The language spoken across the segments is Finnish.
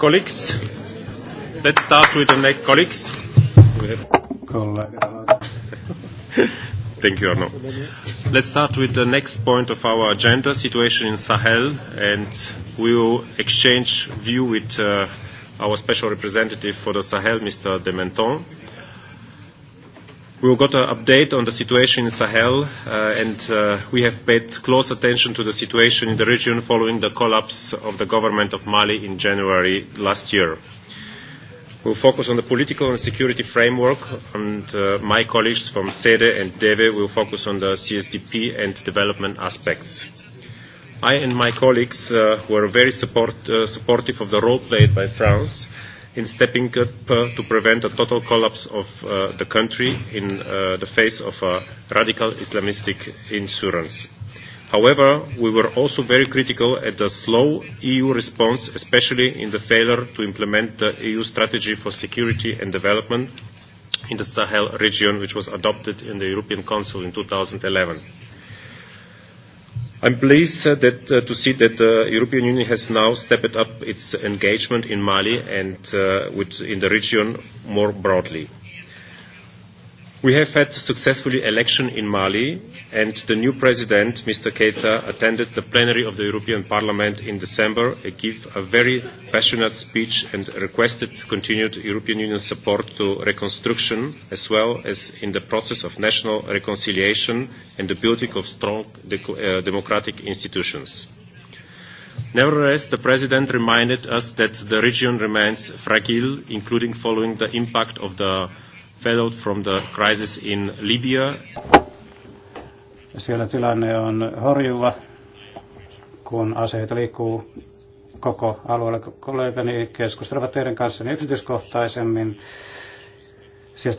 colleagues, let's start with the next colleagues. Thank you, Arno. Let's start with the next point of our agenda, situation in Sahel, and we will exchange view with uh, our special representative for the Sahel, Mr. Dementon. We got an update on the situation in Sahel, uh, and uh, we have paid close attention to the situation in the region following the collapse of the government of Mali in January last year. We'll focus on the political and security framework, and uh, my colleagues from SEDE and DEVE will focus on the CSDP and development aspects. I and my colleagues uh, were very support, uh, supportive of the role played by France in stepping up uh, to prevent a total collapse of uh, the country in uh, the face of a radical Islamistic insurance. However, we were also very critical at the slow EU response, especially in the failure to implement the EU strategy for security and development in the Sahel region, which was adopted in the European Council in 2011. I'm pleased uh, that, uh, to see that the uh, European Union has now stepped up its engagement in Mali and uh, with, in the region more broadly. We have had successful election in Mali, and the new president, Mr. Keita, attended the plenary of the European Parliament in December, and gave a very passionate speech and requested continued European Union support to reconstruction, as well as in the process of national reconciliation and the building of strong de- uh, democratic institutions. Nevertheless, the President reminded us that the region remains fragile, including following the impact of the fed from the crisis in Libya. Siellä tilanne on horjuva, kun aseita liikkuu koko alueella. Kollegani keskustelevat teidän kanssa yksityiskohtaisemmin siis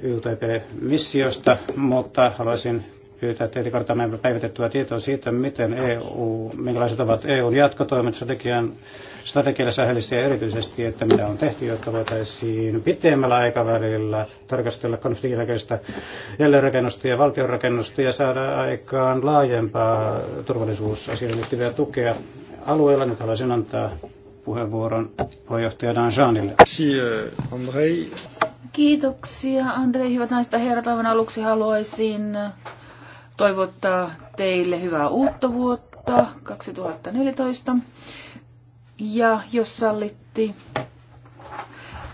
YTP-missiosta, mutta haluaisin pyytää teitä kartaamaan päivitettyä tietoa siitä, miten EU, minkälaiset ovat EUn jatkotoimet strategian, strategialle sähellisesti ja erityisesti, että mitä on tehty, jotta voitaisiin pitemmällä aikavälillä tarkastella konfliktin jälkeistä jälleenrakennusta ja valtionrakennusta ja saada aikaan laajempaa turvallisuusasioihin liittyvää tukea alueella. Nyt haluaisin antaa puheenvuoron puheenjohtaja Danjanille. Eh, Kiitoksia Andrei. Hyvät naiset ja herrat, aivan aluksi haluaisin toivottaa teille hyvää uutta vuotta 2014. Ja jos sallitti,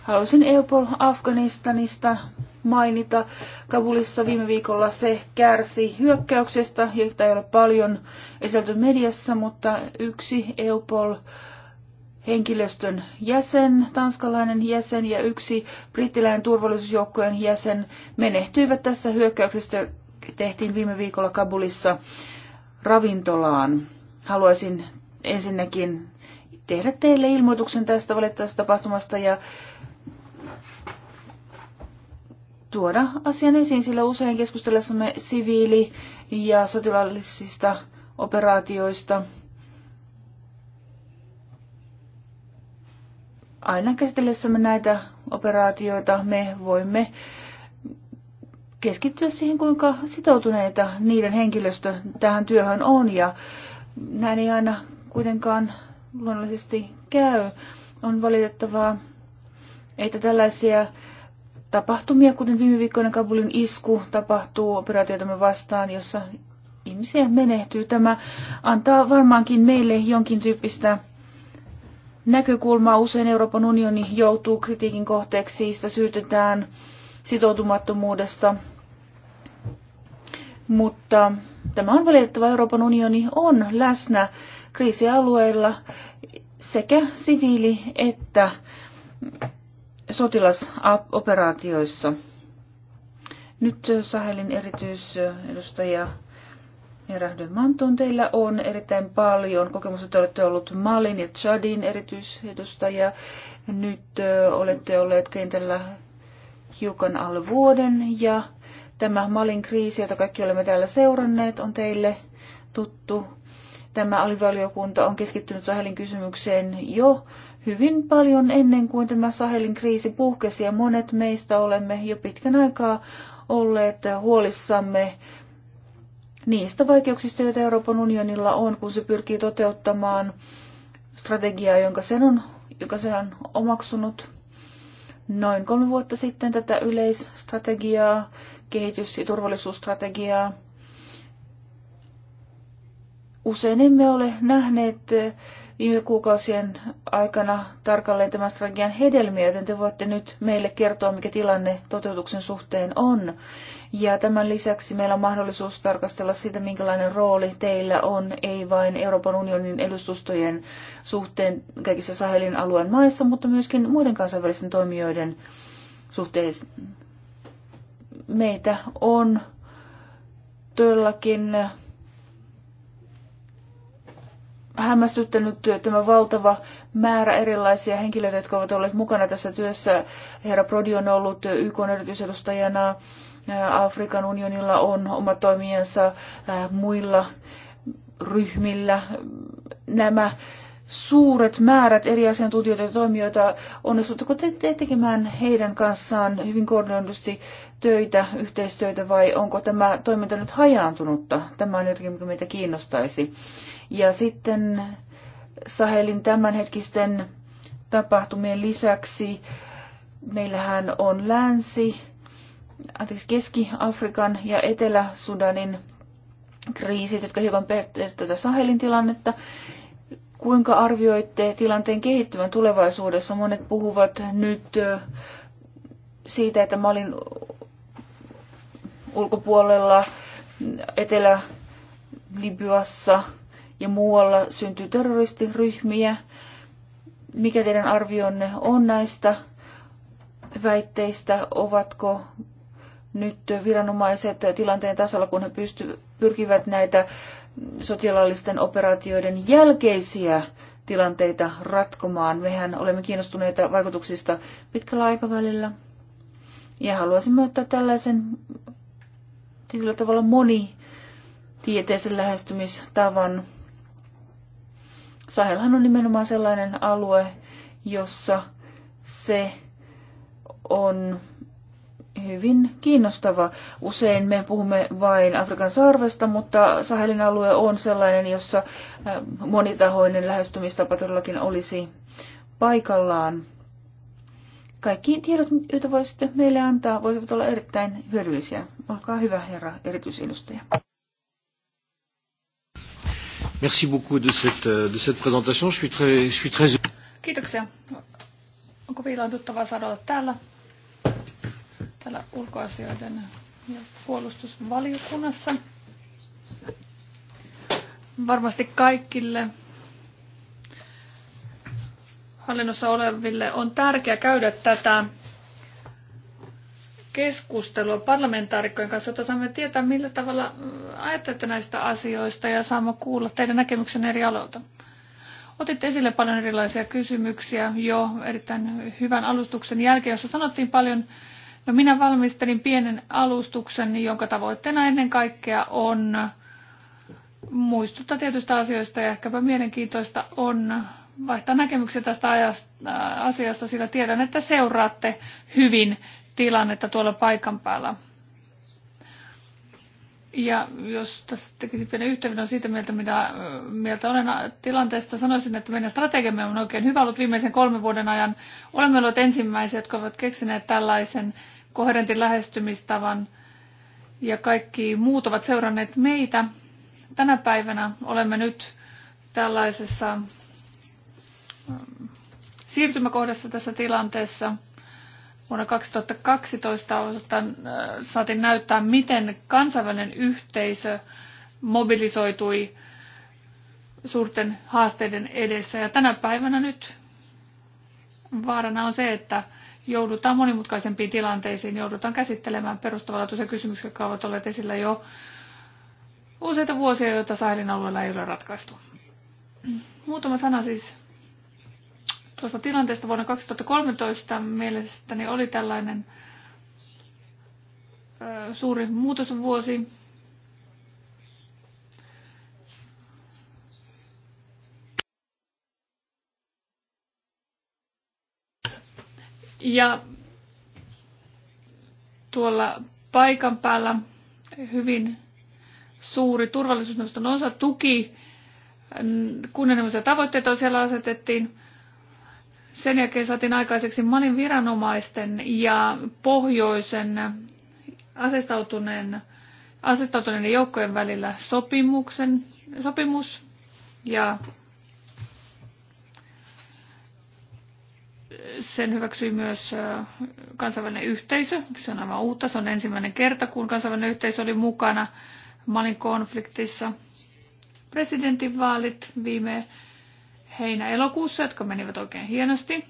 halusin Eupol Afganistanista mainita. Kabulissa viime viikolla se kärsi hyökkäyksestä, jota ei ole paljon esitelty mediassa, mutta yksi Eupol henkilöstön jäsen, tanskalainen jäsen ja yksi brittiläinen turvallisuusjoukkojen jäsen menehtyivät tässä hyökkäyksestä tehtiin viime viikolla Kabulissa ravintolaan. Haluaisin ensinnäkin tehdä teille ilmoituksen tästä valittavasta tapahtumasta ja tuoda asian esiin, sillä usein keskustellessamme siviili- ja sotilaallisista operaatioista aina käsitellessämme näitä operaatioita me voimme keskittyä siihen, kuinka sitoutuneita niiden henkilöstö tähän työhön on. Ja näin ei aina kuitenkaan luonnollisesti käy. On valitettavaa, että tällaisia tapahtumia, kuten viime viikkoina Kabulin isku, tapahtuu operaatioitamme vastaan, jossa ihmisiä menehtyy. Tämä antaa varmaankin meille jonkin tyyppistä näkökulmaa. Usein Euroopan unioni joutuu kritiikin kohteeksi, siitä syytetään sitoutumattomuudesta. Mutta tämä on valitettava. Euroopan unioni on läsnä kriisialueilla sekä siviili- että sotilasoperaatioissa. Nyt Sahelin erityisedustaja Herra de Manton, teillä on erittäin paljon kokemusta. Te olette olleet Malin ja Chadin erityisedustaja. Nyt olette olleet kentällä hiukan alle vuoden ja tämä Malin kriisi, jota kaikki olemme täällä seuranneet, on teille tuttu. Tämä alivaliokunta on keskittynyt Sahelin kysymykseen jo hyvin paljon ennen kuin tämä Sahelin kriisi puhkesi ja monet meistä olemme jo pitkän aikaa olleet huolissamme niistä vaikeuksista, joita Euroopan unionilla on, kun se pyrkii toteuttamaan strategiaa, jonka sen on, joka se on omaksunut noin kolme vuotta sitten tätä yleisstrategiaa, kehitys- ja turvallisuusstrategiaa. Usein emme ole nähneet viime kuukausien aikana tarkalleen tämän strategian hedelmiä, joten te voitte nyt meille kertoa, mikä tilanne toteutuksen suhteen on. Ja tämän lisäksi meillä on mahdollisuus tarkastella sitä, minkälainen rooli teillä on, ei vain Euroopan unionin edustustojen suhteen kaikissa Sahelin alueen maissa, mutta myöskin muiden kansainvälisten toimijoiden suhteen. Meitä on todellakin hämmästyttänyt tämä valtava määrä erilaisia henkilöitä, jotka ovat olleet mukana tässä työssä. Herra Prodi on ollut YK erityisedustajana, Afrikan unionilla on omat toimijansa äh, muilla ryhmillä. Nämä suuret määrät eri asiantuntijoita ja toimijoita, onnistutteko te, te tekemään heidän kanssaan hyvin koordinoidusti töitä, yhteistyötä vai onko tämä toiminta nyt hajaantunutta? Tämä on jotakin, mikä meitä kiinnostaisi. Ja sitten Sahelin tämänhetkisten tapahtumien lisäksi meillähän on länsi, anteeksi, Keski-Afrikan ja Etelä-Sudanin kriisit, jotka hiukan peittävät tätä Sahelin tilannetta. Kuinka arvioitte tilanteen kehittyvän tulevaisuudessa? Monet puhuvat nyt siitä, että Malin ulkopuolella Etelä-Libyassa – ja muualla syntyy terroristiryhmiä. Mikä teidän arvionne on näistä väitteistä? Ovatko nyt viranomaiset tilanteen tasalla, kun he pysty, pyrkivät näitä sotilaallisten operaatioiden jälkeisiä tilanteita ratkomaan. Mehän olemme kiinnostuneita vaikutuksista pitkällä aikavälillä. Ja haluaisimme ottaa tällaisen tietyllä tavalla monitieteisen lähestymistavan Sahelhan on nimenomaan sellainen alue, jossa se on hyvin kiinnostava. Usein me puhumme vain Afrikan sarvesta, mutta Sahelin alue on sellainen, jossa äh, monitahoinen lähestymistapa todellakin olisi paikallaan. Kaikki tiedot, joita voisitte meille antaa, voisivat olla erittäin hyödyllisiä. Olkaa hyvä, herra erityisedustaja. Merci beaucoup de cette, euh, de cette présentation. Je suis très, je suis très... heureux. Kiitoksia. Onko kovin ilahduttavaa saada olla täällä, täällä ulkoasioiden ja puolustusvaliokunnassa. Varmasti kaikille hallinnossa oleville on tärkeää käydä tätä keskustelua parlamentaarikkojen kanssa, jotta saamme tietää, millä tavalla mm, ajattelette näistä asioista ja saamme kuulla teidän näkemyksenne eri aloilta. Otitte esille paljon erilaisia kysymyksiä jo erittäin hyvän alustuksen jälkeen, jossa sanottiin paljon. No minä valmistelin pienen alustuksen, jonka tavoitteena ennen kaikkea on muistuttaa tietystä asioista ja ehkäpä mielenkiintoista on vaihtaa näkemyksiä tästä ajasta, asiasta, sillä tiedän, että seuraatte hyvin tilannetta tuolla paikan päällä. Ja jos tässä tekisi pienen yhteenvedon siitä mieltä, mitä mieltä olen tilanteesta, sanoisin, että meidän strategiamme on oikein hyvä ollut viimeisen kolmen vuoden ajan. Olemme olleet ensimmäisiä, jotka ovat keksineet tällaisen koherentin lähestymistavan ja kaikki muut ovat seuranneet meitä. Tänä päivänä olemme nyt tällaisessa siirtymäkohdassa tässä tilanteessa – Vuonna 2012 osastaan äh, saatiin näyttää, miten kansainvälinen yhteisö mobilisoitui suurten haasteiden edessä. Ja tänä päivänä nyt vaarana on se, että joudutaan monimutkaisempiin tilanteisiin, joudutaan käsittelemään perustavanlaatuisia kysymyksiä, jotka ovat olleet esillä jo useita vuosia, joita Sahelin alueella ei ole ratkaistu. Muutama sana siis tuosta tilanteesta vuonna 2013 mielestäni oli tällainen suuri muutosvuosi. Ja tuolla paikan päällä hyvin suuri turvallisuusneuvoston osa tuki kunnianhimoisia tavoitteita siellä asetettiin. Sen jälkeen saatiin aikaiseksi Malin viranomaisten ja pohjoisen asestautuneen, asestautuneen joukkojen välillä sopimuksen, sopimus ja sen hyväksyi myös kansainvälinen yhteisö. Se on aivan uutta. Se on ensimmäinen kerta, kun kansainvälinen yhteisö oli mukana Malin konfliktissa. Presidentinvaalit viime heinä-elokuussa, jotka menivät oikein hienosti,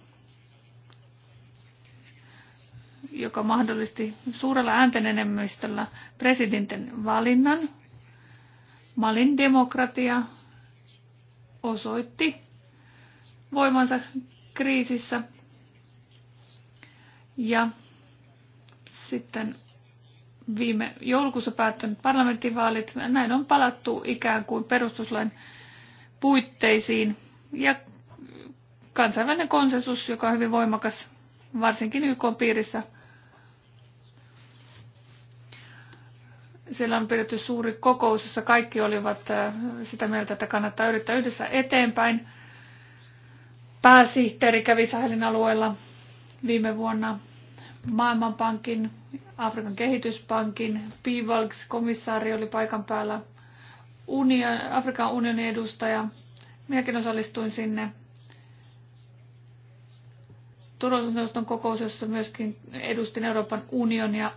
joka mahdollisti suurella enemmistöllä presidentin valinnan. Malin demokratia osoitti voimansa kriisissä. Ja sitten viime joulukuussa päättynyt parlamenttivaalit, näin on palattu ikään kuin perustuslain puitteisiin – ja kansainvälinen konsensus, joka on hyvin voimakas, varsinkin YK piirissä. Siellä on pidetty suuri kokous, jossa kaikki olivat äh, sitä mieltä, että kannattaa yrittää yhdessä eteenpäin. Pääsihteeri kävi Sahelin alueella viime vuonna Maailmanpankin, Afrikan kehityspankin, Pivalks komissaari oli paikan päällä, Union, Afrikan unionin edustaja, Minäkin osallistuin sinne turvallisuusneuvoston kokous, jossa myöskin edustin Euroopan unionia.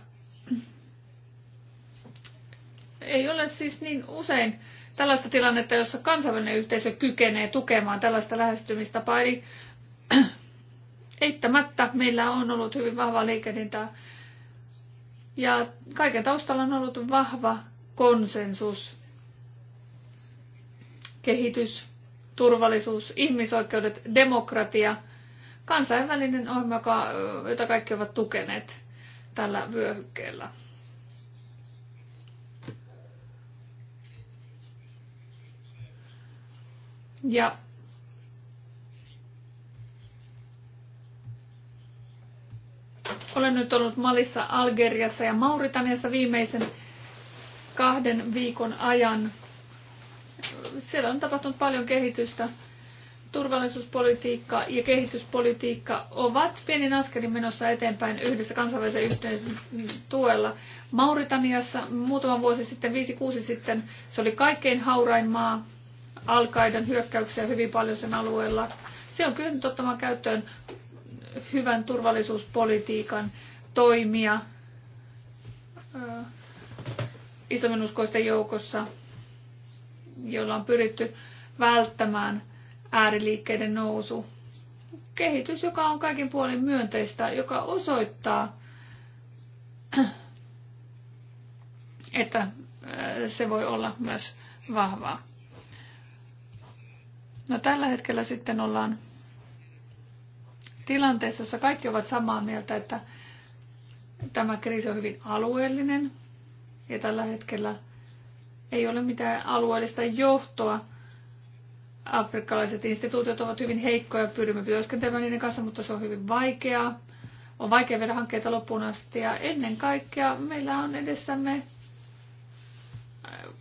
Ei ole siis niin usein tällaista tilannetta, jossa kansainvälinen yhteisö kykenee tukemaan tällaista lähestymistapaa. Eli eittämättä meillä on ollut hyvin vahva liikennintä. Ja kaiken taustalla on ollut vahva konsensus, kehitys, turvallisuus, ihmisoikeudet, demokratia, kansainvälinen ohjelma, jota kaikki ovat tukeneet tällä vyöhykkeellä. Ja olen nyt ollut Malissa, Algeriassa ja Mauritaniassa viimeisen kahden viikon ajan siellä on tapahtunut paljon kehitystä. Turvallisuuspolitiikka ja kehityspolitiikka ovat pienin askelin menossa eteenpäin yhdessä kansainvälisen yhteisön tuella. Mauritaniassa muutama vuosi sitten, viisi kuusi sitten, se oli kaikkein haurain maa. Alkaidan hyökkäyksiä hyvin paljon sen alueella. Se on kyllä ottamaan käyttöön hyvän turvallisuuspolitiikan toimia islaminuskoisten joukossa – jolla on pyritty välttämään ääriliikkeiden nousu. Kehitys, joka on kaikin puolin myönteistä, joka osoittaa, että äh, se voi olla myös vahvaa. No tällä hetkellä sitten ollaan tilanteessa, jossa kaikki ovat samaa mieltä, että tämä kriisi on hyvin alueellinen ja tällä hetkellä ei ole mitään alueellista johtoa. Afrikkalaiset instituutiot ovat hyvin heikkoja, pyrimme työskentelemään niiden kanssa, mutta se on hyvin vaikeaa. On vaikea viedä hankkeita loppuun asti ja ennen kaikkea meillä on edessämme äh,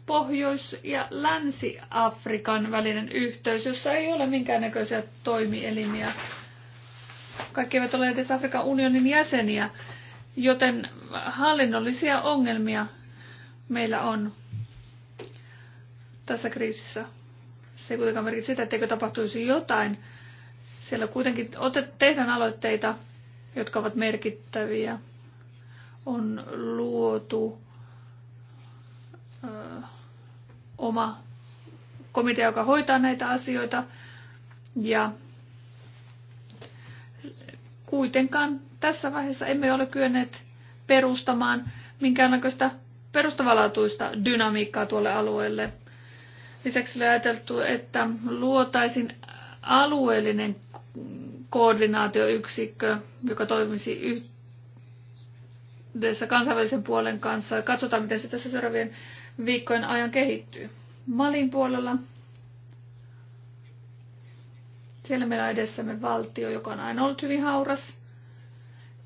Pohjois- ja Länsi-Afrikan välinen yhteys, jossa ei ole minkäännäköisiä toimielimiä. Kaikki eivät ole edes Afrikan unionin jäseniä, joten hallinnollisia ongelmia meillä on tässä kriisissä. Se ei kuitenkaan merkitse sitä, etteikö tapahtuisi jotain. Siellä kuitenkin otet, tehdään aloitteita, jotka ovat merkittäviä. On luotu ö, oma komitea, joka hoitaa näitä asioita. Ja kuitenkaan tässä vaiheessa emme ole kyenneet perustamaan minkäännäköistä perustavanlaatuista dynamiikkaa tuolle alueelle. Lisäksi oli ajateltu, että luotaisin alueellinen koordinaatioyksikkö, joka toimisi yhdessä kansainvälisen puolen kanssa. Katsotaan, miten se tässä seuraavien viikkojen ajan kehittyy. Malin puolella siellä meillä on edessämme valtio, joka on aina ollut hyvin hauras.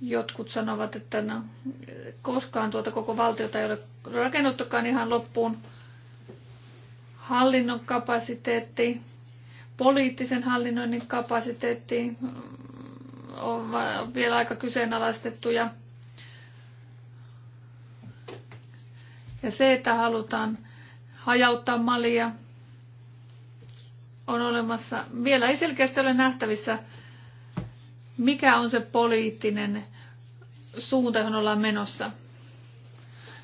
Jotkut sanovat, että no, koskaan tuota koko valtiota ei ole rakennuttukaan ihan loppuun hallinnon kapasiteetti, poliittisen hallinnoinnin kapasiteetti mm, on vielä aika kyseenalaistettuja. Ja se, että halutaan hajauttaa malia, on olemassa. Vielä ei selkeästi ole nähtävissä, mikä on se poliittinen suunta, johon ollaan menossa.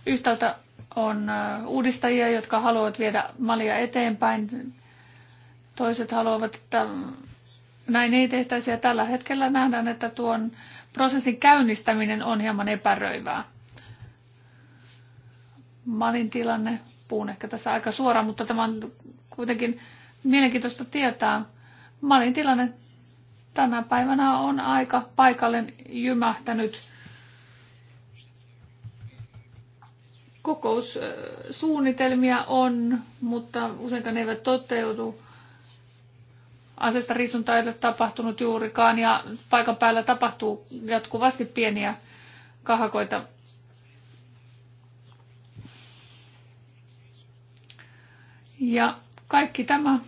Yhtäältä on uudistajia, jotka haluavat viedä malia eteenpäin. Toiset haluavat, että näin ei tehtäisi ja tällä hetkellä nähdään, että tuon prosessin käynnistäminen on hieman epäröivää. Malin tilanne, puun ehkä tässä aika suoraan, mutta tämä on kuitenkin mielenkiintoista tietää. Malin tilanne tänä päivänä on aika paikalleen jymähtänyt Kokoussuunnitelmia on, mutta useinkaan ne eivät toteudu. Asesta riisunta ei ole tapahtunut juurikaan ja paikan päällä tapahtuu jatkuvasti pieniä kahakoita. Ja kaikki tämä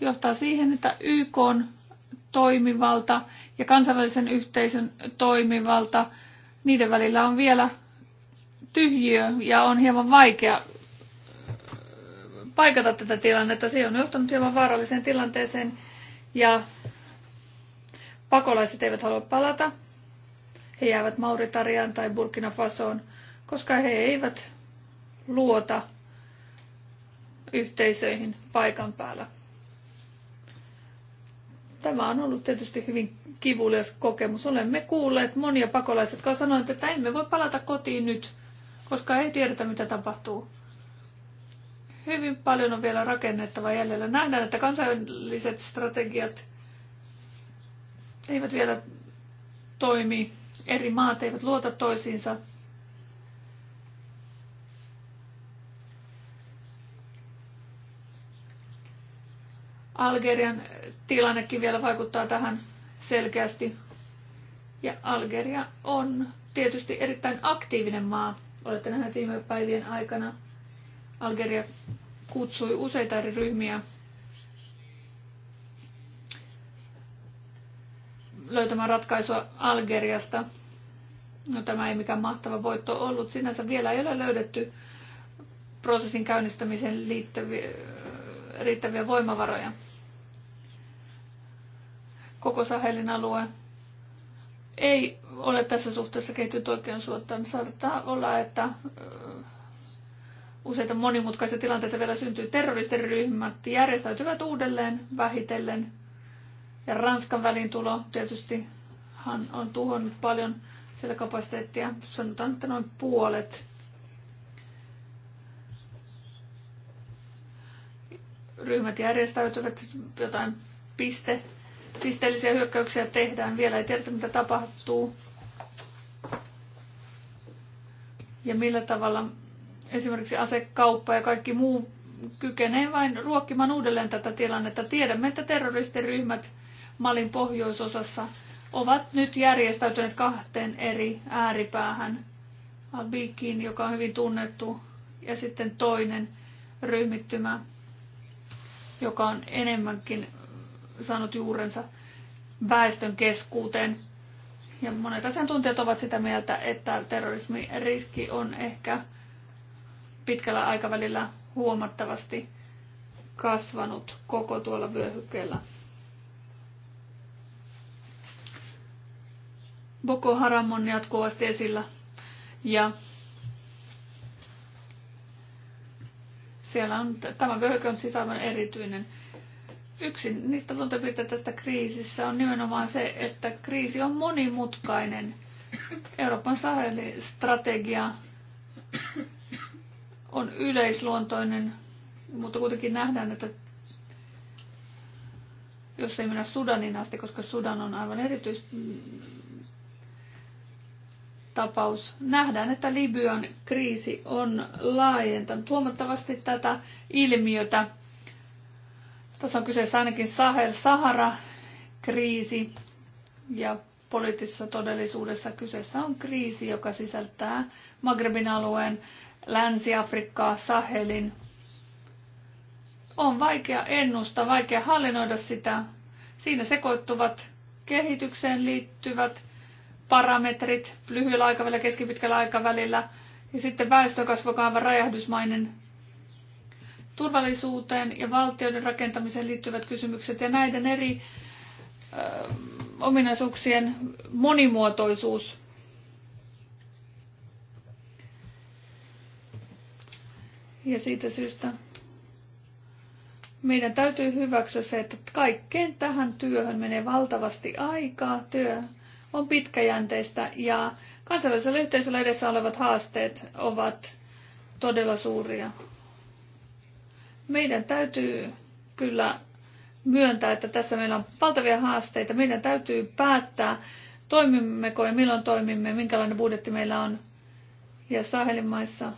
johtaa siihen, että YK on toimivalta ja kansainvälisen yhteisön toimivalta niiden välillä on vielä tyhjiö ja on hieman vaikea äh, paikata tätä tilannetta. Se on johtanut hieman vaaralliseen tilanteeseen ja pakolaiset eivät halua palata. He jäävät Mauritariaan tai Burkina Fasoon, koska he eivät luota yhteisöihin paikan päällä. Tämä on ollut tietysti hyvin kivulias kokemus. Olemme kuulleet monia pakolaisia, jotka sanoivat, että emme voi palata kotiin nyt, koska ei tiedetä, mitä tapahtuu. Hyvin paljon on vielä rakennettava jäljellä. Nähdään, että kansainväliset strategiat eivät vielä toimi. Eri maat eivät luota toisiinsa. Algerian tilannekin vielä vaikuttaa tähän selkeästi. Ja Algeria on tietysti erittäin aktiivinen maa. Olette nähneet viime päivien aikana. Algeria kutsui useita eri ryhmiä löytämään ratkaisua Algeriasta. No tämä ei mikään mahtava voitto ollut. Sinänsä vielä ei ole löydetty prosessin käynnistämiseen liittäviä, riittäviä voimavaroja koko Sahelin alue ei ole tässä suhteessa kehittynyt oikean suuntaan. Saattaa olla, että useita monimutkaisia tilanteita vielä syntyy. Terroristiryhmät järjestäytyvät uudelleen vähitellen. Ja Ranskan välintulo tietysti hän on tuhonnut paljon sitä kapasiteettia. Sanotaan, että noin puolet ryhmät järjestäytyvät jotain piste pisteellisiä hyökkäyksiä tehdään, vielä ei tiedetä mitä tapahtuu. Ja millä tavalla esimerkiksi asekauppa ja kaikki muu kykenee vain ruokkimaan uudelleen tätä tilannetta. Tiedämme, että terroristiryhmät Malin pohjoisosassa ovat nyt järjestäytyneet kahteen eri ääripäähän. Abikin, joka on hyvin tunnettu, ja sitten toinen ryhmittymä, joka on enemmänkin saanut juurensa väestön keskuuteen. Ja monet asiantuntijat ovat sitä mieltä, että terrorismin riski on ehkä pitkällä aikavälillä huomattavasti kasvanut koko tuolla vyöhykkeellä. Boko Haram on jatkuvasti esillä ja siellä on, tämä vyöhyke on siis aivan erityinen Yksi niistä luontopiirteistä tästä kriisissä on nimenomaan se, että kriisi on monimutkainen. Euroopan Sahelin strategia on yleisluontoinen, mutta kuitenkin nähdään, että jos ei mennä Sudanin asti, koska Sudan on aivan erityis tapaus. Nähdään, että Libyan kriisi on laajentanut huomattavasti tätä ilmiötä tässä on kyseessä ainakin Sahel-Sahara-kriisi ja poliittisessa todellisuudessa kyseessä on kriisi, joka sisältää Magrebin alueen, Länsi-Afrikkaa, Sahelin. On vaikea ennustaa, vaikea hallinnoida sitä. Siinä sekoittuvat kehitykseen liittyvät parametrit lyhyellä aikavälillä, keskipitkällä aikavälillä ja sitten väestönkasvu, joka on räjähdysmainen turvallisuuteen ja valtioiden rakentamiseen liittyvät kysymykset ja näiden eri ö, ominaisuuksien monimuotoisuus. Ja siitä syystä meidän täytyy hyväksyä se, että kaikkeen tähän työhön menee valtavasti aikaa. Työ on pitkäjänteistä ja kansainvälisellä yhteisöllä edessä olevat haasteet ovat todella suuria. Meidän täytyy kyllä myöntää, että tässä meillä on valtavia haasteita. Meidän täytyy päättää, toimimmeko ja milloin toimimme, minkälainen budjetti meillä on. Ja Sahelin maissa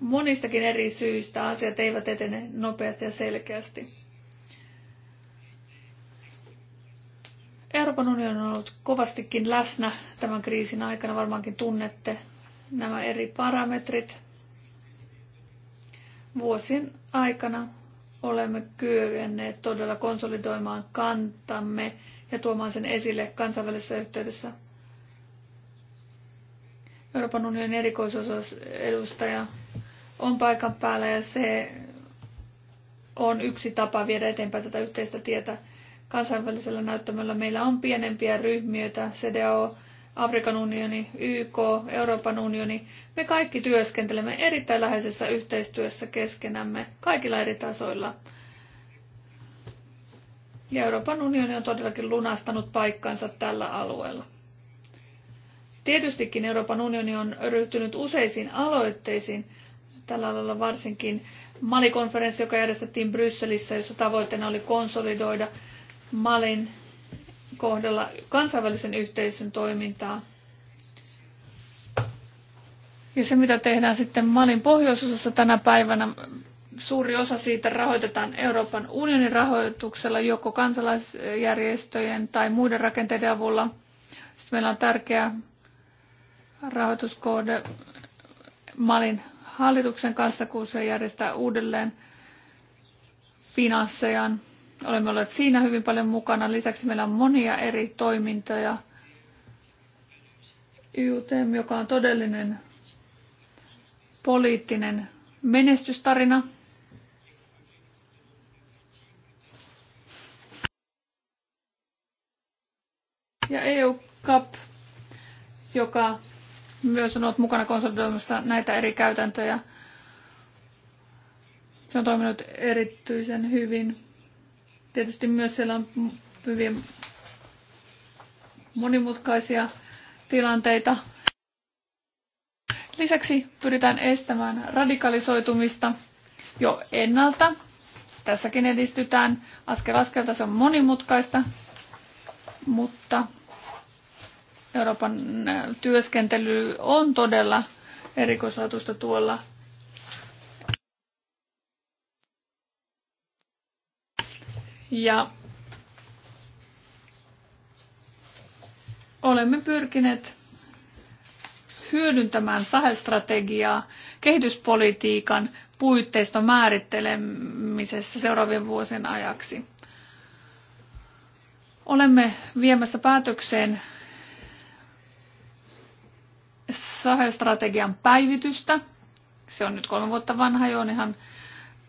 monistakin eri syistä asiat eivät etene nopeasti ja selkeästi. Euroopan unioni on ollut kovastikin läsnä tämän kriisin aikana, varmaankin tunnette nämä eri parametrit vuosien aikana olemme kyenneet todella konsolidoimaan kantamme ja tuomaan sen esille kansainvälisessä yhteydessä. Euroopan unionin erikoisedustaja on paikan päällä ja se on yksi tapa viedä eteenpäin tätä yhteistä tietä kansainvälisellä näyttämöllä. Meillä on pienempiä ryhmiöitä, CDAO, Afrikan unioni, YK, Euroopan unioni, me kaikki työskentelemme erittäin läheisessä yhteistyössä keskenämme kaikilla eri tasoilla. Ja Euroopan unioni on todellakin lunastanut paikkansa tällä alueella. Tietystikin Euroopan unioni on ryhtynyt useisiin aloitteisiin, tällä alalla varsinkin Mali-konferenssi, joka järjestettiin Brysselissä, jossa tavoitteena oli konsolidoida Malin kohdella kansainvälisen yhteisön toimintaa. Ja se, mitä tehdään sitten Malin pohjoisosassa tänä päivänä, suuri osa siitä rahoitetaan Euroopan unionin rahoituksella, joko kansalaisjärjestöjen tai muiden rakenteiden avulla. Sitten meillä on tärkeä rahoituskohde Malin hallituksen kanssa, kun se järjestää uudelleen finanssejaan. Olemme olleet siinä hyvin paljon mukana. Lisäksi meillä on monia eri toimintoja. YUTM, joka on todellinen poliittinen menestystarina. Ja EU Cup, joka myös on ollut mukana konsolidoimassa näitä eri käytäntöjä. Se on toiminut erityisen hyvin. Tietysti myös siellä on hyvin monimutkaisia tilanteita. Lisäksi pyritään estämään radikalisoitumista jo ennalta. Tässäkin edistytään askel askelta, se on monimutkaista, mutta Euroopan työskentely on todella erikoislaatuista tuolla Ja olemme pyrkineet hyödyntämään Sahel-strategiaa kehityspolitiikan puitteiston määrittelemisessä seuraavien vuosien ajaksi. Olemme viemässä päätökseen Sahel-strategian päivitystä. Se on nyt kolme vuotta vanha jo, on ihan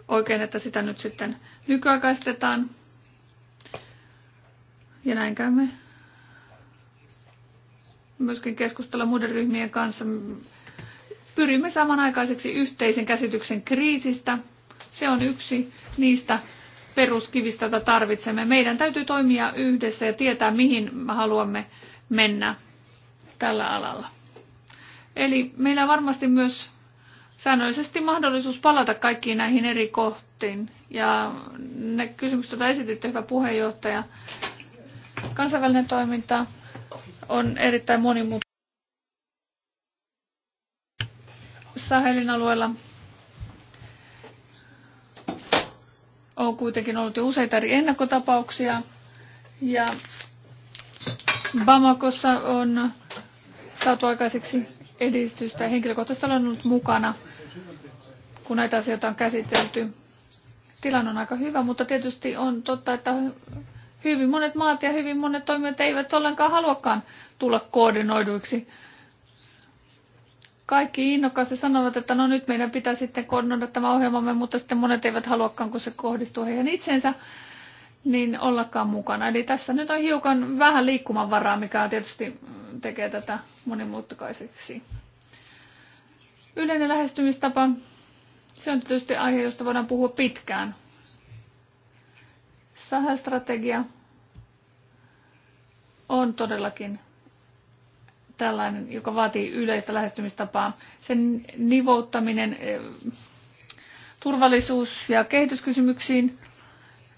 oikein, että sitä nyt sitten nykyaikaistetaan – ja näin käymme myöskin keskustella muiden ryhmien kanssa. Pyrimme samanaikaiseksi yhteisen käsityksen kriisistä. Se on yksi niistä peruskivistä, joita tarvitsemme. Meidän täytyy toimia yhdessä ja tietää, mihin haluamme mennä tällä alalla. Eli meillä on varmasti myös säännöllisesti mahdollisuus palata kaikkiin näihin eri kohtiin. Ja ne kysymykset, joita esititte, hyvä puheenjohtaja, Kansainvälinen toiminta on erittäin monimutkainen. Sahelin alueella on kuitenkin ollut jo useita eri ennakkotapauksia. Ja Bamakossa on saatu aikaiseksi edistystä. ja Henkilökohtaisesti olen ollut mukana, kun näitä asioita on käsitelty. Tilanne on aika hyvä, mutta tietysti on totta, että Hyvin monet maat ja hyvin monet toimijat eivät ollenkaan haluakaan tulla koordinoiduiksi. Kaikki innokkaasti sanovat, että no nyt meidän pitää sitten koordinoida tämä ohjelmamme, mutta sitten monet eivät haluakaan, kun se kohdistuu heidän itsensä, niin ollakaan mukana. Eli tässä nyt on hiukan vähän liikkumavaraa, mikä tietysti tekee tätä monimutkaiseksi. Yleinen lähestymistapa, se on tietysti aihe, josta voidaan puhua pitkään. Sahel-strategia on todellakin tällainen, joka vaatii yleistä lähestymistapaa. Sen nivouttaminen eh, turvallisuus- ja kehityskysymyksiin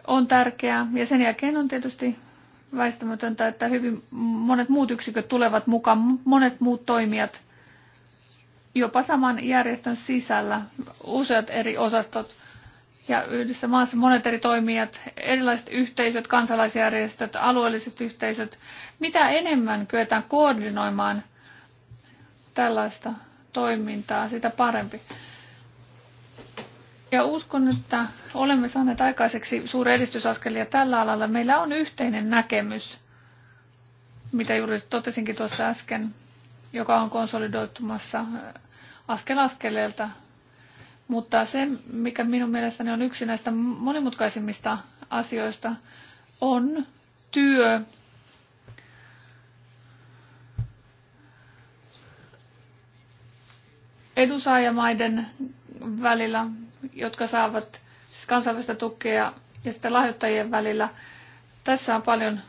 on tärkeää. Ja sen jälkeen on tietysti väistämätöntä, että hyvin monet muut yksiköt tulevat mukaan, monet muut toimijat jopa saman järjestön sisällä, useat eri osastot ja yhdessä maassa monet eri toimijat, erilaiset yhteisöt, kansalaisjärjestöt, alueelliset yhteisöt, mitä enemmän kyetään koordinoimaan tällaista toimintaa, sitä parempi. Ja uskon, että olemme saaneet aikaiseksi suuri edistysaskelia tällä alalla. Meillä on yhteinen näkemys, mitä juuri totesinkin tuossa äsken, joka on konsolidoitumassa askel askeleelta mutta se, mikä minun mielestäni on yksi näistä monimutkaisimmista asioista, on työ edunsaajamaiden välillä, jotka saavat siis kansainvälistä tukea ja sitten lahjoittajien välillä. Tässä on paljon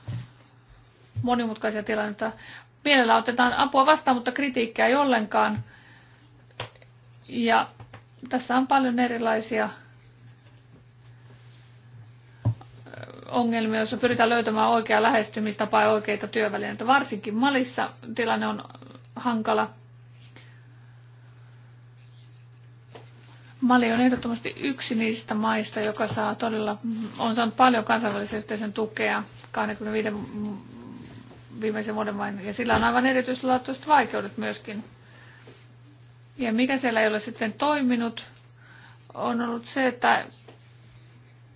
monimutkaisia tilanteita. Mielellä otetaan apua vastaan, mutta kritiikkiä ei ollenkaan. Ja tässä on paljon erilaisia äh, ongelmia, joissa pyritään löytämään oikea lähestymistapa ja oikeita työvälineitä. Varsinkin Malissa tilanne on hankala. Mali on ehdottomasti yksi niistä maista, joka saa todella, on saanut paljon kansainvälisen yhteisön tukea 25 viimeisen vuoden vain, ja sillä on aivan erityislaatuiset vaikeudet myöskin ja mikä siellä ei ole sitten toiminut, on ollut se, että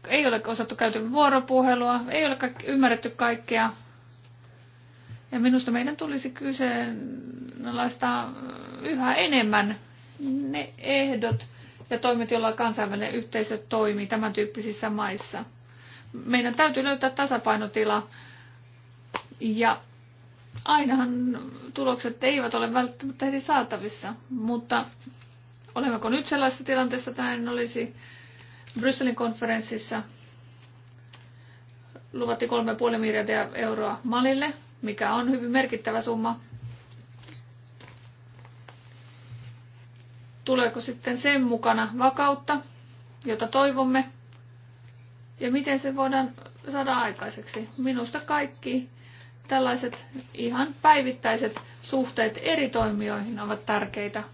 ei ole osattu käyty vuoropuhelua, ei ole kaikki, ymmärretty kaikkea. Ja minusta meidän tulisi kyseenalaistaa äh, yhä enemmän ne ehdot ja toimet, joilla kansainvälinen yhteisö toimii tämän tyyppisissä maissa. Meidän täytyy löytää tasapainotila ja ainahan tulokset eivät ole välttämättä heti saatavissa, mutta olemmeko nyt sellaisessa tilanteessa, että näin olisi Brysselin konferenssissa luvatti 3,5 miljardia euroa Malille, mikä on hyvin merkittävä summa. Tuleeko sitten sen mukana vakautta, jota toivomme, ja miten se voidaan saada aikaiseksi? Minusta kaikki tällaiset ihan päivittäiset suhteet eri toimijoihin ovat tärkeitä.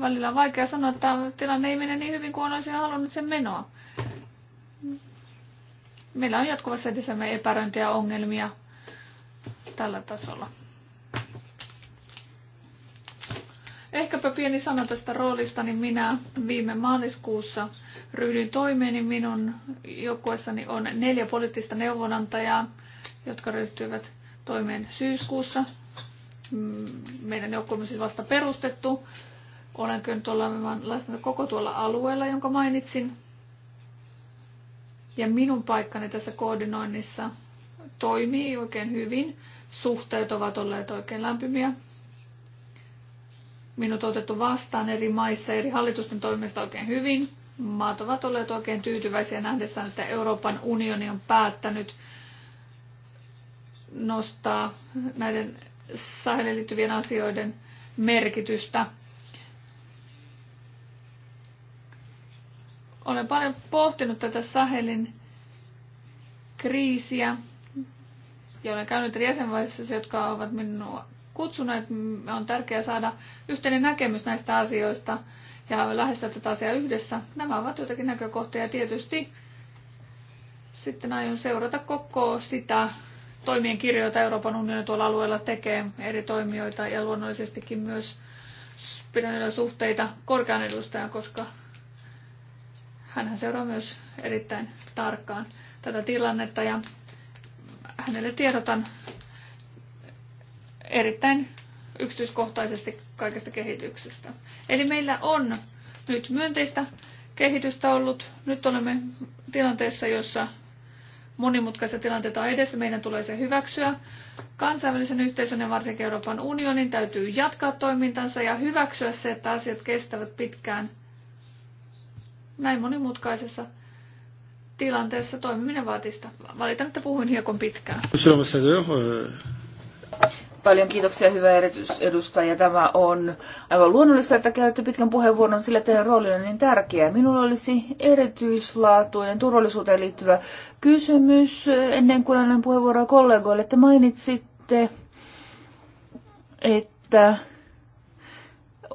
Välillä on vaikea sanoa, että tilanne ei mene niin hyvin kuin olisin halunnut sen menoa. Meillä on jatkuvassa edessämme epäröintiä ja ongelmia tällä tasolla. Ehkäpä pieni sana tästä niin Minä viime maaliskuussa ryhdyin toimeen, niin minun joukkueessani on neljä poliittista neuvonantajaa, jotka ryhtyivät toimeen syyskuussa. Mm, meidän joukkueemme siis vasta perustettu. Olen kyllä tuolla lasten koko tuolla alueella, jonka mainitsin. Ja minun paikkani tässä koordinoinnissa toimii oikein hyvin. Suhteet ovat olleet oikein lämpimiä. Minut on otettu vastaan eri maissa, eri hallitusten toimesta oikein hyvin maat ovat olleet oikein tyytyväisiä nähdessään, että Euroopan unioni on päättänyt nostaa näiden Sahelin liittyvien asioiden merkitystä. Olen paljon pohtinut tätä Sahelin kriisiä ja olen käynyt jäsenvaiheissa, jotka ovat minua kutsuneet. On tärkeää saada yhteinen näkemys näistä asioista ja lähestyä tätä asiaa yhdessä. Nämä ovat jotakin näkökohtia ja tietysti sitten aion seurata koko sitä toimien kirjoita Euroopan unioni tuolla alueella tekee eri toimijoita ja luonnollisestikin myös pidän suhteita korkean edustajan, koska hän seuraa myös erittäin tarkkaan tätä tilannetta ja hänelle tiedotan erittäin yksityiskohtaisesti kaikesta kehityksestä. Eli meillä on nyt myönteistä kehitystä ollut. Nyt olemme tilanteessa, jossa monimutkaisia tilanteita on edessä. Meidän tulee se hyväksyä. Kansainvälisen yhteisön ja varsinkin Euroopan unionin täytyy jatkaa toimintansa ja hyväksyä se, että asiat kestävät pitkään. Näin monimutkaisessa tilanteessa toimiminen vaatii sitä. Valitan, että puhuin hiekon pitkään. Monsieur l'ambassadeur, euh, Paljon kiitoksia, hyvä erityisedustaja. Tämä on aivan luonnollista, että käytte pitkän puheenvuoron, sillä teidän rooli on niin tärkeä. Minulla olisi erityislaatuinen turvallisuuteen liittyvä kysymys ennen kuin annan puheenvuoroa kollegoille. Te mainitsitte, että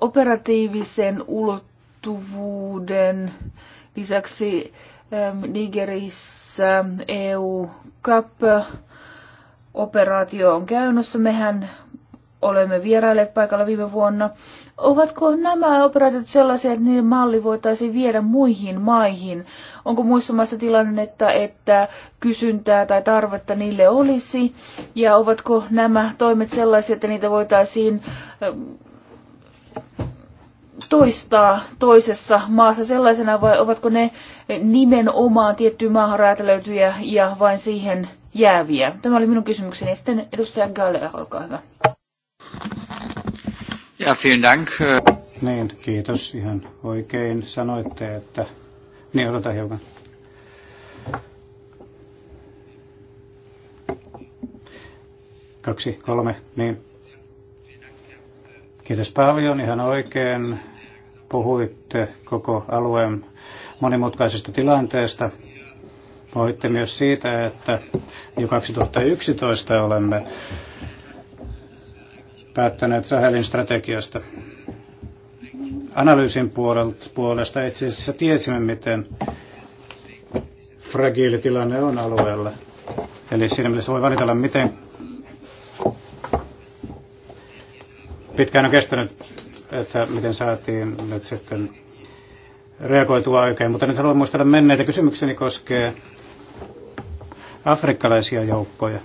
operatiivisen ulottuvuuden lisäksi ähm, Nigerissä EU-CAP operaatio on käynnissä. Mehän olemme vierailleet paikalla viime vuonna. Ovatko nämä operaatiot sellaisia, että niiden malli voitaisiin viedä muihin maihin? Onko muissa maissa tilannetta, että kysyntää tai tarvetta niille olisi? Ja ovatko nämä toimet sellaisia, että niitä voitaisiin ähm, toistaa toisessa maassa sellaisena vai ovatko ne nimenomaan tiettyyn maahan räätälöityjä ja vain siihen jääviä? Tämä oli minun kysymykseni. Sitten edustaja Galle, olkaa hyvä. Ja, vielen dank. Niin, kiitos. Ihan oikein sanoitte, että... Niin, odota hiukan. Kaksi, kolme, niin. Kiitos paljon, ihan oikein. Puhuitte koko alueen monimutkaisesta tilanteesta. Moitte myös siitä, että jo 2011 olemme päättäneet Sahelin strategiasta. Analyysin puolesta itse asiassa tiesimme, miten fragiili tilanne on alueella. Eli siinä mielessä voi valitella, miten pitkään on kestänyt, että miten saatiin nyt sitten reagoitua oikein. Mutta nyt haluan muistella menneitä. Kysymykseni koskee afrikkalaisia joukkoja.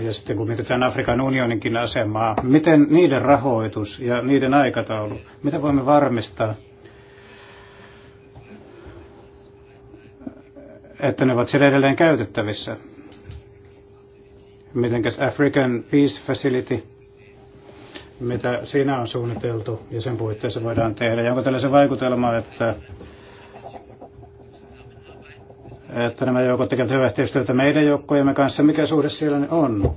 ja sitten kun mietitään Afrikan unioninkin asemaa, miten niiden rahoitus ja niiden aikataulu, mitä voimme varmistaa, että ne ovat siellä edelleen käytettävissä? Mitenkäs African Peace Facility mitä siinä on suunniteltu ja sen puitteissa voidaan tehdä. Ja onko tällaisen vaikutelma, että, että nämä joukot tekevät hyvää yhteistyötä meidän joukkojemme kanssa, mikä suhde siellä on?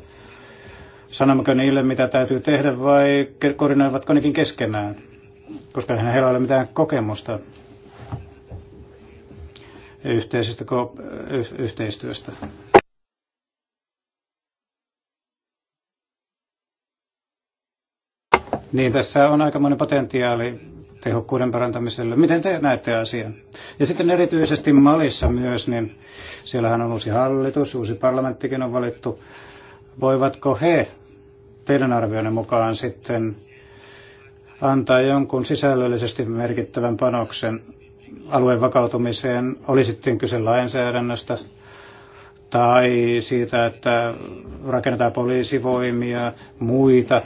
Sanommeko niille, mitä täytyy tehdä vai koordinoivatko nekin keskenään? Koska heillä ole mitään kokemusta yhteisestä ko- yhteistyöstä. Niin tässä on aikamoinen potentiaali tehokkuuden parantamiselle. Miten te näette asian? Ja sitten erityisesti Malissa myös, niin siellähän on uusi hallitus, uusi parlamenttikin on valittu. Voivatko he teidän arvioinne mukaan sitten antaa jonkun sisällöllisesti merkittävän panoksen alueen vakautumiseen, oli sitten kyse lainsäädännöstä tai siitä, että rakennetaan poliisivoimia, muita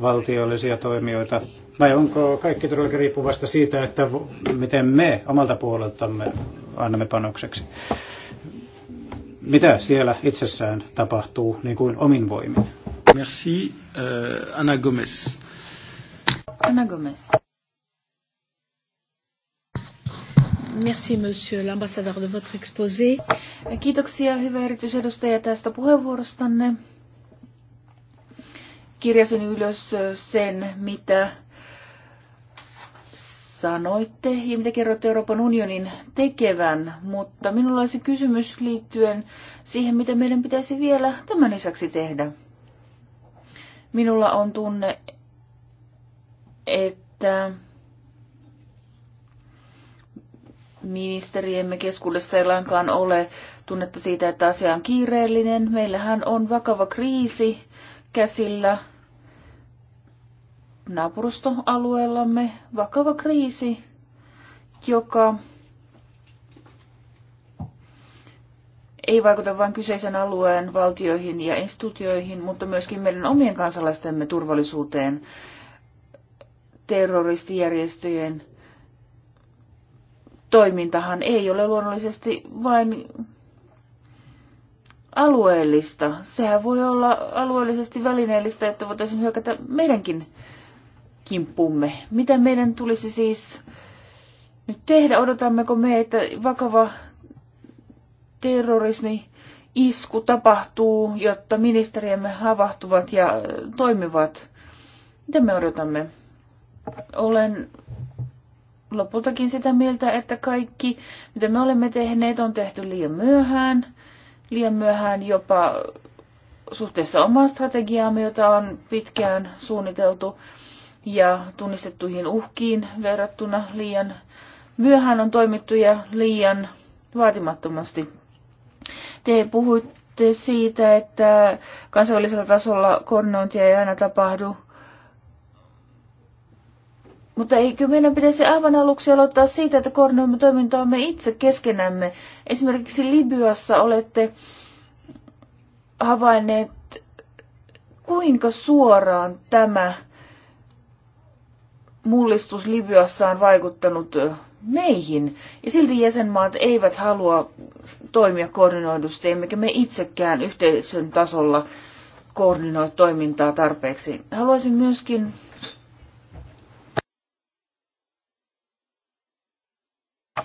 valtiollisia toimijoita, vai onko kaikki todellakin riippuvasta siitä, että miten me omalta puoleltamme annamme panokseksi? Mitä siellä itsessään tapahtuu niin kuin omin voimin? Merci, uh, äh, Ana Gomez. Ana Gomez. Merci, monsieur l'ambassadeur, de votre exposé. Kiitoksia, hyvä erityisedustaja, tästä puheenvuorostanne kirjasin ylös sen, mitä sanoitte ja mitä kerroitte Euroopan unionin tekevän, mutta minulla olisi kysymys liittyen siihen, mitä meidän pitäisi vielä tämän lisäksi tehdä. Minulla on tunne, että ministeriemme keskuudessa ei lainkaan ole tunnetta siitä, että asia on kiireellinen. Meillähän on vakava kriisi käsillä naapurustoalueellamme vakava kriisi, joka ei vaikuta vain kyseisen alueen valtioihin ja instituutioihin, mutta myöskin meidän omien kansalaistemme turvallisuuteen, terroristijärjestöjen toimintahan ei ole luonnollisesti vain alueellista. Sehän voi olla alueellisesti välineellistä, että voitaisiin hyökätä meidänkin kimppumme. Mitä meidän tulisi siis nyt tehdä? Odotammeko me, että vakava terrorismi isku tapahtuu, jotta ministeriämme havahtuvat ja äh, toimivat? Mitä me odotamme? Olen lopultakin sitä mieltä, että kaikki, mitä me olemme tehneet, on tehty liian myöhään. Liian myöhään jopa suhteessa omaan strategiaamme, jota on pitkään suunniteltu ja tunnistettuihin uhkiin verrattuna liian myöhään on toimittu ja liian vaatimattomasti. Te puhuitte siitä, että kansainvälisellä tasolla koordinointia ei aina tapahdu. Mutta eikö meidän pitäisi aivan aluksi aloittaa siitä, että koordinoimme toimintoamme itse keskenämme? Esimerkiksi Libyassa olette havainneet, kuinka suoraan tämä mullistus Libyassa on vaikuttanut meihin, ja silti jäsenmaat eivät halua toimia koordinoidusti, emmekä me itsekään yhteisön tasolla koordinoi toimintaa tarpeeksi. Haluaisin myöskin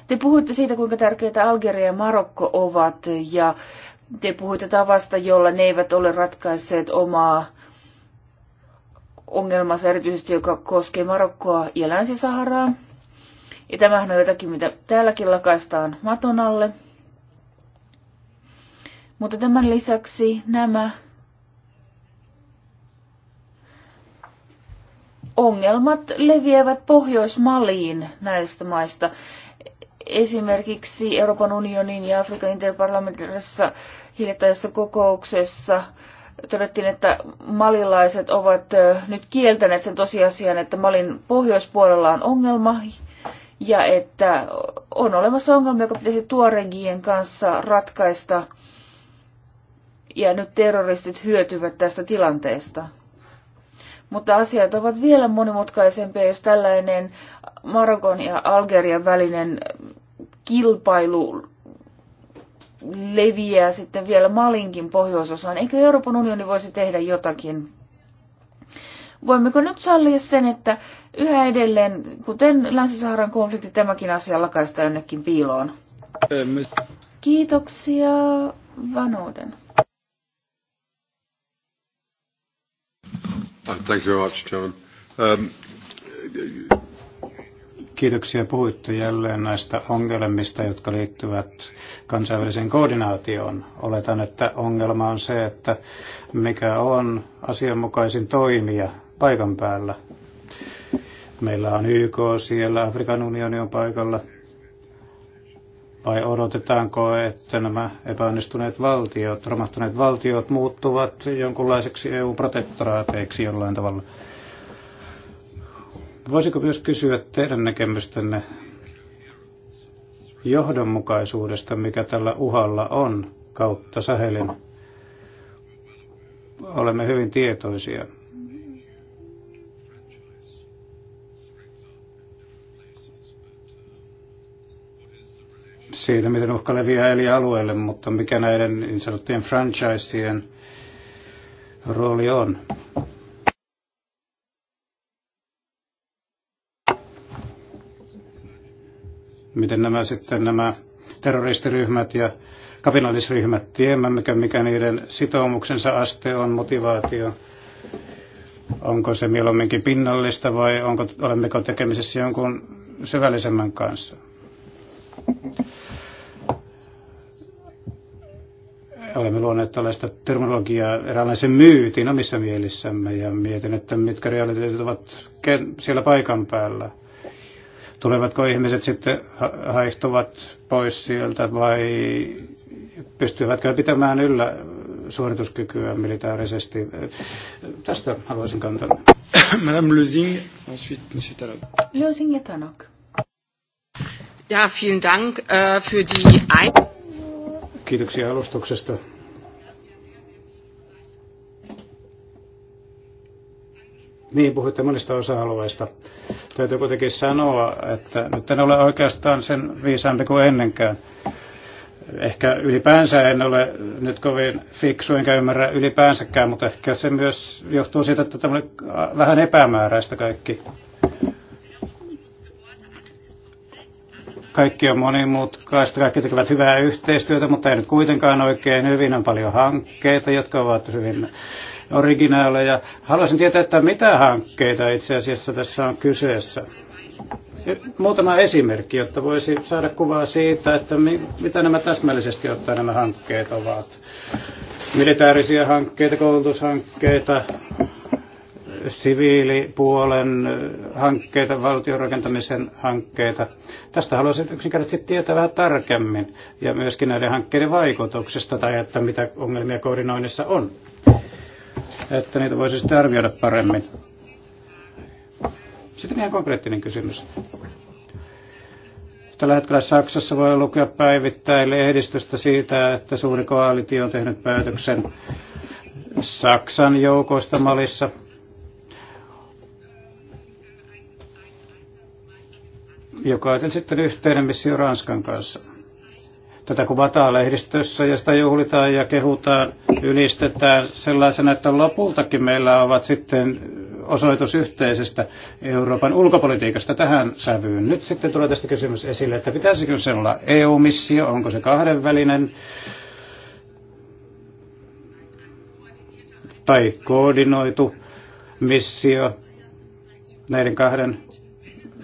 Te puhuitte siitä, kuinka tärkeitä Algeria ja Marokko ovat, ja te puhuitte tavasta, jolla ne eivät ole ratkaisseet omaa ongelmassa erityisesti, joka koskee Marokkoa ja Länsi-Saharaa. Ja tämähän on jotakin, mitä täälläkin lakaistaan maton alle. Mutta tämän lisäksi nämä ongelmat leviävät Pohjoismaliin näistä maista. Esimerkiksi Euroopan unionin ja Afrikan interparlamentarisessa hiljattaisessa kokouksessa todettiin, että malilaiset ovat nyt kieltäneet sen tosiasian, että Malin pohjoispuolella on ongelma ja että on olemassa ongelma, joka pitäisi tuoregien kanssa ratkaista. Ja nyt terroristit hyötyvät tästä tilanteesta. Mutta asiat ovat vielä monimutkaisempia, jos tällainen Marokon ja Algerian välinen kilpailu leviää sitten vielä Malinkin pohjoisosaan. Eikö Euroopan unioni voisi tehdä jotakin? Voimmeko nyt sallia sen, että yhä edelleen, kuten Länsi-Saharan konflikti, tämäkin asia lakaista jonnekin piiloon? Emme. Kiitoksia, Vanouden. Thank you very much, John. Um, Kiitoksia puhuitte jälleen näistä ongelmista, jotka liittyvät kansainväliseen koordinaatioon. Oletan, että ongelma on se, että mikä on asianmukaisin toimija paikan päällä. Meillä on YK siellä, Afrikan unioni on paikalla. Vai odotetaanko, että nämä epäonnistuneet valtiot, romahtuneet valtiot muuttuvat jonkunlaiseksi EU-protektoraateiksi jollain tavalla? Voisiko myös kysyä teidän näkemystänne johdonmukaisuudesta, mikä tällä uhalla on kautta Sahelin? Olemme hyvin tietoisia. siitä, miten uhka leviää eli alueelle, mutta mikä näiden niin sanottujen franchiseien rooli on. miten nämä sitten nämä terroristiryhmät ja kapinallisryhmät, tiedämmekö mikä niiden sitoumuksensa aste on, motivaatio, onko se mieluumminkin pinnallista vai onko, olemmeko tekemisissä jonkun syvällisemmän kanssa. Olemme luoneet tällaista terminologiaa, eräänlaisen myytin omissa mielissämme ja mietin, että mitkä realiteetit ovat siellä paikan päällä Tulevatko ihmiset sitten haihtuvat pois sieltä vai pystyvätkö pitämään yllä suorituskykyä militaarisesti? Tästä haluaisin kantaa. Madame Lusing, ensuite Monsieur Tanok. Lusing ja Tanok. Ja, vielen Dank äh, für die Kiitoksia alustuksesta. Niin, puhuitte monista osa-alueista. Täytyy kuitenkin sanoa, että nyt en ole oikeastaan sen viisaampi kuin ennenkään. Ehkä ylipäänsä en ole nyt kovin fiksu, enkä ymmärrä ylipäänsäkään, mutta ehkä se myös johtuu siitä, että tämä on äh, vähän epämääräistä kaikki. Kaikki on monimutkaista, kaikki tekevät hyvää yhteistyötä, mutta ei nyt kuitenkaan oikein hyvin. On paljon hankkeita, jotka ovat hyvin originaaleja. Haluaisin tietää, että mitä hankkeita itse asiassa tässä on kyseessä. Muutama esimerkki, jotta voisi saada kuvaa siitä, että mitä nämä täsmällisesti ottaen nämä hankkeet ovat. Militaarisia hankkeita, koulutushankkeita, siviilipuolen hankkeita, valtiorakentamisen hankkeita. Tästä haluaisin yksinkertaisesti tietää vähän tarkemmin ja myöskin näiden hankkeiden vaikutuksesta tai että mitä ongelmia koordinoinnissa on että niitä voisi sitten arvioida paremmin. Sitten ihan konkreettinen kysymys. Tällä hetkellä Saksassa voi lukea päivittäin lehdistöstä siitä, että suuri koalitio on tehnyt päätöksen Saksan joukoista Malissa. joka on sitten yhteinen missio Ranskan kanssa. Tätä kuvataan lehdistössä ja sitä juhlitaan ja kehutaan, ylistetään sellaisena, että lopultakin meillä ovat sitten osoitus yhteisestä Euroopan ulkopolitiikasta tähän sävyyn. Nyt sitten tulee tästä kysymys esille, että pitäisikö se olla EU-missio, onko se kahdenvälinen tai koordinoitu missio näiden kahden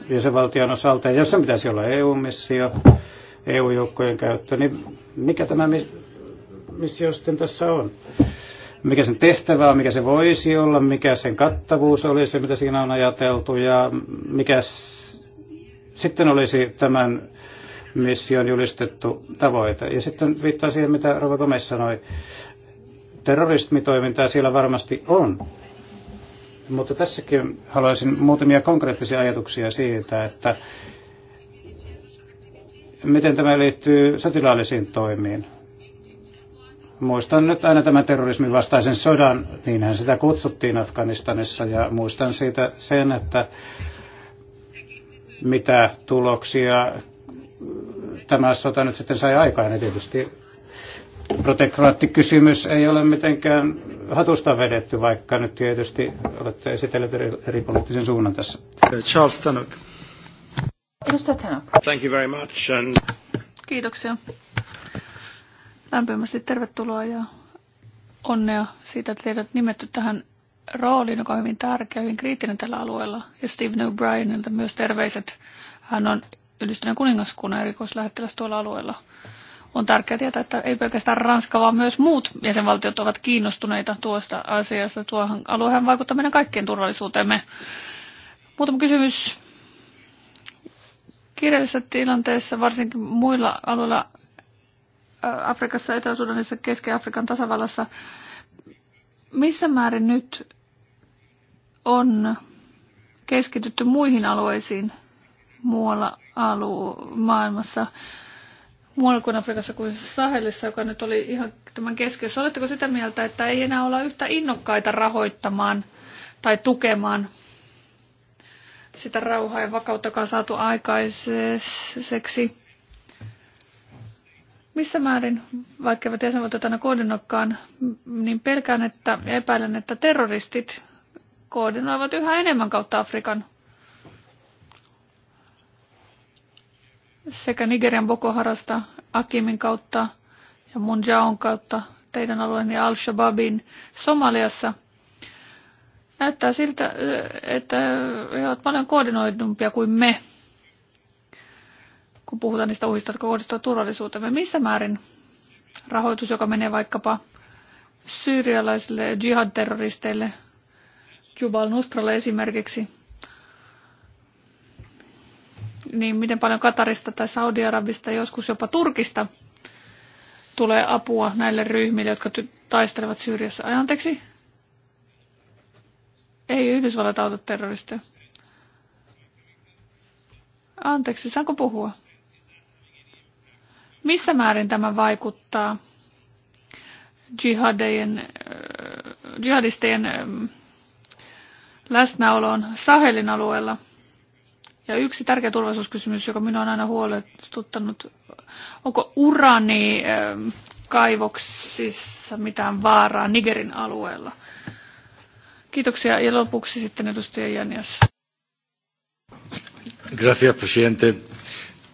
jäsenvaltion osalta, ja jos se pitäisi olla EU-missio, EU-joukkojen käyttö, niin mikä tämä missio sitten tässä on? Mikä sen tehtävä on, mikä se voisi olla, mikä sen kattavuus olisi, mitä siinä on ajateltu ja mikä sitten olisi tämän mission julistettu tavoite. Ja sitten viittaa siihen, mitä Rova Gomez sanoi. Terrorismitoimintaa siellä varmasti on, mutta tässäkin haluaisin muutamia konkreettisia ajatuksia siitä, että Miten tämä liittyy sotilaallisiin toimiin? Muistan nyt aina tämän terrorismin vastaisen sodan, niinhän sitä kutsuttiin Afganistanissa, ja muistan siitä sen, että mitä tuloksia tämä sota nyt sitten sai aikaan. Ja tietysti protektoraattikysymys ei ole mitenkään hatusta vedetty, vaikka nyt tietysti olette esitelleet eri, eri poliittisen suunnan tässä. Charles Tannock. Edustaja Tanok. Thank you very much. And... Kiitoksia. Lämpimästi tervetuloa ja onnea siitä, että teidät nimetty tähän rooliin, joka on hyvin tärkeä, hyvin kriittinen tällä alueella. Ja Steve O'Brienilta myös terveiset. Hän on yhdistyneen kuningaskunnan erikoislähettiläs tuolla alueella. On tärkeää tietää, että ei pelkästään Ranska, vaan myös muut jäsenvaltiot ovat kiinnostuneita tuosta asiasta. Tuohon alueen vaikuttaa meidän kaikkien turvallisuuteemme. Muutama kysymys Kiireellisessä tilanteessa, varsinkin muilla alueilla Afrikassa, Etelä-Sudanissa, Keski-Afrikan tasavallassa, missä määrin nyt on keskitytty muihin alueisiin muualla alu maailmassa, muualla kuin Afrikassa kuin Sahelissa, joka nyt oli ihan tämän keskiössä. Oletteko sitä mieltä, että ei enää olla yhtä innokkaita rahoittamaan tai tukemaan sitä rauhaa ja vakautta, joka on saatu aikaiseksi. Missä määrin, vaikka eivät jäsenvaltiot aina koordinoikaan, niin pelkään että, ja epäilen, että terroristit koordinoivat yhä enemmän kautta Afrikan. Sekä Nigerian Boko Harasta, Akimin kautta ja Munjaon kautta, teidän alueen ja Al-Shabaabin Somaliassa – Näyttää siltä, että he ovat paljon koordinoidumpia kuin me, kun puhutaan niistä uhista, jotka kohdistuvat turvallisuuteemme. Missä määrin rahoitus, joka menee vaikkapa syyrialaisille jihad-terroristeille, Jubal Nustralle esimerkiksi, niin miten paljon Katarista tai Saudi-Arabista, joskus jopa Turkista, tulee apua näille ryhmille, jotka taistelevat Syyriassa. Ai anteeksi, ei Yhdysvallat auta terroristeja. Anteeksi, saanko puhua? Missä määrin tämä vaikuttaa jihadien, äh, jihadistien ähm, läsnäoloon Sahelin alueella? Ja yksi tärkeä turvallisuuskysymys, joka minua on aina huolestuttanut, onko urani ähm, kaivoksissa mitään vaaraa Nigerin alueella? Kiitoksia ja lopuksi sitten edustaja Janias. Gracias, presidente.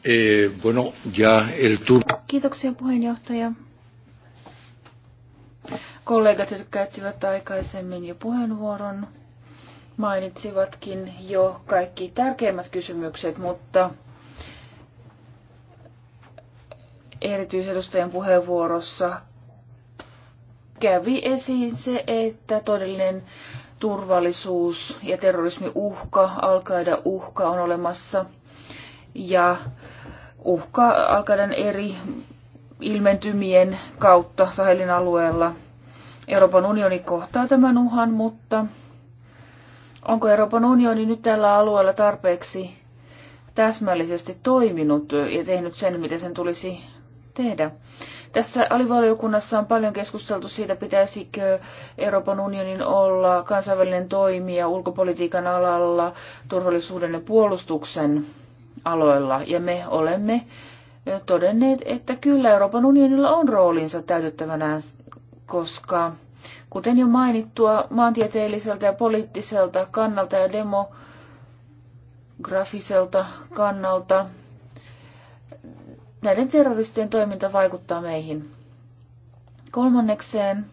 Eh, bueno, ya el tur... Kiitoksia puheenjohtaja. Kollegat, jotka käyttivät aikaisemmin jo puheenvuoron, mainitsivatkin jo kaikki tärkeimmät kysymykset, mutta erityisedustajan puheenvuorossa kävi esiin se, että todellinen turvallisuus ja terrorismiuhka, alkaida uhka on olemassa ja uhka alkaiden eri ilmentymien kautta Sahelin alueella. Euroopan unioni kohtaa tämän uhan, mutta onko Euroopan unioni nyt tällä alueella tarpeeksi täsmällisesti toiminut ja tehnyt sen, mitä sen tulisi tehdä? Tässä alivaliokunnassa on paljon keskusteltu siitä, pitäisikö Euroopan unionin olla kansainvälinen toimija ulkopolitiikan alalla, turvallisuuden ja puolustuksen aloilla. Ja me olemme todenneet, että kyllä Euroopan unionilla on roolinsa täytettävänään, koska kuten jo mainittua, maantieteelliseltä ja poliittiselta kannalta ja grafiselta kannalta – näiden terroristien toiminta vaikuttaa meihin. Kolmannekseen,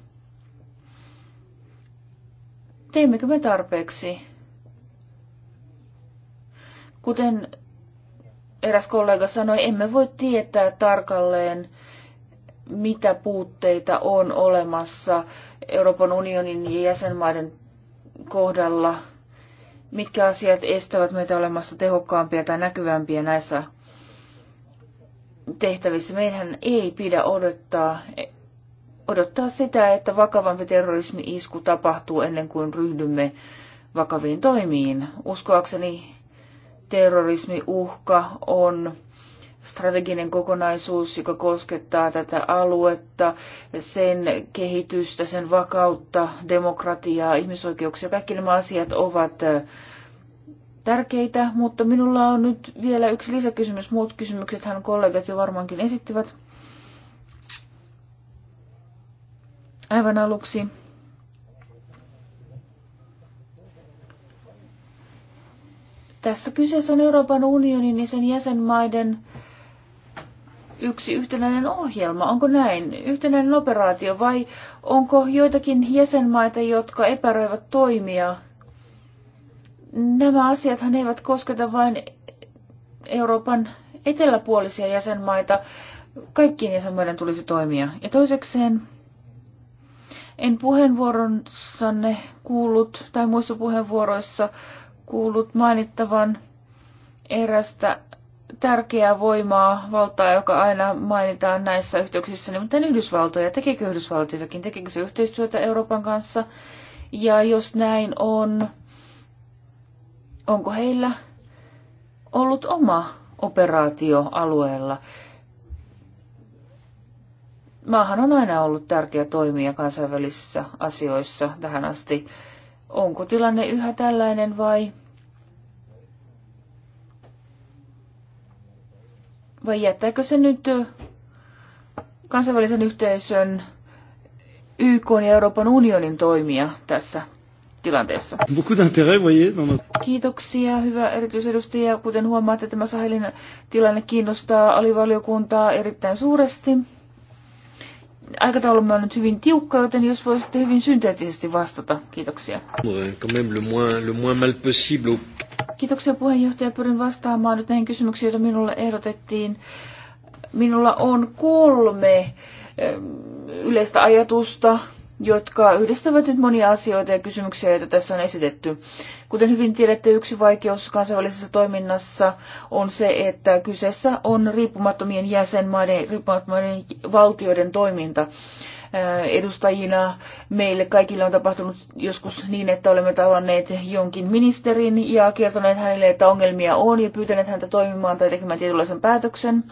teimmekö me tarpeeksi? Kuten eräs kollega sanoi, emme voi tietää tarkalleen, mitä puutteita on olemassa Euroopan unionin ja jäsenmaiden kohdalla, mitkä asiat estävät meitä olemasta tehokkaampia tai näkyvämpiä näissä tehtävissä. Meidän ei pidä odottaa, odottaa sitä, että vakavampi terrorismi-isku tapahtuu ennen kuin ryhdymme vakaviin toimiin. Uskoakseni terrorismiuhka on strateginen kokonaisuus, joka koskettaa tätä aluetta, sen kehitystä, sen vakautta, demokratiaa, ihmisoikeuksia. Kaikki nämä asiat ovat tärkeitä, mutta minulla on nyt vielä yksi lisäkysymys. Muut kysymyksethän kollegat jo varmaankin esittivät. Aivan aluksi tässä kyseessä on Euroopan unionin ja sen jäsenmaiden yksi yhtenäinen ohjelma. Onko näin? Yhtenäinen operaatio vai onko joitakin jäsenmaita, jotka epäröivät toimia nämä asiat eivät kosketa vain Euroopan eteläpuolisia jäsenmaita. Kaikkien jäsenmaiden tulisi toimia. Ja toisekseen en puheenvuoronsanne kuullut tai muissa puheenvuoroissa kuullut mainittavan erästä tärkeää voimaa, valtaa, joka aina mainitaan näissä yhteyksissä, nimittäin Yhdysvaltoja. Tekikö jotakin? Tekikö se yhteistyötä Euroopan kanssa? Ja jos näin on, Onko heillä ollut oma operaatio alueella? Maahan on aina ollut tärkeä toimija kansainvälisissä asioissa tähän asti. Onko tilanne yhä tällainen vai vai jättääkö se nyt kansainvälisen yhteisön, YK ja Euroopan unionin toimia tässä tilanteessa. Kiitoksia, hyvä erityisedustaja. Kuten huomaatte, tämä Sahelin tilanne kiinnostaa alivaliokuntaa erittäin suuresti. Aikataulumme on nyt hyvin tiukka, joten jos voisitte hyvin synteettisesti vastata. Kiitoksia. Kiitoksia puheenjohtaja. Pyrin vastaamaan nyt näihin kysymyksiin, joita minulle ehdotettiin. Minulla on kolme yleistä ajatusta jotka yhdistävät nyt monia asioita ja kysymyksiä, joita tässä on esitetty. Kuten hyvin tiedätte, yksi vaikeus kansainvälisessä toiminnassa on se, että kyseessä on riippumattomien jäsenmaiden, riippumattomien valtioiden toiminta. Äh, edustajina meille kaikille on tapahtunut joskus niin, että olemme tavanneet jonkin ministerin ja kertoneet hänelle, että ongelmia on ja pyytäneet häntä toimimaan tai tekemään tietynlaisen päätöksen.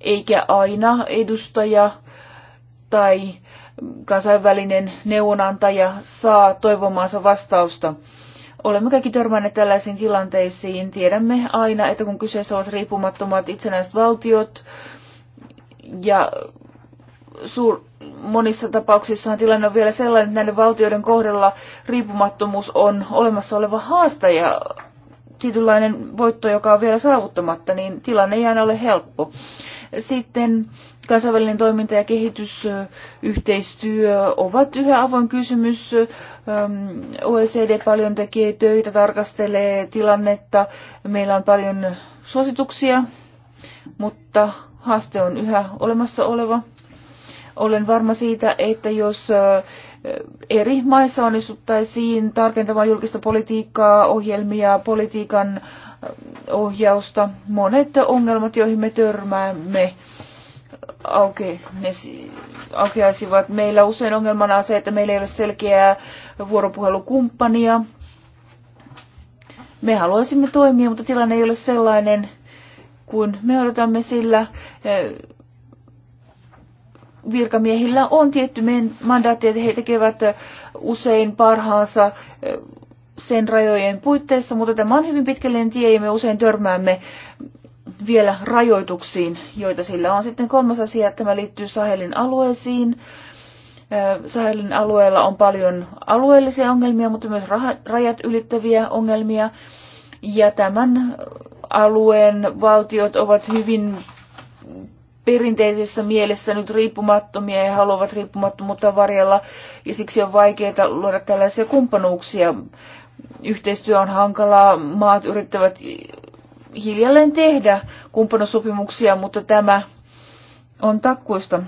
Eikä aina edustaja tai kansainvälinen neuvonantaja saa toivomaansa vastausta. Olemme kaikki törmänneet tällaisiin tilanteisiin. Tiedämme aina, että kun kyseessä ovat riippumattomat itsenäiset valtiot ja suur, monissa tapauksissa tilanne on vielä sellainen, että näiden valtioiden kohdalla riippumattomuus on olemassa oleva haaste ja tietynlainen voitto, joka on vielä saavuttamatta, niin tilanne ei aina ole helppo. Sitten kansainvälinen toiminta ja kehitysyhteistyö ovat yhä avoin kysymys. OECD paljon tekee töitä, tarkastelee tilannetta. Meillä on paljon suosituksia, mutta haaste on yhä olemassa oleva. Olen varma siitä, että jos eri maissa onnistuttaisiin tarkentamaan julkista politiikkaa, ohjelmia, politiikan ohjausta. Monet ongelmat, joihin me törmäämme, auke, ne aukeaisivat. Meillä usein ongelmana on se, että meillä ei ole selkeää vuoropuhelukumppania. Me haluaisimme toimia, mutta tilanne ei ole sellainen kuin me odotamme sillä. Eh, virkamiehillä on tietty mandaatti, että he tekevät eh, usein parhaansa eh, sen rajojen puitteissa, mutta tämä on hyvin pitkälleen tie ja me usein törmäämme vielä rajoituksiin, joita sillä on. Sitten kolmas asia, että tämä liittyy Sahelin alueisiin. Sahelin alueella on paljon alueellisia ongelmia, mutta myös rajat ylittäviä ongelmia. Ja tämän alueen valtiot ovat hyvin perinteisessä mielessä nyt riippumattomia ja haluavat riippumattomuutta varjella, ja siksi on vaikeaa luoda tällaisia kumppanuuksia yhteistyö on hankalaa, maat yrittävät hiljalleen tehdä kumppanosopimuksia, mutta tämä on takkuista.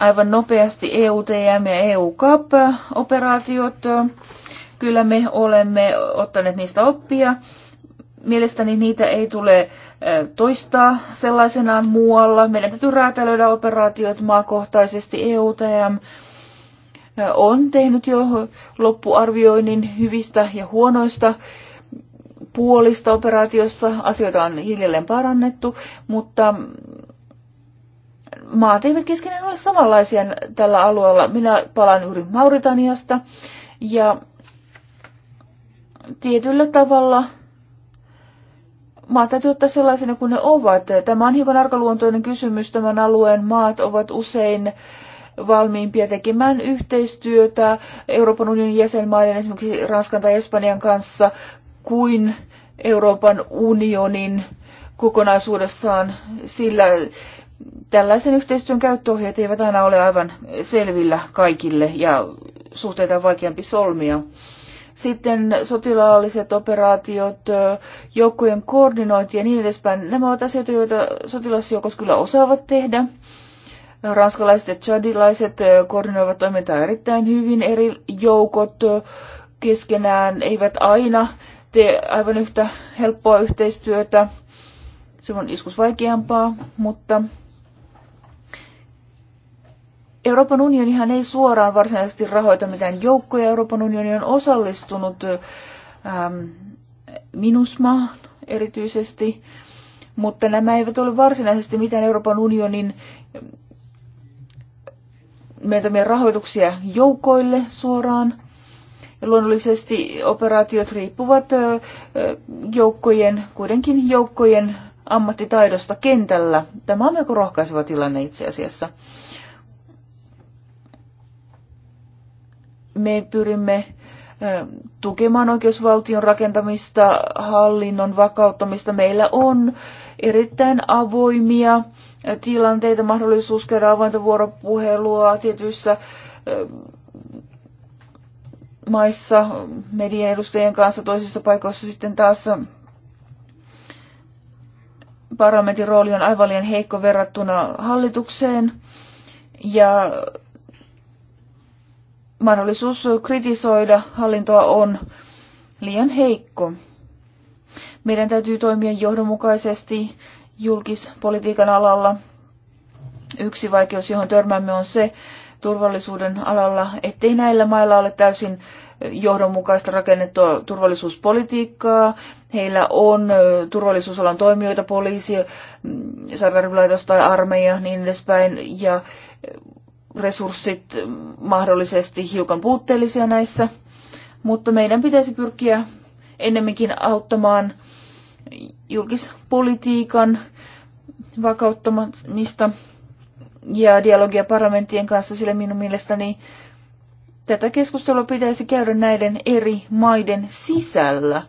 Aivan nopeasti EUTM ja eu operaatiot Kyllä me olemme ottaneet niistä oppia. Mielestäni niitä ei tule toistaa sellaisenaan muualla. Meidän täytyy räätälöidä operaatiot maakohtaisesti EUTM on tehnyt jo loppuarvioinnin hyvistä ja huonoista puolista operaatiossa. Asioita on hiljalleen parannettu, mutta maat eivät keskenään ole samanlaisia tällä alueella. Minä palaan juuri Mauritaniasta ja tietyllä tavalla maat täytyy ottaa sellaisena kuin ne ovat. Tämä on hiukan arkaluontoinen kysymys. Tämän alueen maat ovat usein valmiimpia tekemään yhteistyötä Euroopan unionin jäsenmaiden, esimerkiksi Ranskan tai Espanjan kanssa, kuin Euroopan unionin kokonaisuudessaan, sillä tällaisen yhteistyön käyttöohjeet eivät aina ole aivan selvillä kaikille ja suhteita on vaikeampi solmia. Sitten sotilaalliset operaatiot, joukkojen koordinointi ja niin edespäin. Nämä ovat asioita, joita sotilasjoukot kyllä osaavat tehdä. Ranskalaiset ja tsadilaiset koordinoivat toimintaa erittäin hyvin. Eri joukot keskenään eivät aina tee aivan yhtä helppoa yhteistyötä. Se on iskus vaikeampaa, mutta Euroopan unionihan ei suoraan varsinaisesti rahoita mitään joukkoja. Euroopan unioni on osallistunut ähm, minusmaan erityisesti, mutta nämä eivät ole varsinaisesti mitään Euroopan unionin myöntämiä rahoituksia joukoille suoraan. Ja luonnollisesti operaatiot riippuvat joukkojen, kuitenkin joukkojen ammattitaidosta kentällä. Tämä on melko rohkaiseva tilanne itse asiassa. Me pyrimme tukemaan oikeusvaltion rakentamista, hallinnon vakauttamista. Meillä on erittäin avoimia tilanteita, mahdollisuus käydä avointa vuoropuhelua tietyissä maissa median edustajien kanssa, toisissa paikoissa sitten taas parlamentin rooli on aivan liian heikko verrattuna hallitukseen. Ja mahdollisuus kritisoida hallintoa on liian heikko. Meidän täytyy toimia johdonmukaisesti julkispolitiikan alalla. Yksi vaikeus, johon törmäämme, on se turvallisuuden alalla, ettei näillä mailla ole täysin johdonmukaista rakennettua turvallisuuspolitiikkaa. Heillä on turvallisuusalan toimijoita, poliisi, mm, sairaanhoitolaitos tai armeija, niin edespäin, ja resurssit mahdollisesti hiukan puutteellisia näissä. Mutta meidän pitäisi pyrkiä ennemminkin auttamaan julkispolitiikan vakauttamista ja dialogia parlamenttien kanssa, sillä minun mielestäni tätä keskustelua pitäisi käydä näiden eri maiden sisällä.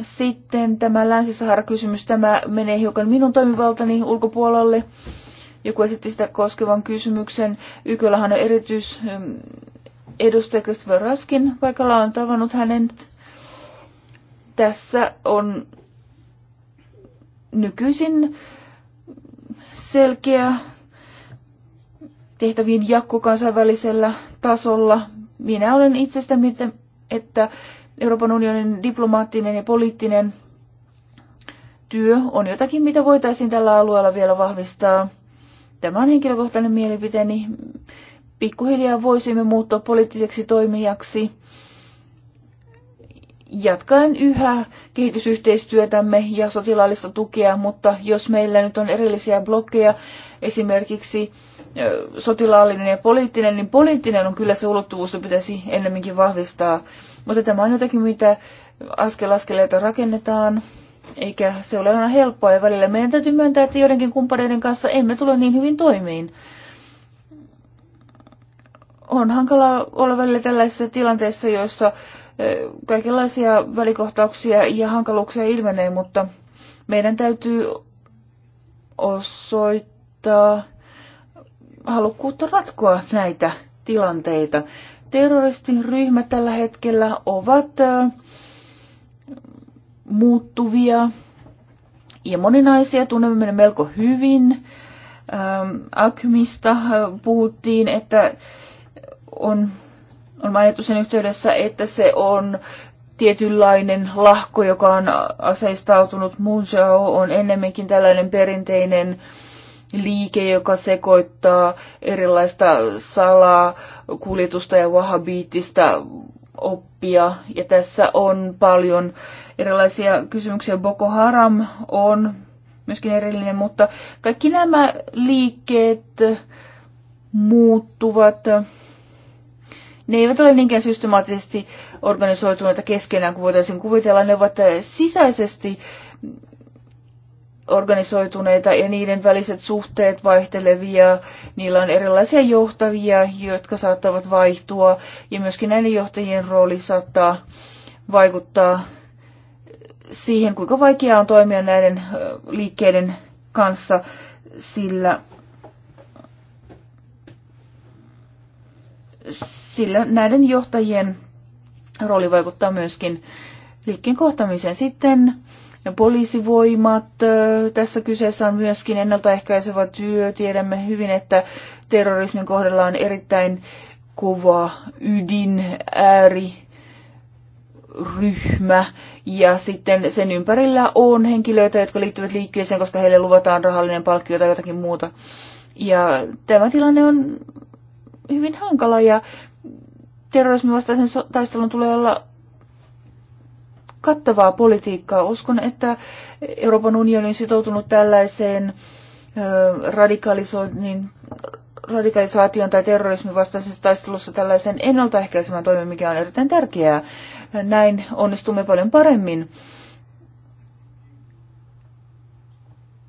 Sitten tämä Länsi-Sahara-kysymys, tämä menee hiukan minun toimivaltani ulkopuolelle. Joku esitti sitä koskevan kysymyksen. Yköllähän on erityis mm, edustaja Christopher Raskin paikalla on tavannut hänet tässä on nykyisin selkeä tehtävien jakko kansainvälisellä tasolla. Minä olen itsestä mieltä, että Euroopan unionin diplomaattinen ja poliittinen työ on jotakin, mitä voitaisiin tällä alueella vielä vahvistaa. Tämä on henkilökohtainen mielipiteeni. Pikkuhiljaa voisimme muuttua poliittiseksi toimijaksi jatkaen yhä kehitysyhteistyötämme ja sotilaallista tukea, mutta jos meillä nyt on erillisiä blokkeja, esimerkiksi sotilaallinen ja poliittinen, niin poliittinen on kyllä se ulottuvuus, jota pitäisi ennemminkin vahvistaa. Mutta tämä on jotakin, mitä askel askeleita rakennetaan, eikä se ole aina helppoa ja välillä meidän täytyy myöntää, että joidenkin kumppaneiden kanssa emme tule niin hyvin toimiin. On hankala olla välillä tällaisissa tilanteissa, joissa kaikenlaisia välikohtauksia ja hankaluuksia ilmenee, mutta meidän täytyy osoittaa halukkuutta ratkoa näitä tilanteita. Terroristin ryhmä tällä hetkellä ovat muuttuvia ja moninaisia. Tunnemme ne melko hyvin. Akmista puhuttiin, että on on mainittu sen yhteydessä, että se on tietynlainen lahko, joka on aseistautunut. Moon Jao on ennemminkin tällainen perinteinen liike, joka sekoittaa erilaista salaa, kuljetusta ja wahabiittista oppia. Ja tässä on paljon erilaisia kysymyksiä. Boko Haram on myöskin erillinen, mutta kaikki nämä liikkeet muuttuvat ne eivät ole niinkään systemaattisesti organisoituneita keskenään kuin voitaisiin kuvitella. Ne ovat sisäisesti organisoituneita ja niiden väliset suhteet vaihtelevia. Niillä on erilaisia johtavia, jotka saattavat vaihtua ja myöskin näiden johtajien rooli saattaa vaikuttaa siihen, kuinka vaikeaa on toimia näiden liikkeiden kanssa, sillä sillä näiden johtajien rooli vaikuttaa myöskin liikkeen kohtamiseen. Sitten poliisivoimat, tässä kyseessä on myöskin ennaltaehkäisevä työ. Tiedämme hyvin, että terrorismin kohdalla on erittäin kova ydin, ääri, ryhmä ja sitten sen ympärillä on henkilöitä, jotka liittyvät liikkeeseen, koska heille luvataan rahallinen palkkio tai jotakin muuta. Ja tämä tilanne on hyvin hankala ja terrorismin vastaisen taistelun tulee olla kattavaa politiikkaa. Uskon, että Euroopan unioni on sitoutunut tällaiseen radikalisoinnin radikalisaation tai terrorismin vastaisessa taistelussa tällaisen ennaltaehkäisemään toimen, mikä on erittäin tärkeää. Näin onnistumme paljon paremmin.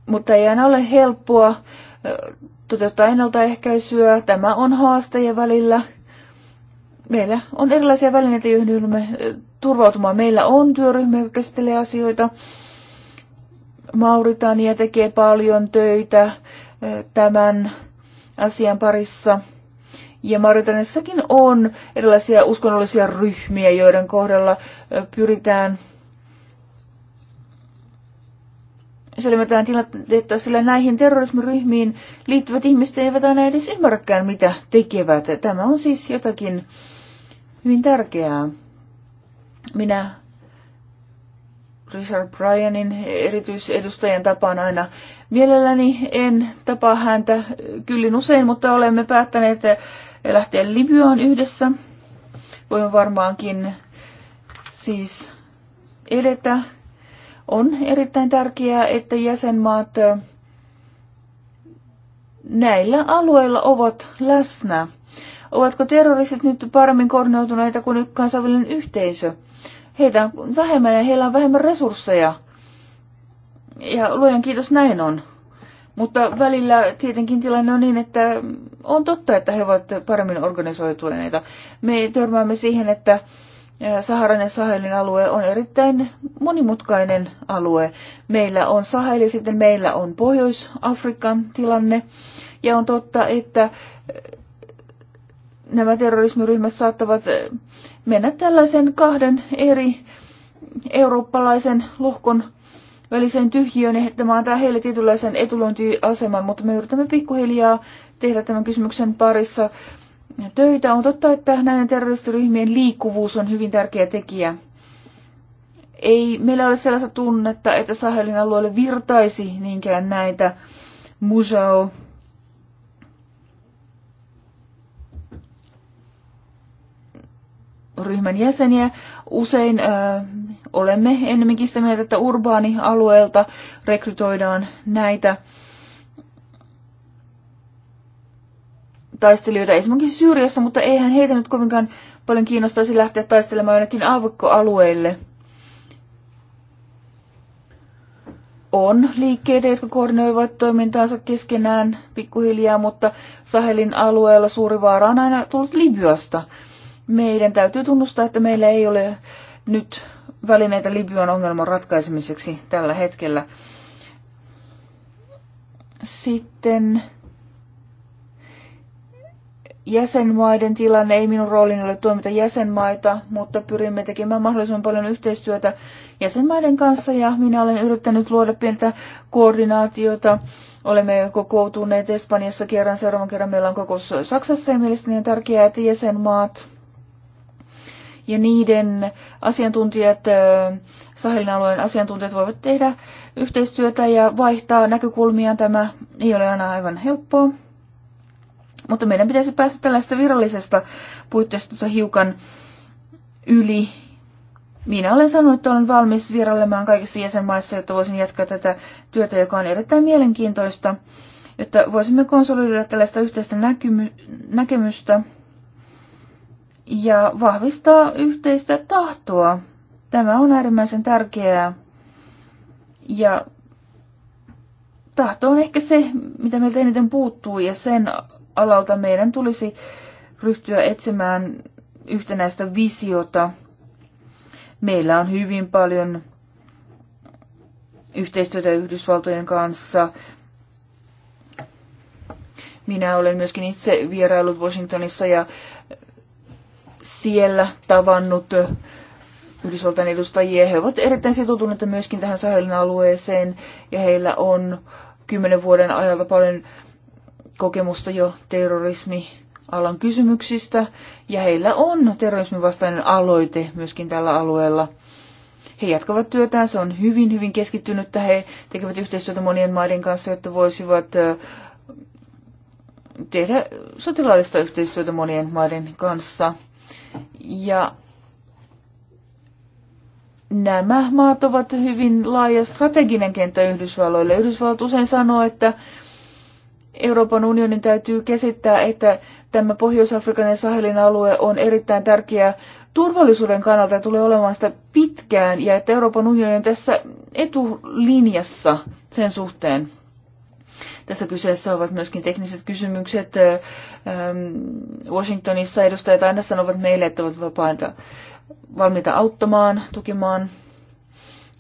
Mutta ei aina ole helppoa toteuttaa ennaltaehkäisyä. Tämä on haasteja välillä meillä on erilaisia välineitä, joihin yhdymme turvautumaan. Meillä on työryhmä, joka käsittelee asioita. Mauritania tekee paljon töitä tämän asian parissa. Ja Mauritanissakin on erilaisia uskonnollisia ryhmiä, joiden kohdalla pyritään selvitään tilannetta, sillä näihin terrorismiryhmiin liittyvät ihmiset eivät aina edes ymmärräkään, mitä tekevät. Tämä on siis jotakin, hyvin tärkeää. Minä Richard Bryanin erityisedustajan tapaan aina mielelläni en tapaa häntä kyllin usein, mutta olemme päättäneet lähteä Libyaan yhdessä. Voimme varmaankin siis edetä. On erittäin tärkeää, että jäsenmaat näillä alueilla ovat läsnä. Ovatko terroristit nyt paremmin koordinoituneita kuin kansainvälinen yhteisö? Heitä on vähemmän ja heillä on vähemmän resursseja. Ja luojan kiitos näin on. Mutta välillä tietenkin tilanne on niin, että on totta, että he ovat paremmin organisoituneita. Me törmäämme siihen, että Saharan ja Sahelin alue on erittäin monimutkainen alue. Meillä on Sahel ja sitten meillä on Pohjois-Afrikan tilanne. Ja on totta, että nämä terrorismiryhmät saattavat eh, mennä tällaisen kahden eri eurooppalaisen lohkon väliseen tyhjiöön, että tämä antaa heille tietynlaisen etulointiaseman, mutta me yritämme pikkuhiljaa tehdä tämän kysymyksen parissa töitä. On totta, että näiden terroristiryhmien liikkuvuus on hyvin tärkeä tekijä. Ei meillä ole sellaista tunnetta, että Sahelin alueelle virtaisi niinkään näitä mujao ryhmän jäseniä. Usein ö, olemme ennemminkin sitä mieltä, että urbaanialueelta rekrytoidaan näitä taistelijoita esimerkiksi Syyriassa, mutta eihän heitä nyt kovinkaan paljon kiinnostaisi lähteä taistelemaan jonnekin aavikkoalueille. On liikkeitä, jotka koordinoivat toimintaansa keskenään pikkuhiljaa, mutta Sahelin alueella suuri vaara on aina tullut Libyasta meidän täytyy tunnustaa, että meillä ei ole nyt välineitä Libyan ongelman ratkaisemiseksi tällä hetkellä. Sitten jäsenmaiden tilanne. Ei minun roolini ole toimita jäsenmaita, mutta pyrimme tekemään mahdollisimman paljon yhteistyötä jäsenmaiden kanssa ja minä olen yrittänyt luoda pientä koordinaatiota. Olemme kokoutuneet Espanjassa kerran, seuraavan kerran meillä on kokous Saksassa ja mielestäni on tärkeää, että jäsenmaat ja niiden asiantuntijat, Sahelin alueen asiantuntijat voivat tehdä yhteistyötä ja vaihtaa näkökulmia. Tämä ei ole aina aivan helppoa, mutta meidän pitäisi päästä tällaista virallisesta puitteistosta hiukan yli. Minä olen sanonut, että olen valmis vierailemaan kaikissa jäsenmaissa, jotta voisin jatkaa tätä työtä, joka on erittäin mielenkiintoista, jotta voisimme konsolidoida tällaista yhteistä näkymy- näkemystä ja vahvistaa yhteistä tahtoa. Tämä on äärimmäisen tärkeää. Ja tahto on ehkä se, mitä meiltä eniten puuttuu, ja sen alalta meidän tulisi ryhtyä etsimään yhtenäistä visiota. Meillä on hyvin paljon yhteistyötä Yhdysvaltojen kanssa. Minä olen myöskin itse vierailut Washingtonissa ja siellä tavannut Yhdysvaltain edustajia. He ovat erittäin sitoutuneita myöskin tähän Sahelin alueeseen ja heillä on kymmenen vuoden ajalta paljon kokemusta jo terrorismi alan kysymyksistä ja heillä on terrorismin vastainen aloite myöskin tällä alueella. He jatkavat työtään, se on hyvin, hyvin keskittynyttä. He tekevät yhteistyötä monien maiden kanssa, jotta voisivat tehdä sotilaallista yhteistyötä monien maiden kanssa. Ja nämä maat ovat hyvin laaja strateginen kenttä Yhdysvalloille. Yhdysvallat usein sanoo, että Euroopan unionin täytyy käsittää, että tämä Pohjois-Afrikan ja Sahelin alue on erittäin tärkeä turvallisuuden kannalta tulee olemaan sitä pitkään ja että Euroopan unioni on tässä etulinjassa sen suhteen. Tässä kyseessä ovat myöskin tekniset kysymykset. Washingtonissa edustajat aina sanovat meille, että ovat vapaita, valmiita auttamaan, tukemaan.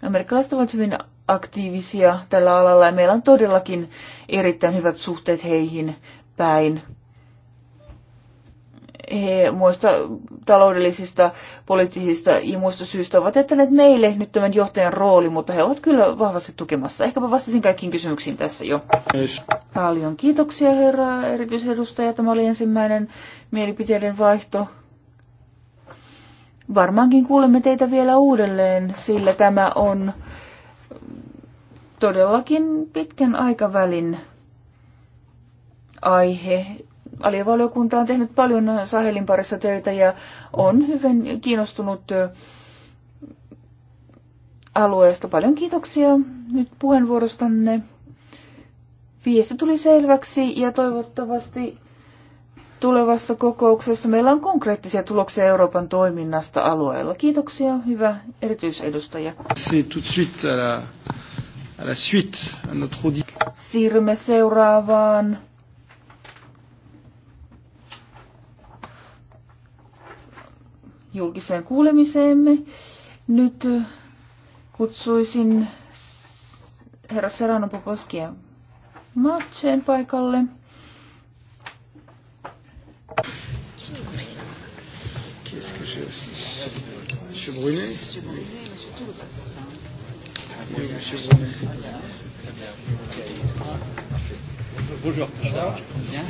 Amerikkalaiset ovat hyvin aktiivisia tällä alalla ja meillä on todellakin erittäin hyvät suhteet heihin päin he muista taloudellisista, poliittisista ja muista syistä ovat jättäneet meille nyt tämän johtajan rooli, mutta he ovat kyllä vahvasti tukemassa. Ehkäpä vastasin kaikkiin kysymyksiin tässä jo. Yes. Paljon kiitoksia herra erityisedustaja. Tämä oli ensimmäinen mielipiteiden vaihto. Varmaankin kuulemme teitä vielä uudelleen, sillä tämä on todellakin pitkän aikavälin aihe Alivaliokunta on tehnyt paljon Sahelin parissa töitä ja on hyvin kiinnostunut alueesta. Paljon kiitoksia nyt puheenvuorostanne. Viesti tuli selväksi ja toivottavasti tulevassa kokouksessa meillä on konkreettisia tuloksia Euroopan toiminnasta alueella. Kiitoksia, hyvä erityisedustaja. Siirrymme seuraavaan julkiseen kuulemiseemme. Nyt kutsuisin herra Serano Poposkia matseen paikalle. Bonjour. Ça va Bien.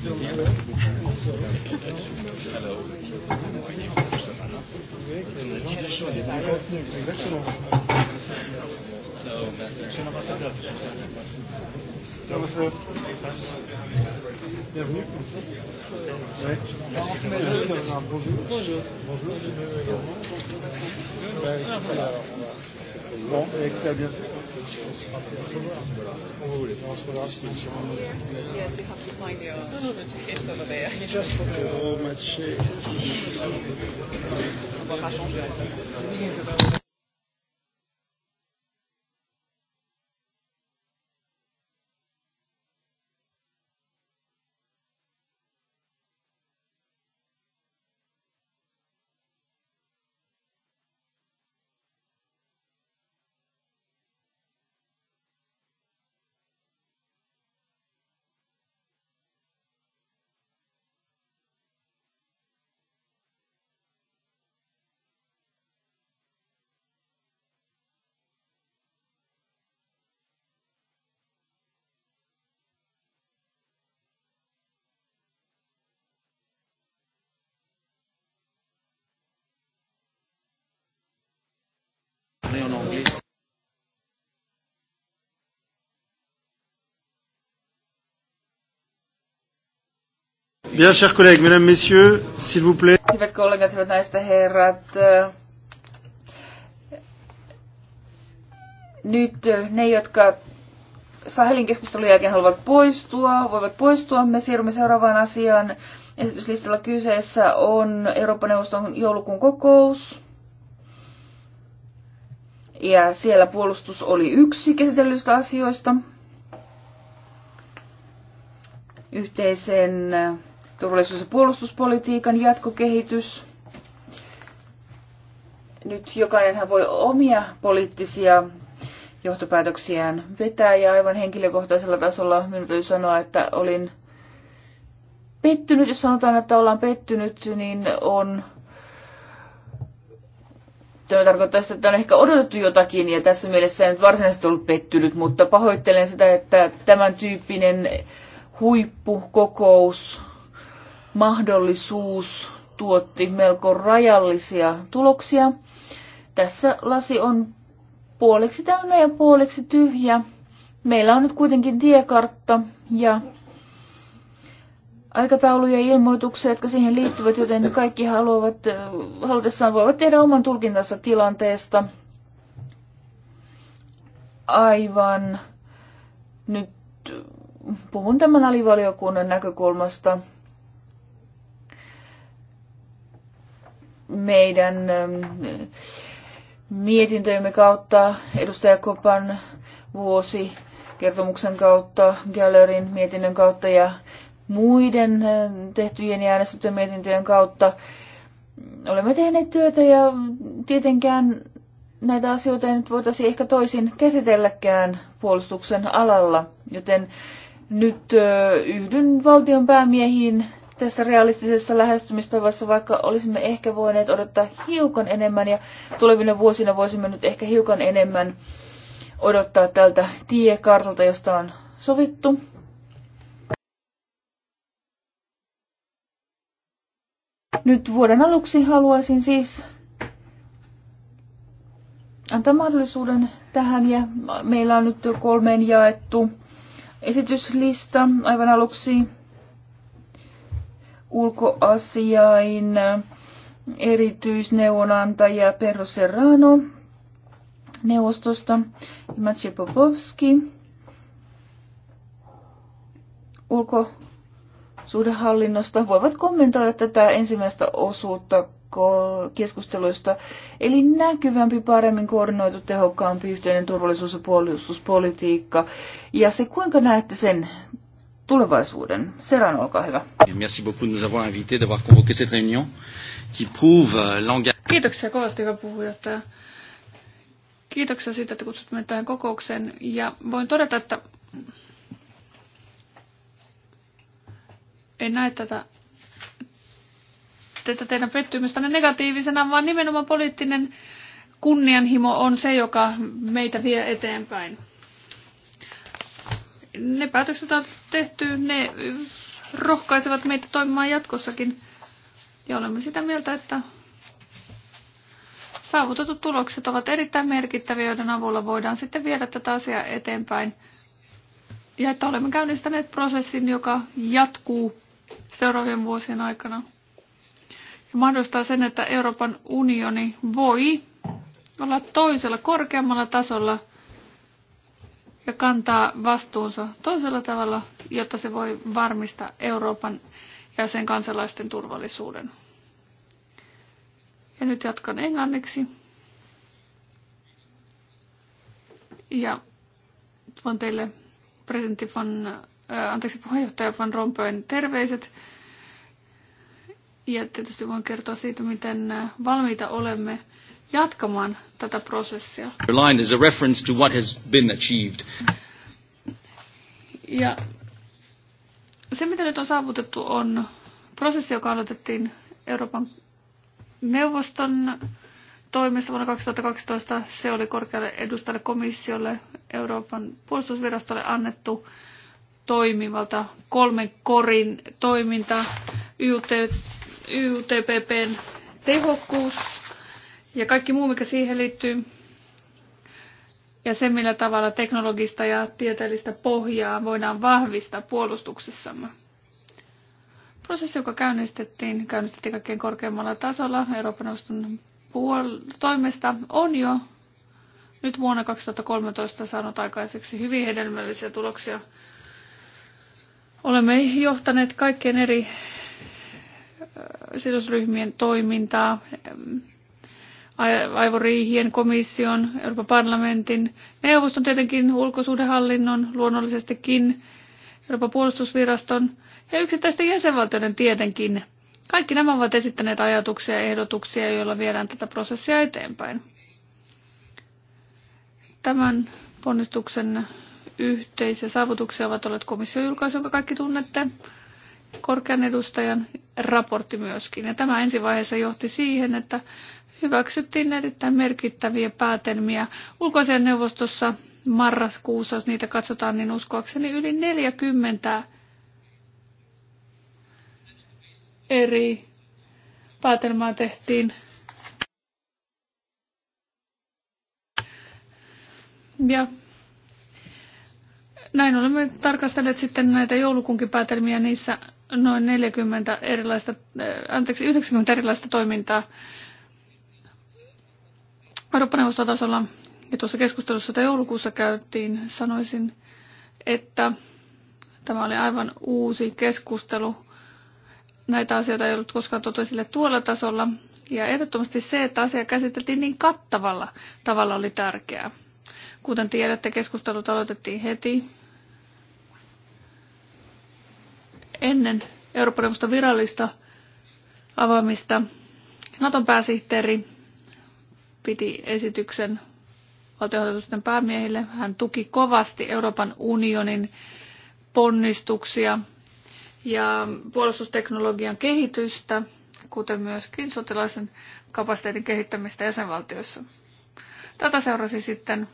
Bienvenue. Ouais. Bonjour. Bonjour. Bonjour. Bon, et à bientôt. Yes, you have to find your. No, no, but it's over there. You just for the match. parler en anglais. Bien, chers collègues, mesdames, messieurs, s'il vous plaît. Hyvät kollegat, hyvät naiset ja herrat. Nyt ne, jotka Sahelin keskustelun jälkeen haluavat poistua, voivat poistua. Me siirrymme seuraavaan asiaan. Esityslistalla kyseessä on Euroopan neuvoston joulukuun kokous ja siellä puolustus oli yksi käsitellyistä asioista. Yhteisen turvallisuus- ja puolustuspolitiikan jatkokehitys. Nyt jokainenhan voi omia poliittisia johtopäätöksiään vetää ja aivan henkilökohtaisella tasolla minun täytyy sanoa, että olin pettynyt, jos sanotaan, että ollaan pettynyt, niin on Tämä tarkoittaa sitä, että on ehkä odotettu jotakin ja tässä mielessä en varsinaisesti ollut pettynyt, mutta pahoittelen sitä, että tämän tyyppinen huippukokous, mahdollisuus tuotti melko rajallisia tuloksia. Tässä lasi on puoliksi täynnä ja puoliksi tyhjä. Meillä on nyt kuitenkin tiekartta ja aikatauluja ja ilmoituksia, jotka siihen liittyvät, joten kaikki haluavat, halutessaan voivat tehdä oman tulkintansa tilanteesta. Aivan. Nyt puhun tämän alivaliokunnan näkökulmasta. Meidän mietintöjemme kautta, edustaja Kopan vuosi kertomuksen kautta, Gallerin mietinnön kautta ja muiden tehtyjen ja äänestettyjen mietintöjen kautta. Olemme tehneet työtä ja tietenkään näitä asioita ei nyt voitaisiin ehkä toisin käsitelläkään puolustuksen alalla, joten nyt yhdyn valtion päämiehiin tässä realistisessa lähestymistavassa, vaikka olisimme ehkä voineet odottaa hiukan enemmän ja tulevina vuosina voisimme nyt ehkä hiukan enemmän odottaa tältä tiekartalta, josta on sovittu. Nyt vuoden aluksi haluaisin siis antaa mahdollisuuden tähän ja meillä on nyt kolmeen jaettu esityslista aivan aluksi ulkoasiain erityisneuvonantaja Perro Serrano neuvostosta Maciej Popovski ulko suhdehallinnosta voivat kommentoida tätä ensimmäistä osuutta keskusteluista, eli näkyvämpi, paremmin koordinoitu, tehokkaampi yhteinen turvallisuus- ja puolustuspolitiikka. Ja se, kuinka näette sen tulevaisuuden? Seran, olkaa hyvä. Merci beaucoup nous avoir invités, d'avoir convoqué cette réunion qui prouve euh, l'engagement. Kiitoksia kovasti, hyvä puhujohtaja. Kiitoksia siitä, että kutsut meitä tähän kokoukseen. Ja voin todeta, että En näe tätä, tätä teidän pettymystänne negatiivisena, vaan nimenomaan poliittinen kunnianhimo on se, joka meitä vie eteenpäin. Ne päätökset, on tehty, ne rohkaisevat meitä toimimaan jatkossakin. Ja olemme sitä mieltä, että saavutetut tulokset ovat erittäin merkittäviä, joiden avulla voidaan sitten viedä tätä asiaa eteenpäin. Ja että olemme käynnistäneet prosessin, joka jatkuu seuraavien vuosien aikana. Ja mahdollistaa sen, että Euroopan unioni voi olla toisella korkeammalla tasolla ja kantaa vastuunsa toisella tavalla, jotta se voi varmistaa Euroopan ja sen kansalaisten turvallisuuden. Ja nyt jatkan englanniksi. Ja tuon teille presidentti von anteeksi, puheenjohtaja Van Rompuyn terveiset. Ja tietysti voin kertoa siitä, miten valmiita olemme jatkamaan tätä prosessia. Line is a reference to what has been achieved. Ja se, mitä nyt on saavutettu, on prosessi, joka aloitettiin Euroopan neuvoston toimesta vuonna 2012. Se oli korkealle edustajalle komissiolle Euroopan puolustusvirastolle annettu toimivalta, kolmen korin toiminta, YT, YTPPn tehokkuus ja kaikki muu, mikä siihen liittyy. Ja se, millä tavalla teknologista ja tieteellistä pohjaa voidaan vahvistaa puolustuksessamme. Prosessi, joka käynnistettiin, käynnistettiin kaikkein korkeammalla tasolla Euroopan neuvoston puol- toimesta, on jo nyt vuonna 2013 saanut aikaiseksi hyvin hedelmällisiä tuloksia. Olemme johtaneet kaikkien eri sidosryhmien toimintaa, aivoriihien, komission, Euroopan parlamentin, neuvoston tietenkin, ulkosuhdehallinnon luonnollisestikin, Euroopan puolustusviraston ja yksittäisten jäsenvaltioiden tietenkin. Kaikki nämä ovat esittäneet ajatuksia ja ehdotuksia, joilla viedään tätä prosessia eteenpäin. Tämän ponnistuksen yhteisiä saavutuksia ovat olleet komission julkaisu, jonka kaikki tunnette, korkean edustajan raportti myöskin. Ja tämä ensivaiheessa johti siihen, että hyväksyttiin erittäin merkittäviä päätelmiä ulkoisen neuvostossa marraskuussa, jos niitä katsotaan, niin uskoakseni yli 40 eri päätelmää tehtiin. Ja näin olemme tarkastelleet sitten näitä joulukunkin päätelmiä niissä noin 40 erilaista, eh, anteeksi, 90 erilaista toimintaa Eurooppa-neuvostotasolla. Ja tuossa keskustelussa, jota joulukuussa käytiin, sanoisin, että tämä oli aivan uusi keskustelu. Näitä asioita ei ollut koskaan tuotu esille tuolla tasolla. Ja ehdottomasti se, että asia käsiteltiin niin kattavalla tavalla oli tärkeää. Kuten tiedätte, keskustelut aloitettiin heti ennen Euroopan neuvoston virallista avaamista. Naton pääsihteeri piti esityksen valtionhallitusten päämiehille. Hän tuki kovasti Euroopan unionin ponnistuksia ja puolustusteknologian kehitystä, kuten myöskin sotilaisen kapasiteetin kehittämistä jäsenvaltioissa. Tätä seurasi sitten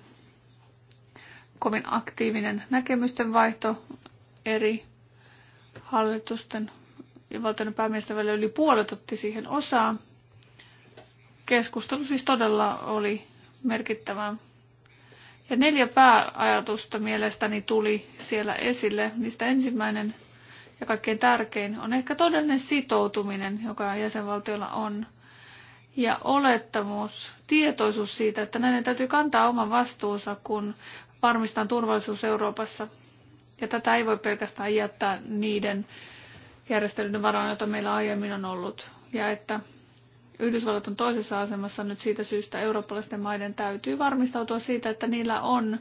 kovin aktiivinen näkemysten vaihto eri hallitusten ja valtion päämiesten välillä yli puolet otti siihen osaa. Keskustelu siis todella oli merkittävää. Ja neljä pääajatusta mielestäni tuli siellä esille, mistä ensimmäinen ja kaikkein tärkein on ehkä todellinen sitoutuminen, joka jäsenvaltiolla on, ja olettamus, tietoisuus siitä, että näiden täytyy kantaa oma vastuunsa, kun varmistaa turvallisuus Euroopassa. Ja tätä ei voi pelkästään jättää niiden järjestelyiden varaan, joita meillä aiemmin on ollut. Ja että Yhdysvallat on toisessa asemassa nyt siitä syystä eurooppalaisten maiden täytyy varmistautua siitä, että niillä on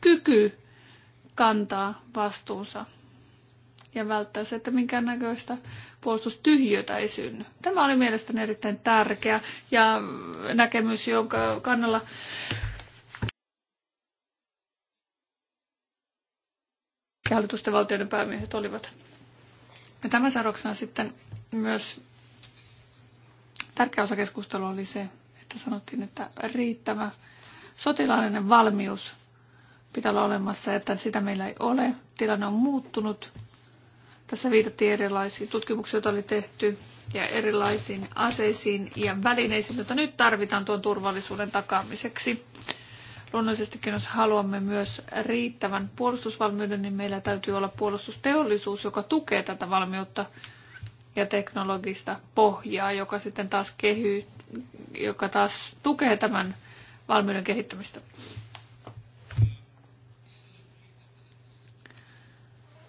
kyky kantaa vastuunsa ja välttää se, että minkäännäköistä puolustustyhjötä ei synny. Tämä oli mielestäni erittäin tärkeä ja näkemys, jonka kannalla kaikki hallitusten valtioiden päämiehet olivat. Ja tämän seurauksena sitten myös tärkeä osa keskustelua oli se, että sanottiin, että riittävä sotilaallinen valmius pitää olla olemassa, että sitä meillä ei ole. Tilanne on muuttunut. Tässä viitattiin erilaisiin tutkimuksiin, joita oli tehty, ja erilaisiin aseisiin ja välineisiin, joita nyt tarvitaan tuon turvallisuuden takaamiseksi. Luonnollisestikin, jos haluamme myös riittävän puolustusvalmiuden, niin meillä täytyy olla puolustusteollisuus, joka tukee tätä valmiutta ja teknologista pohjaa, joka sitten taas, kehyy, joka taas tukee tämän valmiuden kehittämistä.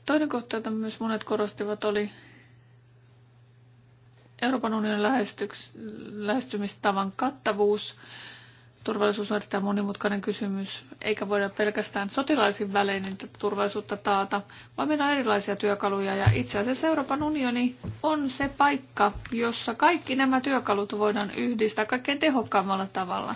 Toinen kohta, jota myös monet korostivat, oli Euroopan unionin lähestymistavan kattavuus. Turvallisuus on erittäin monimutkainen kysymys, eikä voida pelkästään sotilaisin välein turvallisuutta taata, vaan meillä on erilaisia työkaluja ja itse asiassa Euroopan unioni on se paikka, jossa kaikki nämä työkalut voidaan yhdistää kaikkein tehokkaammalla tavalla.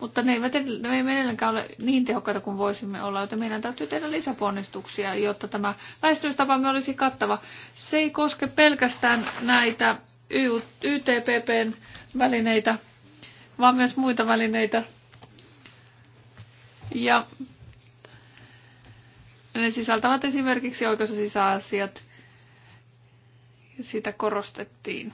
Mutta ne eivät, ne ei edelleenkään ole niin tehokkaita kuin voisimme olla, joten meidän täytyy tehdä lisäponnistuksia, jotta tämä lähestymistapamme olisi kattava. Se ei koske pelkästään näitä YTPPn välineitä, vaan myös muita välineitä. Ja ne sisältävät esimerkiksi oikeus- ja sisäasiat. Ja sitä korostettiin.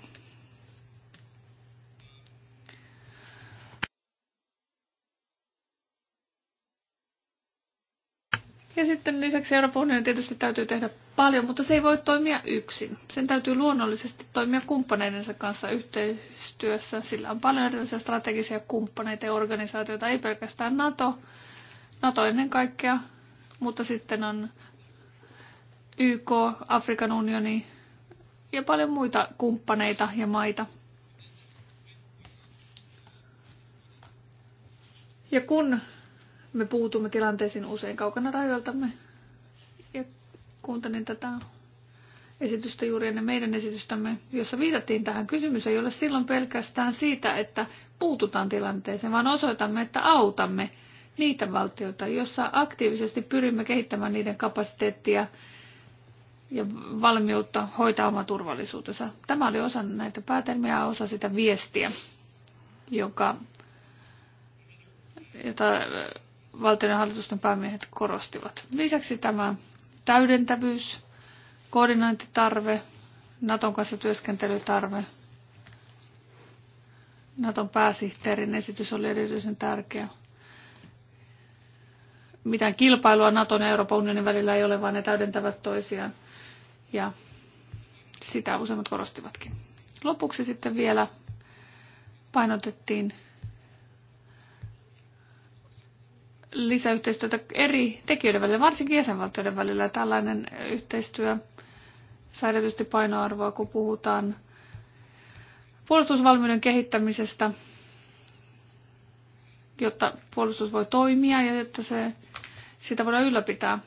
Ja sitten lisäksi Euroopan unionin tietysti täytyy tehdä paljon, mutta se ei voi toimia yksin. Sen täytyy luonnollisesti toimia kumppaneidensa kanssa yhteistyössä. Sillä on paljon erilaisia strategisia kumppaneita ja organisaatioita, ei pelkästään NATO, NATO ennen kaikkea, mutta sitten on YK, Afrikan unioni ja paljon muita kumppaneita ja maita. Ja kun me puutumme tilanteisiin usein kaukana rajoiltamme. Ja kuuntelin tätä esitystä juuri ennen meidän esitystämme, jossa viitattiin tähän. Kysymys ei ole silloin pelkästään siitä, että puututaan tilanteeseen, vaan osoitamme, että autamme niitä valtioita, joissa aktiivisesti pyrimme kehittämään niiden kapasiteettia ja valmiutta hoitaa oma turvallisuutensa. Tämä oli osa näitä päätelmiä ja osa sitä viestiä, joka, jota valtioiden hallitusten päämiehet korostivat. Lisäksi tämä täydentävyys, koordinointitarve, Naton kanssa työskentelytarve, Naton pääsihteerin esitys oli erityisen tärkeä. Mitään kilpailua Naton ja Euroopan unionin välillä ei ole, vaan ne täydentävät toisiaan. Ja sitä useimmat korostivatkin. Lopuksi sitten vielä painotettiin lisäyhteistyötä eri tekijöiden välillä, varsinkin jäsenvaltioiden välillä. Tällainen yhteistyö saa erityisesti painoarvoa, kun puhutaan puolustusvalmiuden kehittämisestä, jotta puolustus voi toimia ja jotta se, sitä voidaan ylläpitää.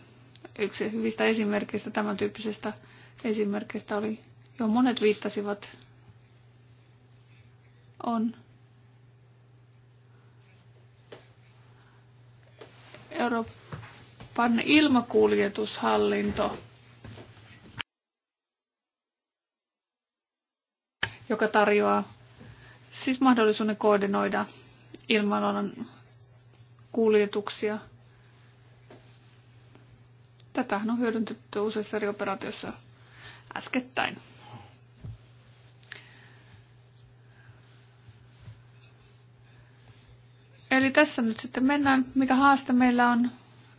Yksi hyvistä esimerkkeistä, tämän tyyppisestä esimerkkeistä oli, jo monet viittasivat, on Euroopan ilmakuljetushallinto, joka tarjoaa siis mahdollisuuden koordinoida ilmailualan kuljetuksia. Tätähän on hyödynnetty useissa eri operaatioissa äskettäin. Eli tässä nyt sitten mennään, mikä haaste meillä on.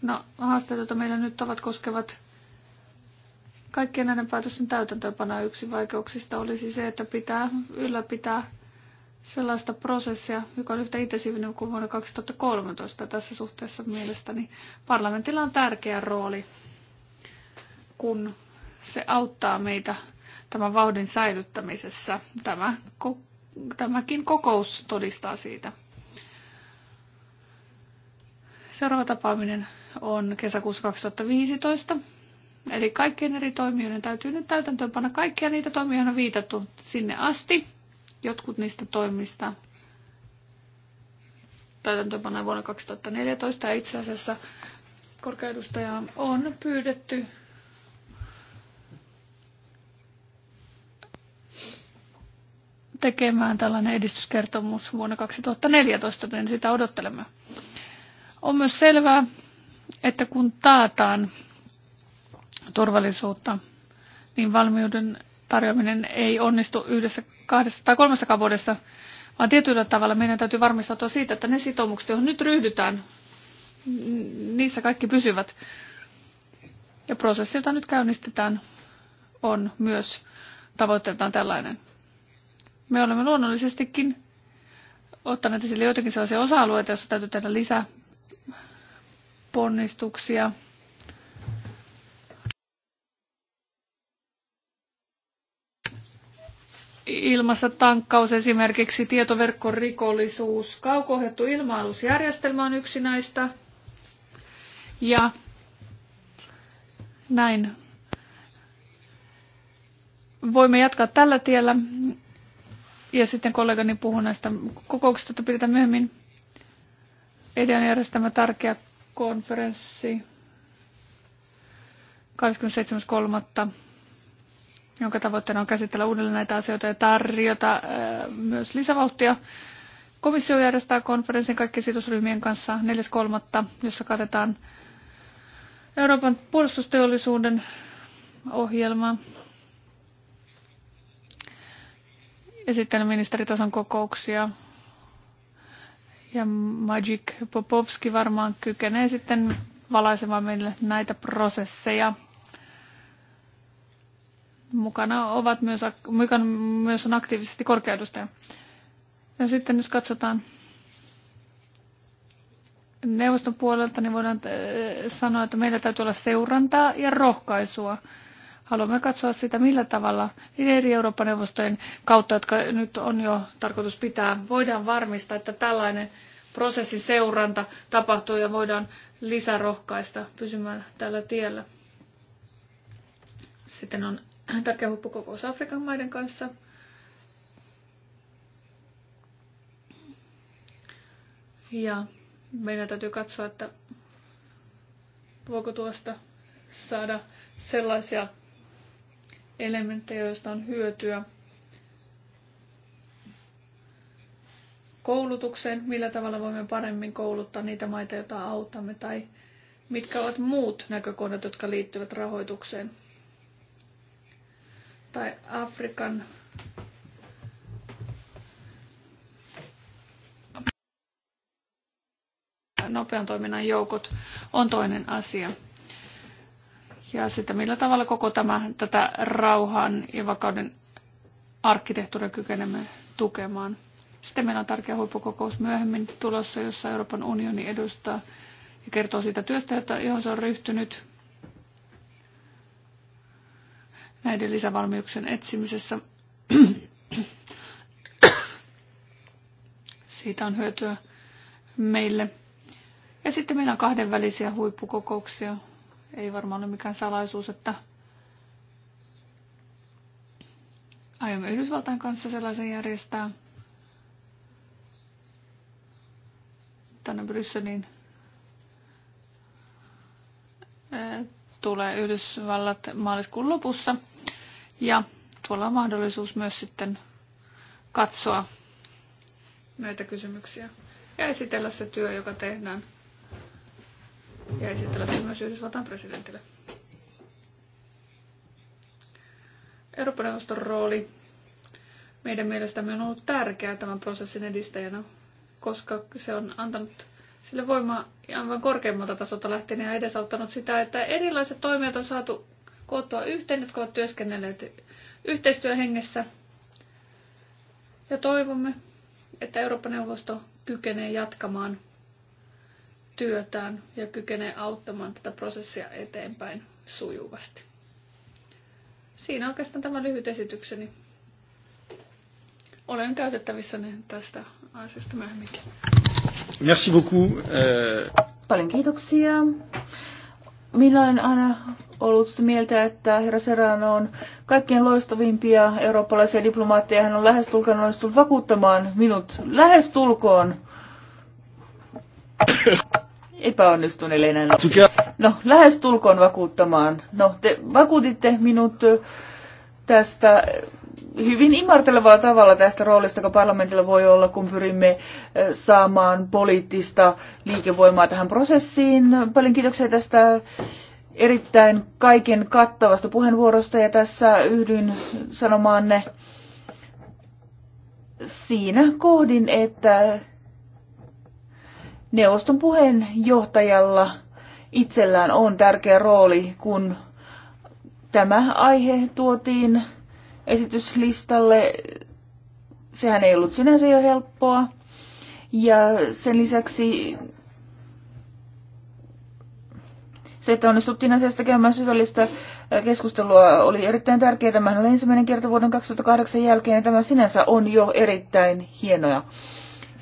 No, haasteet, joita meillä nyt ovat, koskevat kaikkien näiden päätösten täytäntöönpanoa. Yksi vaikeuksista olisi se, että pitää ylläpitää sellaista prosessia, joka on yhtä intensiivinen kuin vuonna 2013. Tässä suhteessa mielestäni parlamentilla on tärkeä rooli, kun se auttaa meitä tämän vauhdin säilyttämisessä. Tämä, tämäkin kokous todistaa siitä. Seuraava tapaaminen on kesäkuussa 2015. Eli kaikkien eri toimijoiden täytyy nyt täytäntöönpanna kaikkia niitä toimia, on viitattu sinne asti. Jotkut niistä toimista täytäntöönpannaan vuonna 2014 ja itse asiassa korkeudustaja on pyydetty tekemään tällainen edistyskertomus vuonna 2014, niin sitä odottelemme. On myös selvää, että kun taataan turvallisuutta, niin valmiuden tarjoaminen ei onnistu yhdessä, kahdessa tai kolmessa vuodessa, vaan tietyllä tavalla meidän täytyy varmistautua siitä, että ne sitoumukset, joihin nyt ryhdytään, niissä kaikki pysyvät. Ja prosessi, jota nyt käynnistetään, on myös tavoitteeltaan tällainen. Me olemme luonnollisestikin ottaneet esille joitakin sellaisia osa-alueita, joissa täytyy tehdä lisää ponnistuksia. ilmassa tankkaus, esimerkiksi tietoverkkorikollisuus, kauko-ohjattu ilma-alusjärjestelmä on yksi näistä. Ja näin voimme jatkaa tällä tiellä. Ja sitten kollegani puhuu näistä kokouksista, joita pidetään myöhemmin. Idean järjestämä tärkeä konferenssi 27.3., jonka tavoitteena on käsitellä uudelleen näitä asioita ja tarjota äh, myös lisävauhtia. Komissio järjestää konferenssin kaikkien sidosryhmien kanssa 4.3., jossa katetaan Euroopan puolustusteollisuuden ohjelma. Ja sitten ministeritason kokouksia ja Magic Popovski varmaan kykenee sitten valaisemaan meille näitä prosesseja. Mukana, ovat myös, mukana myös on aktiivisesti korkeudustaja. Ja sitten jos katsotaan neuvoston puolelta, niin voidaan äh, sanoa, että meillä täytyy olla seurantaa ja rohkaisua Haluamme katsoa sitä, millä tavalla niin eri Eurooppa-neuvostojen kautta, jotka nyt on jo tarkoitus pitää, voidaan varmistaa, että tällainen prosessin seuranta tapahtuu ja voidaan lisärohkaista pysymään tällä tiellä. Sitten on tärkeä huippukokous Afrikan maiden kanssa. Ja meidän täytyy katsoa, että voiko tuosta saada sellaisia elementtejä, joista on hyötyä. Koulutukseen, millä tavalla voimme paremmin kouluttaa niitä maita, joita autamme, tai mitkä ovat muut näkökohdat, jotka liittyvät rahoitukseen. Tai Afrikan nopean toiminnan joukot on toinen asia ja sitä, millä tavalla koko tämä, tätä rauhan ja vakauden arkkitehtuuria kykenemme tukemaan. Sitten meillä on tärkeä huippukokous myöhemmin tulossa, jossa Euroopan unioni edustaa ja kertoo siitä työstä, johon se on ryhtynyt näiden lisävalmiuksien etsimisessä. siitä on hyötyä meille. Ja sitten meillä on kahdenvälisiä huippukokouksia ei varmaan ole mikään salaisuus, että aiomme Yhdysvaltain kanssa sellaisen järjestää tänne Brysseliin. Eh, tulee Yhdysvallat maaliskuun lopussa ja tuolla on mahdollisuus myös sitten katsoa näitä kysymyksiä ja esitellä se työ, joka tehdään – ja esitellä sen myös Yhdysvaltain presidentille. Euroopan neuvoston rooli meidän mielestämme on ollut tärkeä tämän prosessin edistäjänä, koska se on antanut sille voimaa aivan korkeammalta tasolta lähtien ja edesauttanut sitä, että erilaiset toimijat on saatu koottua yhteen, jotka ovat työskennelleet yhteistyöhengessä. Ja toivomme, että Euroopan neuvosto kykenee jatkamaan työtään ja kykenee auttamaan tätä prosessia eteenpäin sujuvasti. Siinä on oikeastaan tämä lyhyt esitykseni. Olen käytettävissä tästä asiasta myöhemminkin. Merci beaucoup. Euh, Paljon kiitoksia. Minä olen aina ollut sitä mieltä, että herra Serrano on kaikkien loistavimpia eurooppalaisia diplomaatteja. Hän on lähestulkoon onnistunut vakuuttamaan minut lähestulkoon epäonnistuneille No, lähes tulkoon vakuuttamaan. No, te vakuutitte minut tästä hyvin imartelevalla tavalla tästä roolista, joka parlamentilla voi olla, kun pyrimme saamaan poliittista liikevoimaa tähän prosessiin. Paljon kiitoksia tästä erittäin kaiken kattavasta puheenvuorosta ja tässä yhdyn sanomaanne siinä kohdin, että neuvoston puheenjohtajalla itsellään on tärkeä rooli, kun tämä aihe tuotiin esityslistalle. Sehän ei ollut sinänsä jo helppoa. Ja sen lisäksi se, että onnistuttiin asiasta käymään syvällistä keskustelua, oli erittäin tärkeää. Tämä oli ensimmäinen kerta vuoden 2008 jälkeen ja tämä sinänsä on jo erittäin hienoja.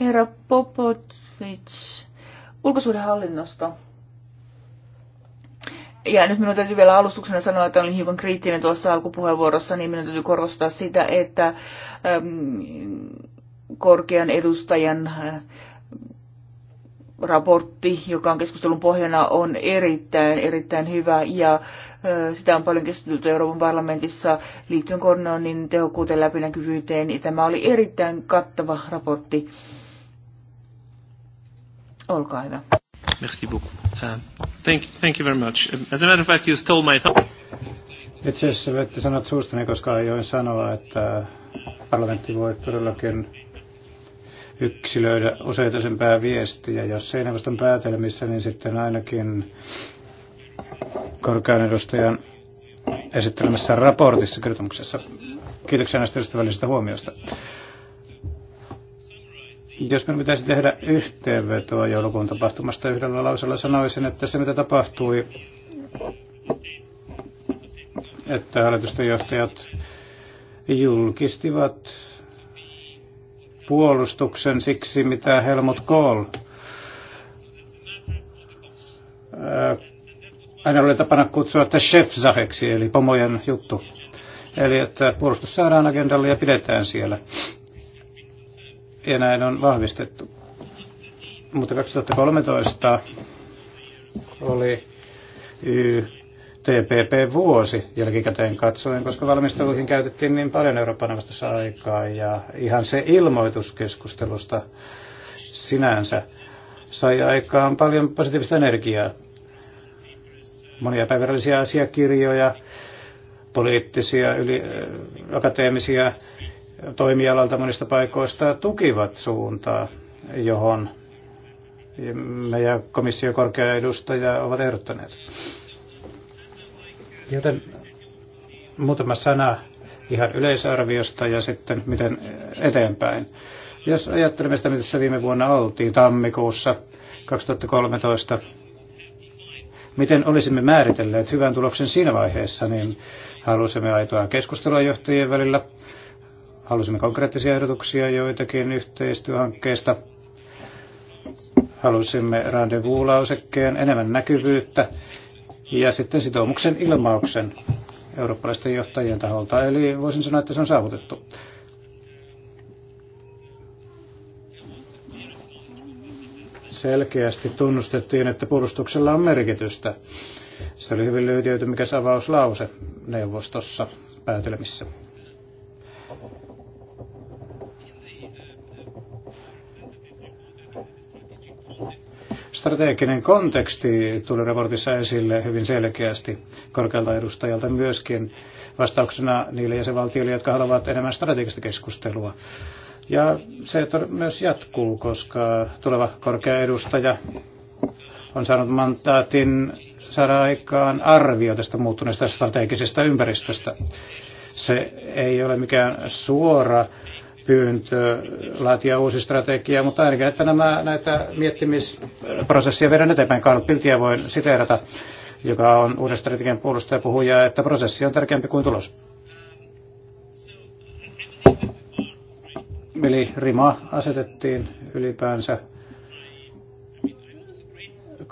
Herra Popot, Fitch ulkosuhdehallinnosta. Ja nyt minun täytyy vielä alustuksena sanoa, että olin hiukan kriittinen tuossa alkupuheenvuorossa, niin minun täytyy korostaa sitä, että äm, korkean edustajan äh, raportti, joka on keskustelun pohjana, on erittäin, erittäin hyvä ja äh, sitä on paljon keskusteltu Euroopan parlamentissa liittyen koordinoinnin tehokkuuteen, läpinäkyvyyteen. Ja tämä oli erittäin kattava raportti. Olkaa hyvä. Merci beaucoup. Uh, thank, thank you very much. As a matter of fact, you stole my thought. Itse asiassa voitte sanoa suustani, koska aioin sanoa, että parlamentti voi todellakin yksilöidä useita sen pääviestiä. Jos ei neuvoston päätelmissä, niin sitten ainakin korkean edustajan esittelemässä raportissa kertomuksessa. Kiitoksia näistä ystävällisistä huomioista. Jos me pitäisi tehdä yhteenvetoa joulukuun tapahtumasta yhdellä lausella, sanoisin, että se mitä tapahtui, että hallitusten johtajat julkistivat puolustuksen siksi, mitä Helmut Kohl aina oli tapana kutsua, että chef zaheksi, eli pomojen juttu. Eli että puolustus saadaan agendalle ja pidetään siellä ja näin on vahvistettu. Mutta 2013 oli TPP-vuosi jälkikäteen katsoen, koska valmisteluihin käytettiin niin paljon Euroopan neuvostossa aikaa ja ihan se ilmoituskeskustelusta sinänsä sai aikaan paljon positiivista energiaa. Monia päivällisiä asiakirjoja, poliittisia, yli, akateemisia toimialalta monista paikoista tukivat suuntaa, johon me ja komission korkea edustaja ovat ehdottaneet. Joten muutama sana ihan yleisarviosta ja sitten miten eteenpäin. Jos ajattelemme sitä, missä viime vuonna oltiin tammikuussa 2013, miten olisimme määritelleet hyvän tuloksen siinä vaiheessa, niin halusimme aitoa keskustelua johtajien välillä – Halusimme konkreettisia ehdotuksia joitakin yhteistyöhankkeista. Halusimme rendezvous-lausekkeen, enemmän näkyvyyttä ja sitten sitoumuksen ilmauksen eurooppalaisten johtajien taholta. Eli voisin sanoa, että se on saavutettu. Selkeästi tunnustettiin, että puolustuksella on merkitystä. Se oli hyvin lyhyt mikä avauslause neuvostossa päätelmissä. strateginen konteksti tuli raportissa esille hyvin selkeästi korkealta edustajalta myöskin vastauksena niille jäsenvaltioille, jotka haluavat enemmän strategista keskustelua. Ja se myös jatkuu, koska tuleva korkea edustaja on saanut mandaatin saada aikaan arvio tästä muuttuneesta strategisesta ympäristöstä. Se ei ole mikään suora pyyntö laatia uusi strategia, mutta ainakin, että nämä, näitä miettimisprosessia viedään eteenpäin. Karl Piltiä voin siteerata, joka on uuden strategian puolustaja puhuja, että prosessi on tärkeämpi kuin tulos. Eli rima asetettiin ylipäänsä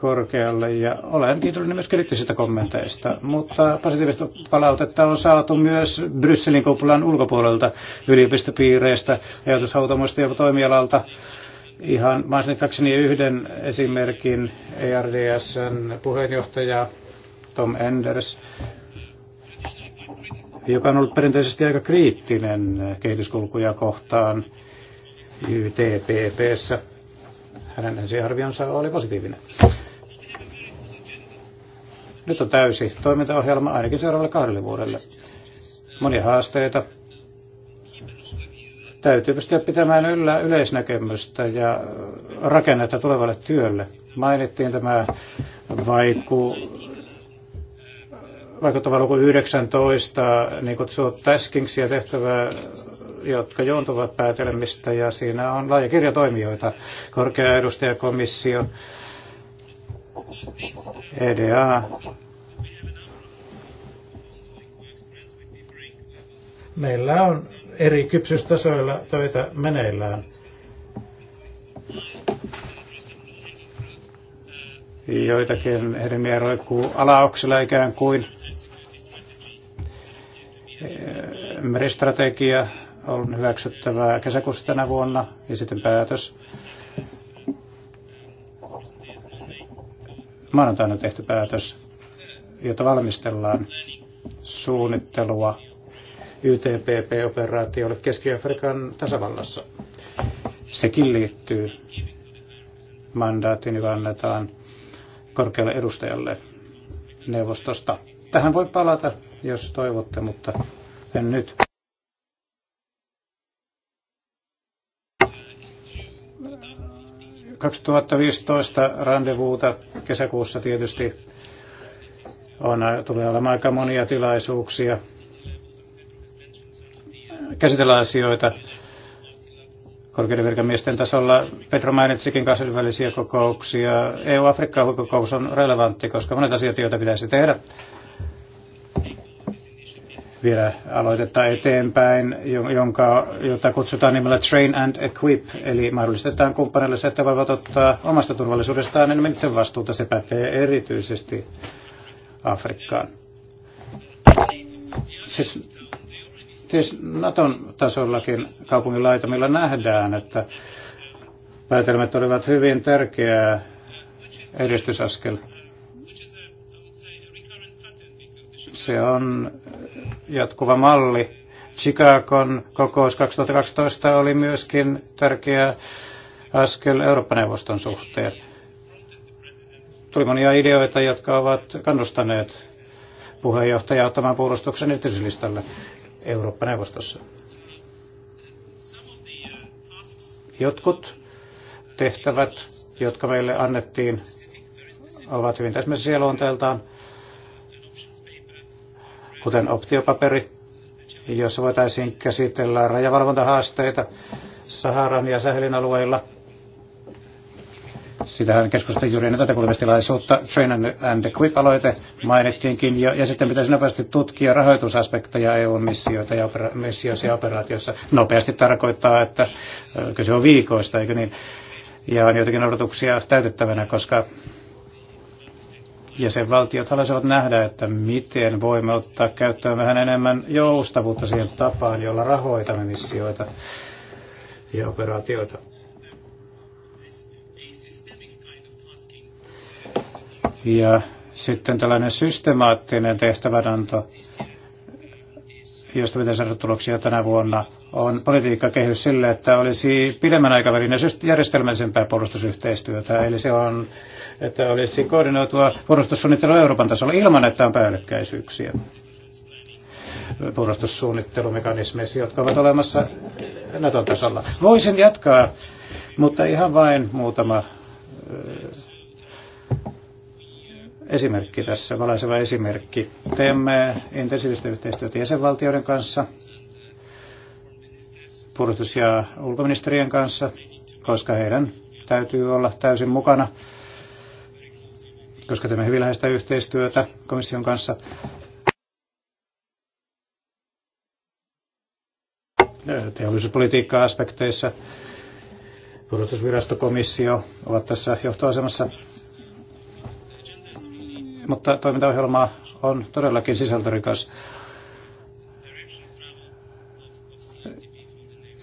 korkealle ja olen kiitollinen myös kriittisistä kommenteista, mutta positiivista palautetta on saatu myös Brysselin kuplan ulkopuolelta yliopistopiireistä, ajatushautomoista ja toimialalta. Ihan mainitakseni yhden esimerkin ERDSn puheenjohtaja Tom Enders, joka on ollut perinteisesti aika kriittinen kehityskulkuja kohtaan YTPPssä hänen ensiarvionsa oli positiivinen. Nyt on täysi toimintaohjelma ainakin seuraavalle kahdelle vuodelle. Monia haasteita. Täytyy pystyä pitämään yllä yleisnäkemystä ja rakennetta tulevalle työlle. Mainittiin tämä vaiku, vaikuttava luku 19, niin kutsuu ja tehtävää jotka joontuvat päätelmistä ja siinä on laaja kirja toimijoita, korkea edustajakomissio, komissio, EDA. Meillä on eri kypsystasoilla töitä meneillään. Joitakin hermiä roikkuu alaoksilla ikään kuin. Meristrategia on hyväksyttävää kesäkuussa tänä vuonna ja sitten päätös maanantaina tehty päätös, jota valmistellaan suunnittelua YTPP-operaatiolle Keski-Afrikan tasavallassa. Sekin liittyy mandaatin, joka annetaan korkealle edustajalle neuvostosta. Tähän voi palata, jos toivotte, mutta en nyt. 2015 randevuuta kesäkuussa tietysti on, tulee olemaan aika monia tilaisuuksia käsitellä asioita korkeiden virkamiesten tasolla. Petro mainitsikin kansainvälisiä kokouksia. EU-Afrikka-huippukokous on relevantti, koska monet asiat, joita pitäisi tehdä, vielä aloitetta eteenpäin, jonka, jota kutsutaan nimellä Train and Equip, eli mahdollistetaan kumppaneille se, että voivat ottaa omasta turvallisuudestaan enemmän itse vastuuta. Se pätee erityisesti Afrikkaan. Siis, siis Naton tasollakin kaupungin laitamilla nähdään, että päätelmät olivat hyvin tärkeä edistysaskel. Se on jatkuva malli. Chicagon kokous 2012 oli myöskin tärkeä askel Eurooppa-neuvoston suhteen. Tuli monia ideoita, jotka ovat kannustaneet puheenjohtajaa ottamaan puolustuksen erityislistalle Eurooppa-neuvostossa. Jotkut tehtävät, jotka meille annettiin, ovat hyvin täsmällisiä luonteeltaan kuten optiopaperi, jossa voitaisiin käsitellä rajavalvontahaasteita Saharan ja Sahelin alueilla. Sitähän keskusteltiin juuri ennen tätä kuulemistilaisuutta. Train and Equip-aloite mainittiinkin jo, ja sitten pitäisi nopeasti tutkia rahoitusaspekteja EU-missioita ja, opera- missioissa ja operaatiossa. Nopeasti tarkoittaa, että kyse on viikoista, eikö niin? Ja on jotenkin odotuksia täytettävänä, koska jäsenvaltiot haluaisivat nähdä, että miten voimme ottaa käyttöön vähän enemmän joustavuutta siihen tapaan, jolla rahoitamme missioita ja operaatioita. Ja sitten tällainen systemaattinen tehtävänanto, josta pitäisi saada tuloksia tänä vuonna, on politiikkakehys sille, että olisi pidemmän aikavälin ja järjestelmällisempää puolustusyhteistyötä. Eli se on että olisi koordinoitua puolustussuunnittelua Euroopan tasolla ilman, että on päällekkäisyyksiä puolustussuunnittelumekanismeissa, jotka ovat olemassa Naton tasolla. Voisin jatkaa, mutta ihan vain muutama esimerkki tässä, valaiseva esimerkki. Teemme intensiivistä yhteistyötä jäsenvaltioiden kanssa, puolustus- ja ulkoministerien kanssa, koska heidän täytyy olla täysin mukana koska teemme hyvin läheistä yhteistyötä komission kanssa. Teollisuuspolitiikka-aspekteissa turvallisuusvirastokomissio ovat tässä johtoasemassa. Mutta toimintaohjelma on todellakin sisältörikas.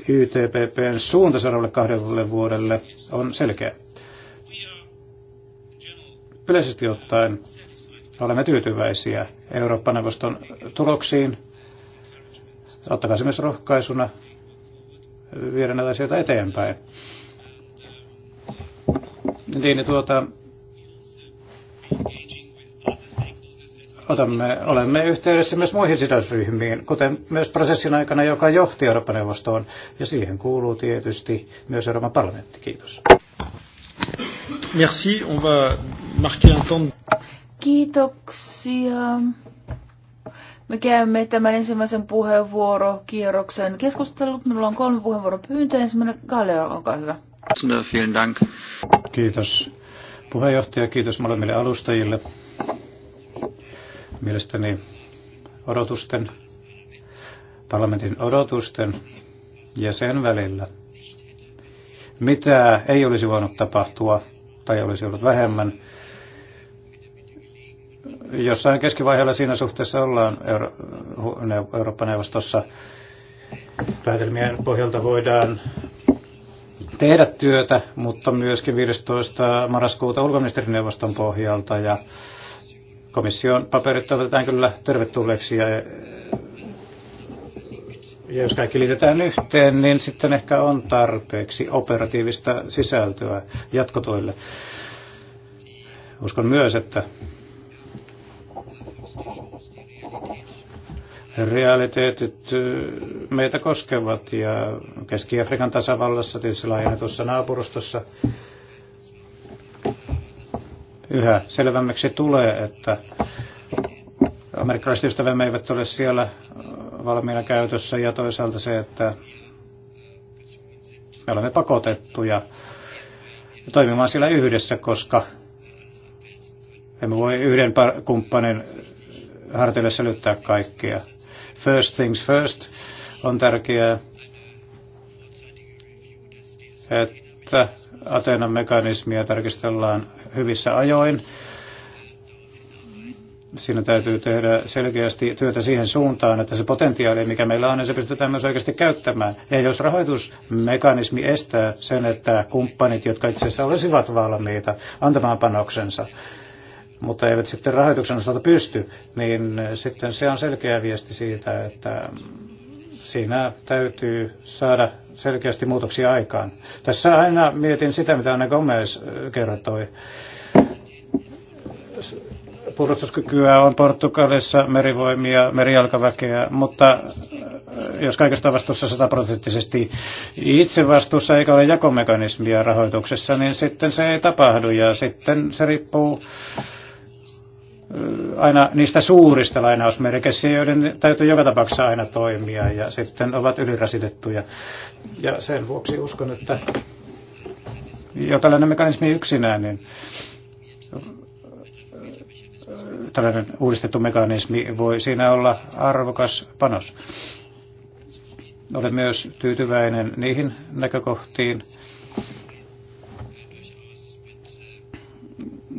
YTPPn suunta seuraavalle kahdelle vuodelle on selkeä. Yleisesti ottaen olemme tyytyväisiä Eurooppa-neuvoston tuloksiin. Ottakaa se myös rohkaisuna viedä näitä asioita eteenpäin. Niin, niin, tuota, otamme, olemme yhteydessä myös muihin sidosryhmiin, kuten myös prosessin aikana, joka johti Euroopan neuvostoon, ja siihen kuuluu tietysti myös Euroopan parlamentti. Kiitos. Merci, on va marquer un temps. Kiitoksia. Me käymme tämän ensimmäisen puheenvuorokierroksen keskustelut. Minulla on kolme puheenvuoropyyntöä. Ensimmäinen Kalle, olkaa hyvä. Vielen dank. Kiitos puheenjohtaja, kiitos molemmille alustajille. Mielestäni odotusten, parlamentin odotusten ja sen välillä, mitä ei olisi voinut tapahtua tai olisi ollut vähemmän. Jossain keskivaiheella siinä suhteessa ollaan Euro- Eurooppa-neuvostossa. Päätelmien pohjalta voidaan tehdä työtä, mutta myöskin 15. marraskuuta ulkoministerineuvoston pohjalta. Ja komission paperit otetaan kyllä tervetulleeksi ja ja jos kaikki liitetään yhteen, niin sitten ehkä on tarpeeksi operatiivista sisältöä jatkotoille. Uskon myös, että realiteetit eh, meitä koskevat ja Keski-Afrikan tasavallassa, tietysti laajennetussa naapurustossa, yhä selvämmäksi tulee, että amerikkalaiset ystävämme eivät ole siellä valmiina käytössä ja toisaalta se, että me olemme pakotettuja toimimaan siellä yhdessä, koska emme voi yhden kumppanin harteille selyttää kaikkea. First things first on tärkeää, että Atenan mekanismia tarkistellaan hyvissä ajoin siinä täytyy tehdä selkeästi työtä siihen suuntaan, että se potentiaali, mikä meillä on, niin se pystytään myös oikeasti käyttämään. Ja jos rahoitusmekanismi estää sen, että kumppanit, jotka itse asiassa olisivat valmiita antamaan panoksensa, mutta eivät sitten rahoituksen osalta pysty, niin sitten se on selkeä viesti siitä, että siinä täytyy saada selkeästi muutoksia aikaan. Tässä aina mietin sitä, mitä Anna Gomez äh, kertoi puolustuskykyä on Portugalissa, merivoimia, merijalkaväkeä, mutta äh, jos kaikesta vastuussa sataprosenttisesti itse vastuussa eikä ole jakomekanismia rahoituksessa, niin sitten se ei tapahdu ja sitten se riippuu äh, aina niistä suurista lainausmerkeissä, joiden täytyy joka tapauksessa aina toimia ja sitten ovat ylirasitettuja. Ja sen vuoksi uskon, että jo tällainen mekanismi yksinään, niin tällainen uudistettu mekanismi voi siinä olla arvokas panos. Olen myös tyytyväinen niihin näkökohtiin.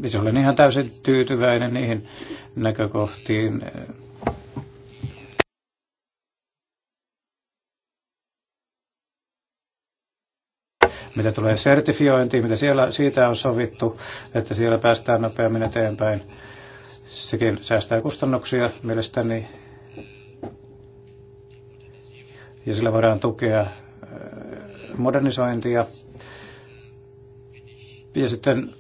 Siis olen ihan täysin tyytyväinen niihin näkökohtiin, mitä tulee sertifiointiin, mitä siellä, siitä on sovittu, että siellä päästään nopeammin eteenpäin. Sekin säästää kustannuksia mielestäni. Ja sillä voidaan tukea äh, modernisointia. Ja sitten,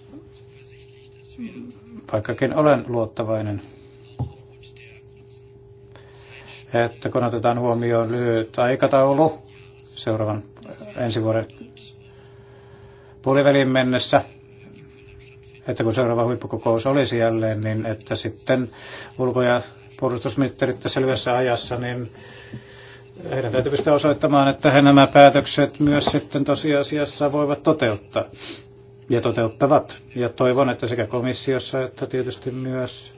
vaikkakin olen luottavainen, että kun otetaan huomioon lyhyt aikataulu seuraavan äh, ensi vuoden puolivälin mennessä, että kun seuraava huippukokous olisi jälleen, niin että sitten ulko- ja puolustusministerit tässä lyhyessä ajassa, niin heidän täytyy pystyä osoittamaan, että he nämä päätökset myös sitten tosiasiassa voivat toteuttaa ja toteuttavat. Ja toivon, että sekä komissiossa että tietysti myös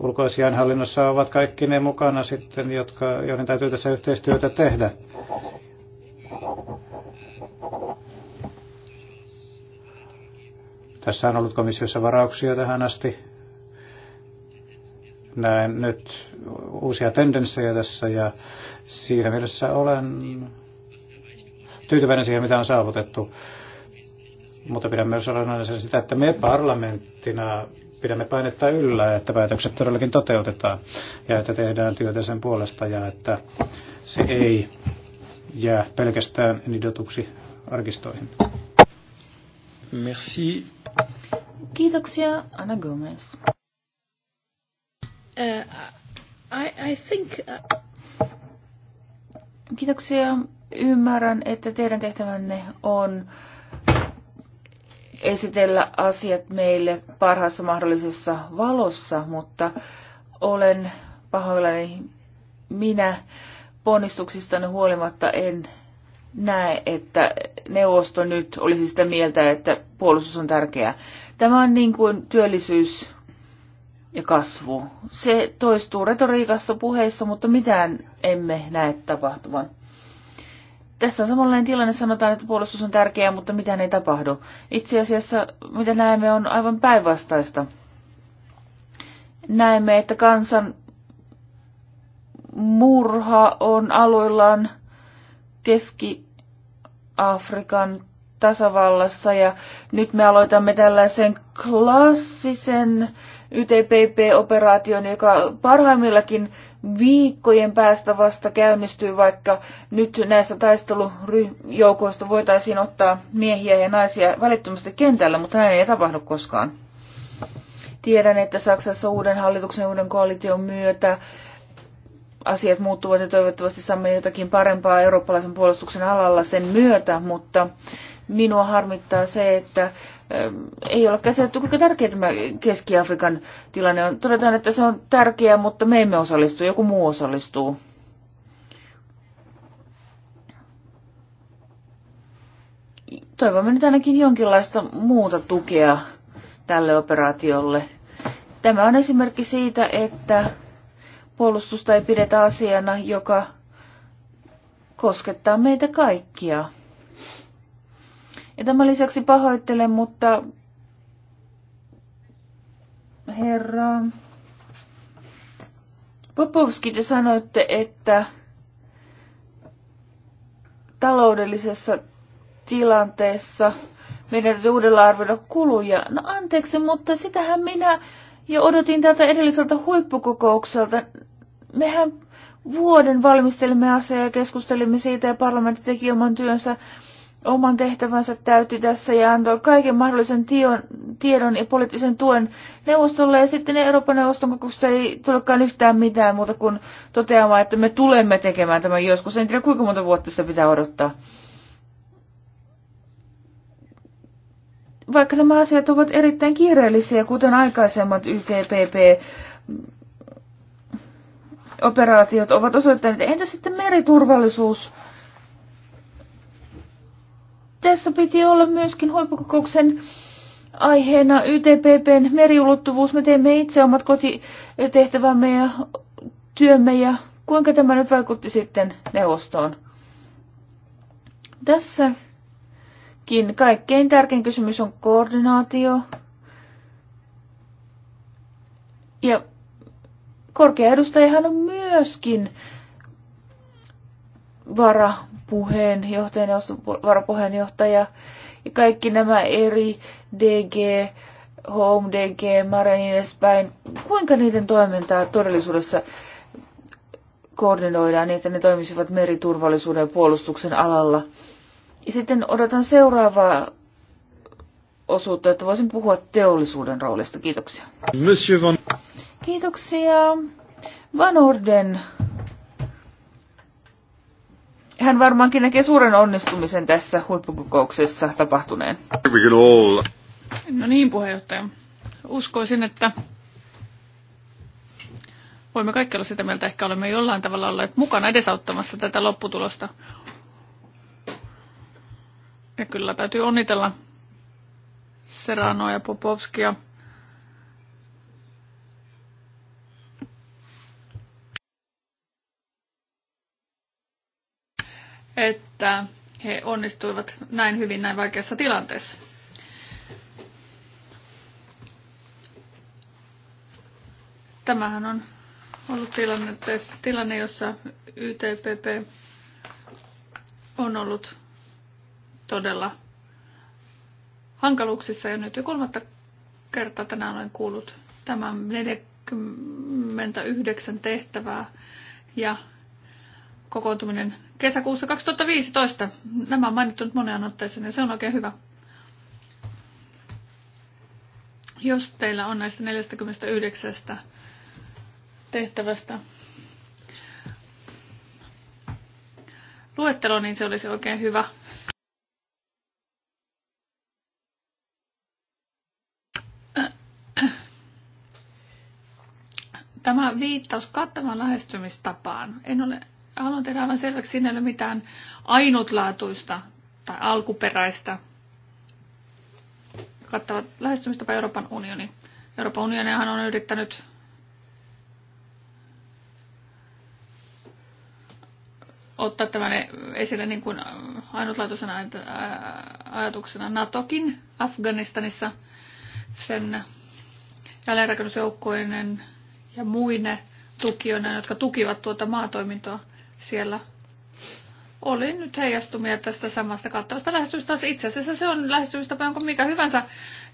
ulkoasianhallinnossa ovat kaikki ne mukana sitten, jotka, joiden täytyy tässä yhteistyötä tehdä Tässä on ollut komissiossa varauksia tähän asti. Näen nyt uusia tendenssejä tässä ja siinä mielessä olen tyytyväinen siihen, mitä on saavutettu. Mutta pidän myös olennaisena sitä, että me parlamenttina pidämme painetta yllä, että päätökset todellakin toteutetaan ja että tehdään työtä sen puolesta ja että se ei jää pelkästään nidotuksi arkistoihin. Merci. Kiitoksia, Anna Gomez. Uh, I, I think, uh... Kiitoksia. Ymmärrän, että teidän tehtävänne on esitellä asiat meille parhaassa mahdollisessa valossa, mutta olen pahoillani minä ponnistuksistanne huolimatta en näe, että neuvosto nyt olisi sitä mieltä, että puolustus on tärkeää. Tämä on niin kuin työllisyys ja kasvu. Se toistuu retoriikassa puheissa, mutta mitään emme näe tapahtuvan. Tässä on samanlainen tilanne, sanotaan, että puolustus on tärkeää, mutta mitään ei tapahdu. Itse asiassa, mitä näemme, on aivan päinvastaista. Näemme, että kansan murha on aloillaan. Keski-Afrikan tasavallassa ja nyt me aloitamme tällaisen klassisen YTPP-operaation, joka parhaimmillakin viikkojen päästä vasta käynnistyy, vaikka nyt näistä taistelujoukoista voitaisiin ottaa miehiä ja naisia välittömästi kentällä, mutta näin ei tapahdu koskaan. Tiedän, että Saksassa uuden hallituksen uuden koalition myötä asiat muuttuvat ja toivottavasti saamme jotakin parempaa eurooppalaisen puolustuksen alalla sen myötä, mutta minua harmittaa se, että ähm, ei ole käsitetty, kuinka tärkeä tämä Keski-Afrikan tilanne on. Todetaan, että se on tärkeä, mutta me emme osallistu, joku muu osallistuu. Toivomme nyt ainakin jonkinlaista muuta tukea tälle operaatiolle. Tämä on esimerkki siitä, että puolustusta ei pidetä asiana, joka koskettaa meitä kaikkia. Ja tämän lisäksi pahoittelen, mutta herra Popovski, te sanoitte, että taloudellisessa tilanteessa meidän täytyy uudella arvioida kuluja. No anteeksi, mutta sitähän minä jo odotin tältä edelliseltä huippukokoukselta mehän vuoden valmistelimme asiaa ja keskustelimme siitä ja parlamentti teki oman työnsä, oman tehtävänsä täytti tässä ja antoi kaiken mahdollisen tion, tiedon ja poliittisen tuen neuvostolle. Ja sitten Euroopan neuvoston kokouksessa ei tulekaan yhtään mitään muuta kuin toteamaan, että me tulemme tekemään tämän joskus. En tiedä kuinka monta vuotta sitä pitää odottaa. Vaikka nämä asiat ovat erittäin kiireellisiä, kuten aikaisemmat YKPP operaatiot ovat osoittaneet. Entä sitten meriturvallisuus? Tässä piti olla myöskin huippukokouksen aiheena YTPPn meriulottuvuus. Me teemme itse omat kotitehtävämme ja työmme ja kuinka tämä nyt vaikutti sitten neuvostoon? Tässäkin kaikkein tärkein kysymys on koordinaatio. Ja Korkea edustajahan on myöskin varapuheenjohtaja, varapuheenjohtaja ja kaikki nämä eri DG, Home DG, Mare niin edespäin. Kuinka niiden toimintaa todellisuudessa koordinoidaan niin, että ne toimisivat meriturvallisuuden ja puolustuksen alalla? Ja sitten odotan seuraavaa osuutta, että voisin puhua teollisuuden roolista. Kiitoksia. Monsieur von Kiitoksia. Van Orden. Hän varmaankin näkee suuren onnistumisen tässä huippukokouksessa tapahtuneen. No niin, puheenjohtaja. Uskoisin, että voimme kaikki olla sitä mieltä, ehkä olemme jollain tavalla olleet mukana edesauttamassa tätä lopputulosta. Ja kyllä täytyy onnitella Seranoa ja Popovskia että he onnistuivat näin hyvin näin vaikeassa tilanteessa. Tämähän on ollut tilanne, tilanne jossa YTPP on ollut todella hankaluuksissa ja nyt jo kolmatta kertaa tänään olen kuullut tämän 49 tehtävää ja kokoontuminen kesäkuussa 2015. Nämä on mainittu nyt moneen otteeseen ja se on oikein hyvä. Jos teillä on näistä 49 tehtävästä luettelo, niin se olisi oikein hyvä. Tämä viittaus kattavaan lähestymistapaan. En ole haluan tehdä aivan selväksi, siinä ei ole mitään ainutlaatuista tai alkuperäistä kattavat lähestymistapa Euroopan unioni. Euroopan unionihan on yrittänyt ottaa tämän esille niin kuin ainutlaatuisena ajatuksena NATOkin Afganistanissa sen jälleenrakennusjoukkoinen ja muine tukijoina, jotka tukivat tuota maatoimintoa siellä oli nyt heijastumia tästä samasta kattavasta lähestymistavasta. Itse asiassa se on lähestymistapa, onko mikä hyvänsä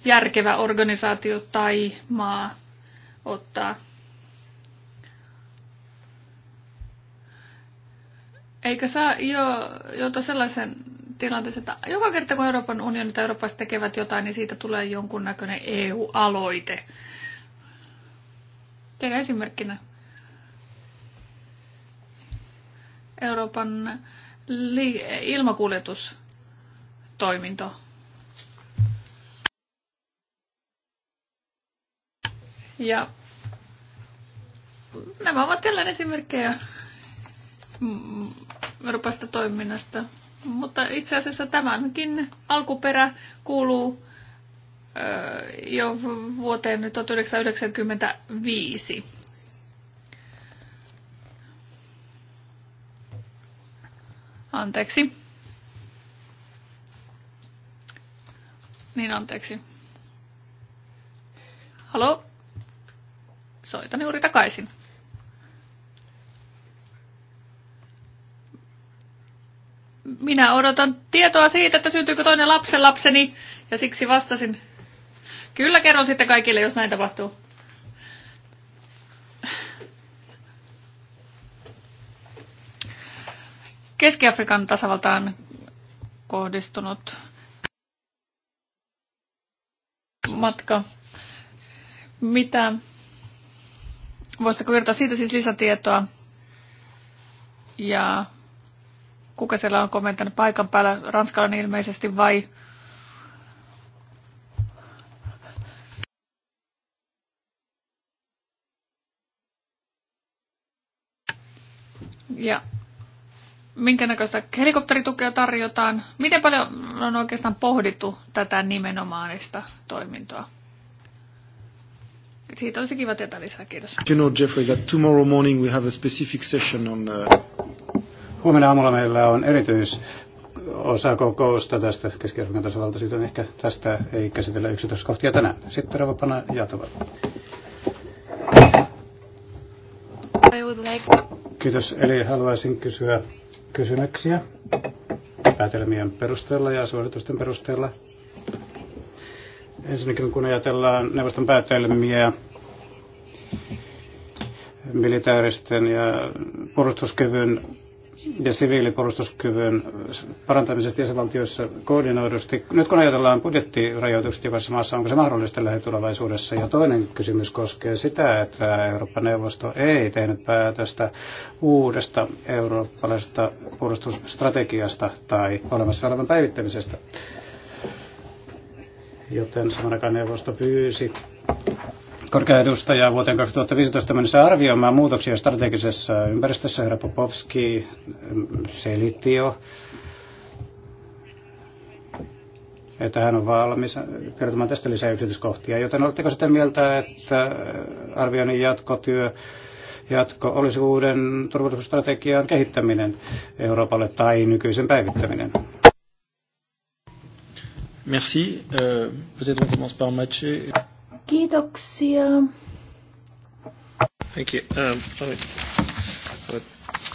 järkevä organisaatio tai maa ottaa. Eikä saa jo, jota sellaisen tilanteessa, että joka kerta kun Euroopan unioni tai Euroopassa tekevät jotain, niin siitä tulee jonkunnäköinen EU-aloite. Teidän esimerkkinä Euroopan ilmakuljetustoiminto. Ja nämä ovat tällainen esimerkkejä Euroopasta toiminnasta. Mutta itse asiassa tämänkin alkuperä kuuluu jo vuoteen 1995. Anteeksi. Niin anteeksi. Halo? Soitan juuri takaisin. Minä odotan tietoa siitä, että syntyykö toinen lapsen lapseni, ja siksi vastasin. Kyllä kerron sitten kaikille, jos näin tapahtuu. Keski-Afrikan tasavaltaan kohdistunut matka. Mitä? Voisitko kertoa siitä siis lisätietoa? Ja kuka siellä on komentanut paikan päällä? Ranskalainen ilmeisesti vai Ja minkä näköistä helikopteritukea tarjotaan. Miten paljon on oikeastaan pohdittu tätä nimenomaanista toimintoa? Siitä olisi kiva tietää lisää, kiitos. You know, Jeffrey, that tomorrow morning we have a specific session on... Uh... Huomenna aamulla meillä on erityis osa kokousta tästä keski tasavalta, siitä ehkä tästä ei käsitellä yksityiskohtia tänään. Sitten Ravapana Jatava. Kiitos. Eli haluaisin kysyä kysymyksiä päätelmien perusteella ja suositusten perusteella. Ensinnäkin kun ajatellaan neuvoston päätelmiä militaaristen ja puolustuskyvyn ja siviilipuolustuskyvyn parantamisesta jäsenvaltioissa koordinoidusti. Nyt kun ajatellaan budjettirajoitukset jokaisessa maassa, onko se mahdollista lähitulevaisuudessa? Ja toinen kysymys koskee sitä, että Euroopan neuvosto ei tehnyt päätöstä uudesta eurooppalaisesta puolustusstrategiasta tai olemassa olevan päivittämisestä. Joten samanakaan neuvosto pyysi korkea edustaja vuoteen 2015 mennessä arvioimaan muutoksia strategisessa ympäristössä. Herra Popovski mm, selitti jo, että hän on valmis kertomaan tästä lisää yksityiskohtia. Joten oletteko sitä mieltä, että arvioinnin jatkotyö jatko olisi uuden turvallisuusstrategian kehittäminen Euroopalle tai nykyisen päivittäminen? Merci. Euh, Peut-être on commence par matcher. Kiitoksia. Thank you. Um, I would,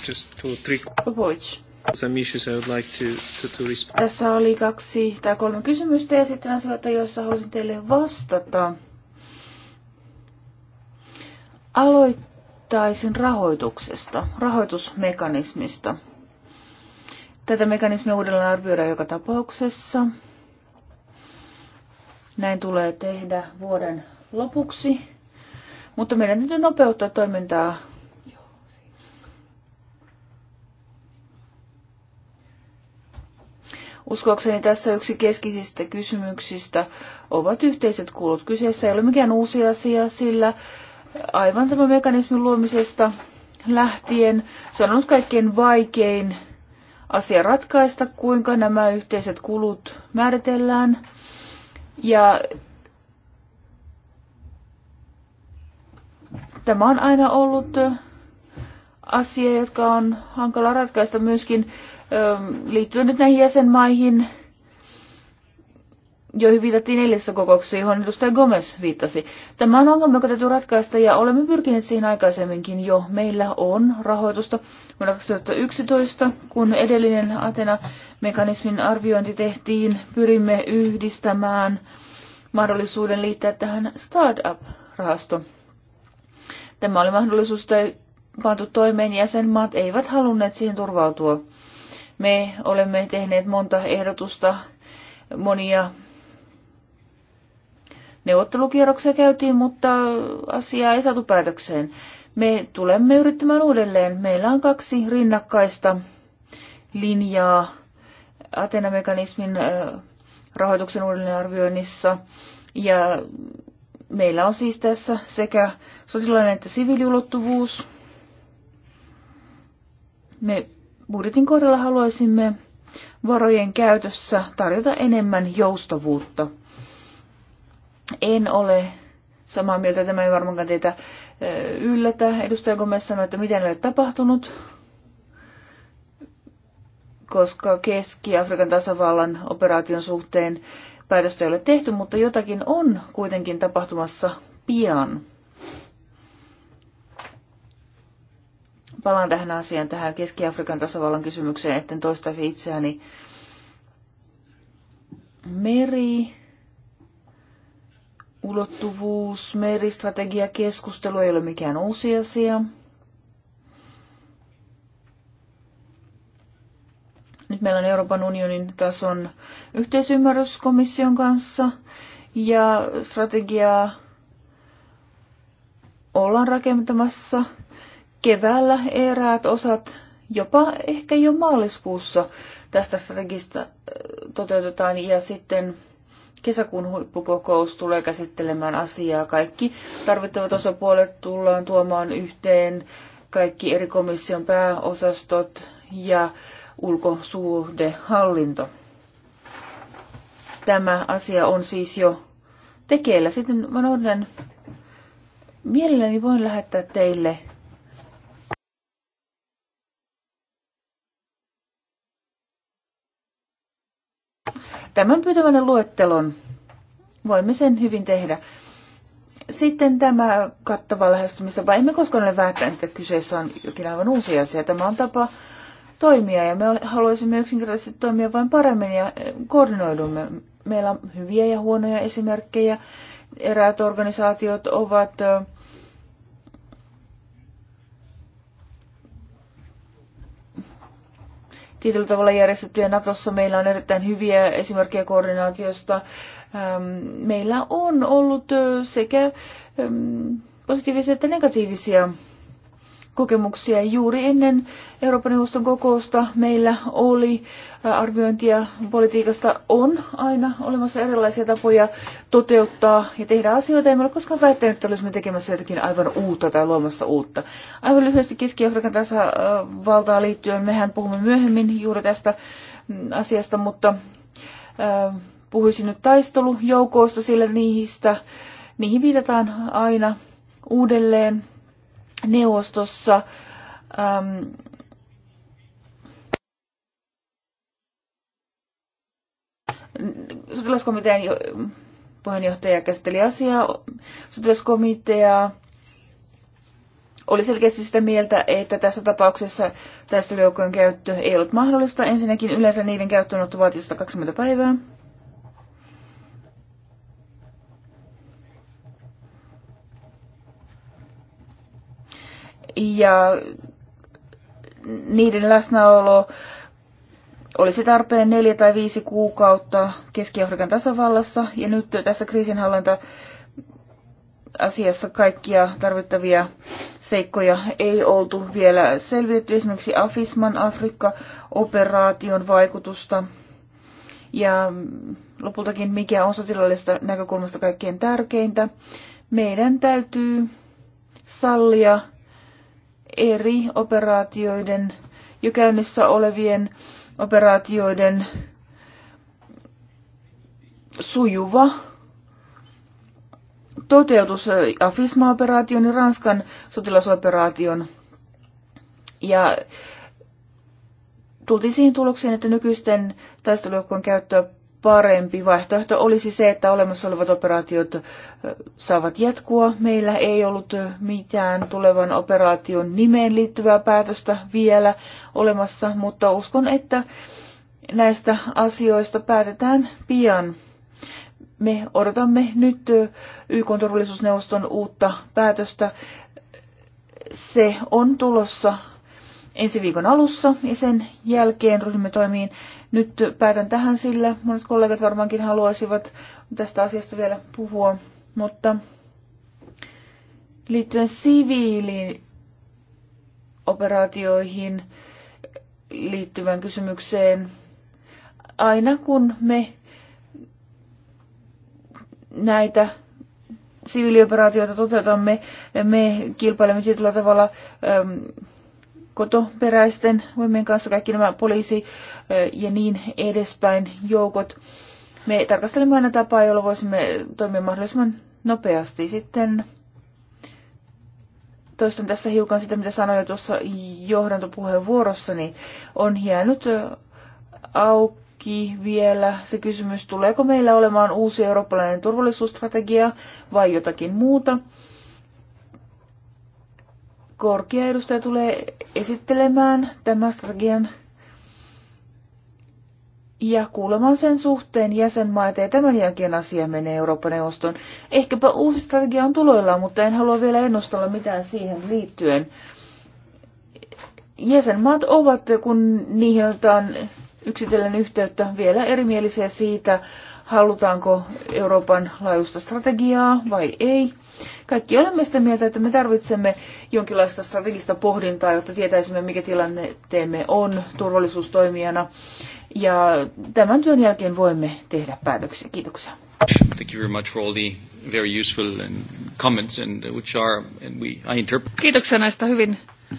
just two, or three... Voic. Some issues I would like to, to, to respond. Tässä oli kaksi tai kolme kysymystä ja sitten asioita, joissa halusin teille vastata. Aloittaisin rahoituksesta, rahoitusmekanismista. Tätä mekanismia uudelleen arvioidaan joka tapauksessa. Näin tulee tehdä vuoden lopuksi. Mutta meidän täytyy nopeuttaa toimintaa. Uskoakseni tässä yksi keskisistä kysymyksistä ovat yhteiset kulut. Kyseessä ei ole mikään uusi asia, sillä aivan tämä mekanismin luomisesta lähtien se on ollut kaikkein vaikein asia ratkaista, kuinka nämä yhteiset kulut määritellään – ja tämä on aina ollut asia, joka on hankala ratkaista myöskin liittyen nyt näihin jäsenmaihin joihin viitattiin eilisessä kokouksessa, johon edustaja Gomez viittasi. Tämä on ongelma, joka täytyy ratkaista ja olemme pyrkineet siihen aikaisemminkin jo. Meillä on rahoitusta vuonna 2011, kun edellinen Atena-mekanismin arviointi tehtiin. Pyrimme yhdistämään mahdollisuuden liittää tähän Startup-rahasto. Tämä oli mahdollisuus tai pantu toimeen. Jäsenmaat eivät halunneet siihen turvautua. Me olemme tehneet monta ehdotusta monia neuvottelukierroksia käytiin, mutta asiaa ei saatu päätökseen. Me tulemme yrittämään uudelleen. Meillä on kaksi rinnakkaista linjaa Atena-mekanismin rahoituksen uudelleenarvioinnissa. Ja meillä on siis tässä sekä sotilainen että siviiliulottuvuus. Me budjetin kohdalla haluaisimme varojen käytössä tarjota enemmän joustavuutta en ole samaa mieltä. Tämä ei varmaankaan teitä yllätä. Edustaja Gomez sanoi, että miten ei ole tapahtunut, koska Keski-Afrikan tasavallan operaation suhteen päätöstä ei ole tehty, mutta jotakin on kuitenkin tapahtumassa pian. Palaan tähän asiaan, tähän Keski-Afrikan tasavallan kysymykseen, etten toistaisi itseäni. Meri ulottuvuus, meristrategia, keskustelu ei ole mikään uusi asia. Nyt meillä on Euroopan unionin tason yhteisymmärrys komission kanssa ja strategiaa ollaan rakentamassa keväällä eräät osat, jopa ehkä jo maaliskuussa tästä strategista toteutetaan ja sitten kesäkuun huippukokous tulee käsittelemään asiaa. Kaikki tarvittavat osapuolet tullaan tuomaan yhteen, kaikki eri komission pääosastot ja ulkosuhdehallinto. Tämä asia on siis jo tekeillä. Sitten mä odotan, mielelläni voin lähettää teille tämän pyytävänä luettelon. Voimme sen hyvin tehdä. Sitten tämä kattava lähestymistapa. Emme koskaan ole väittäneet, että kyseessä on jokin aivan uusi asia. Tämä on tapa toimia ja me haluaisimme yksinkertaisesti toimia vain paremmin ja eh, koordinoidumme. Meillä on hyviä ja huonoja esimerkkejä. Eräät organisaatiot ovat äh, tietyllä tavalla järjestettyjä Natossa. Meillä on erittäin hyviä esimerkkejä koordinaatiosta. Ähm, meillä on ollut äh, sekä ähm, positiivisia että negatiivisia kokemuksia. Juuri ennen Euroopan neuvoston kokousta meillä oli arviointia politiikasta. On aina olemassa erilaisia tapoja toteuttaa ja tehdä asioita. Emme ole koskaan väittäneet, että olisimme tekemässä jotakin aivan uutta tai luomassa uutta. Aivan lyhyesti Keski-Afrikan tasavaltaan liittyen, mehän puhumme myöhemmin juuri tästä mm, asiasta, mutta puhuisin nyt taistelujoukoista, sillä niistä, niihin viitataan aina uudelleen neuvostossa ähm, sotilaskomitean puheenjohtaja käsitteli asiaa. Sotilaskomitea oli selkeästi sitä mieltä, että tässä tapauksessa taistelujoukkojen käyttö ei ollut mahdollista. Ensinnäkin yleensä niiden käyttöönotto vaatii 120 päivää. ja niiden läsnäolo olisi tarpeen neljä tai viisi kuukautta Keski-Afrikan tasavallassa. Ja nyt tässä kriisinhallinta asiassa kaikkia tarvittavia seikkoja ei oltu vielä selvitetty. Esimerkiksi Afisman Afrikka-operaation vaikutusta ja lopultakin mikä on sotilaallisesta näkökulmasta kaikkein tärkeintä. Meidän täytyy sallia eri operaatioiden, jo käynnissä olevien operaatioiden sujuva toteutus AFISMA-operaation ja Ranskan sotilasoperaation. Ja tultiin siihen tulokseen, että nykyisten taistelujoukkojen käyttöä parempi vaihtoehto olisi se, että olemassa olevat operaatiot saavat jatkua. Meillä ei ollut mitään tulevan operaation nimeen liittyvää päätöstä vielä olemassa, mutta uskon, että näistä asioista päätetään pian. Me odotamme nyt YK turvallisuusneuvoston uutta päätöstä. Se on tulossa ensi viikon alussa ja sen jälkeen ryhdymme toimiin nyt päätän tähän sillä. Monet kollegat varmaankin haluaisivat tästä asiasta vielä puhua, mutta liittyen siviiliin operaatioihin liittyvän kysymykseen, aina kun me näitä siviilioperaatioita toteutamme, me kilpailemme tietyllä tavalla kotoperäisten voimien kanssa, kaikki nämä poliisi ja niin edespäin joukot. Me tarkastelemme aina tapaa, jolla voisimme toimia mahdollisimman nopeasti. Sitten toistan tässä hiukan sitä, mitä sanoin jo tuossa johdantopuheenvuorossani. On jäänyt auki vielä se kysymys, tuleeko meillä olemaan uusi eurooppalainen turvallisuusstrategia vai jotakin muuta korkea edustaja tulee esittelemään tämän strategian ja kuulemaan sen suhteen jäsenmaita ja tämän jälkeen asia menee Euroopan neuvoston. Ehkäpä uusi strategia on tuloillaan, mutta en halua vielä ennustella mitään siihen liittyen. Jäsenmaat ovat, kun niihin otetaan yksitellen yhteyttä, vielä erimielisiä siitä, halutaanko Euroopan laajuista strategiaa vai ei. Kaikki olemme sitä mieltä, että me tarvitsemme jonkinlaista strategista pohdintaa, jotta tietäisimme, mikä tilanne teemme on turvallisuustoimijana. Ja tämän työn jälkeen voimme tehdä päätöksiä. Kiitoksia. Thank you very much for all the very useful and comments and uh, which are and we I interpret. Kiitoksia näistä hyvin uh,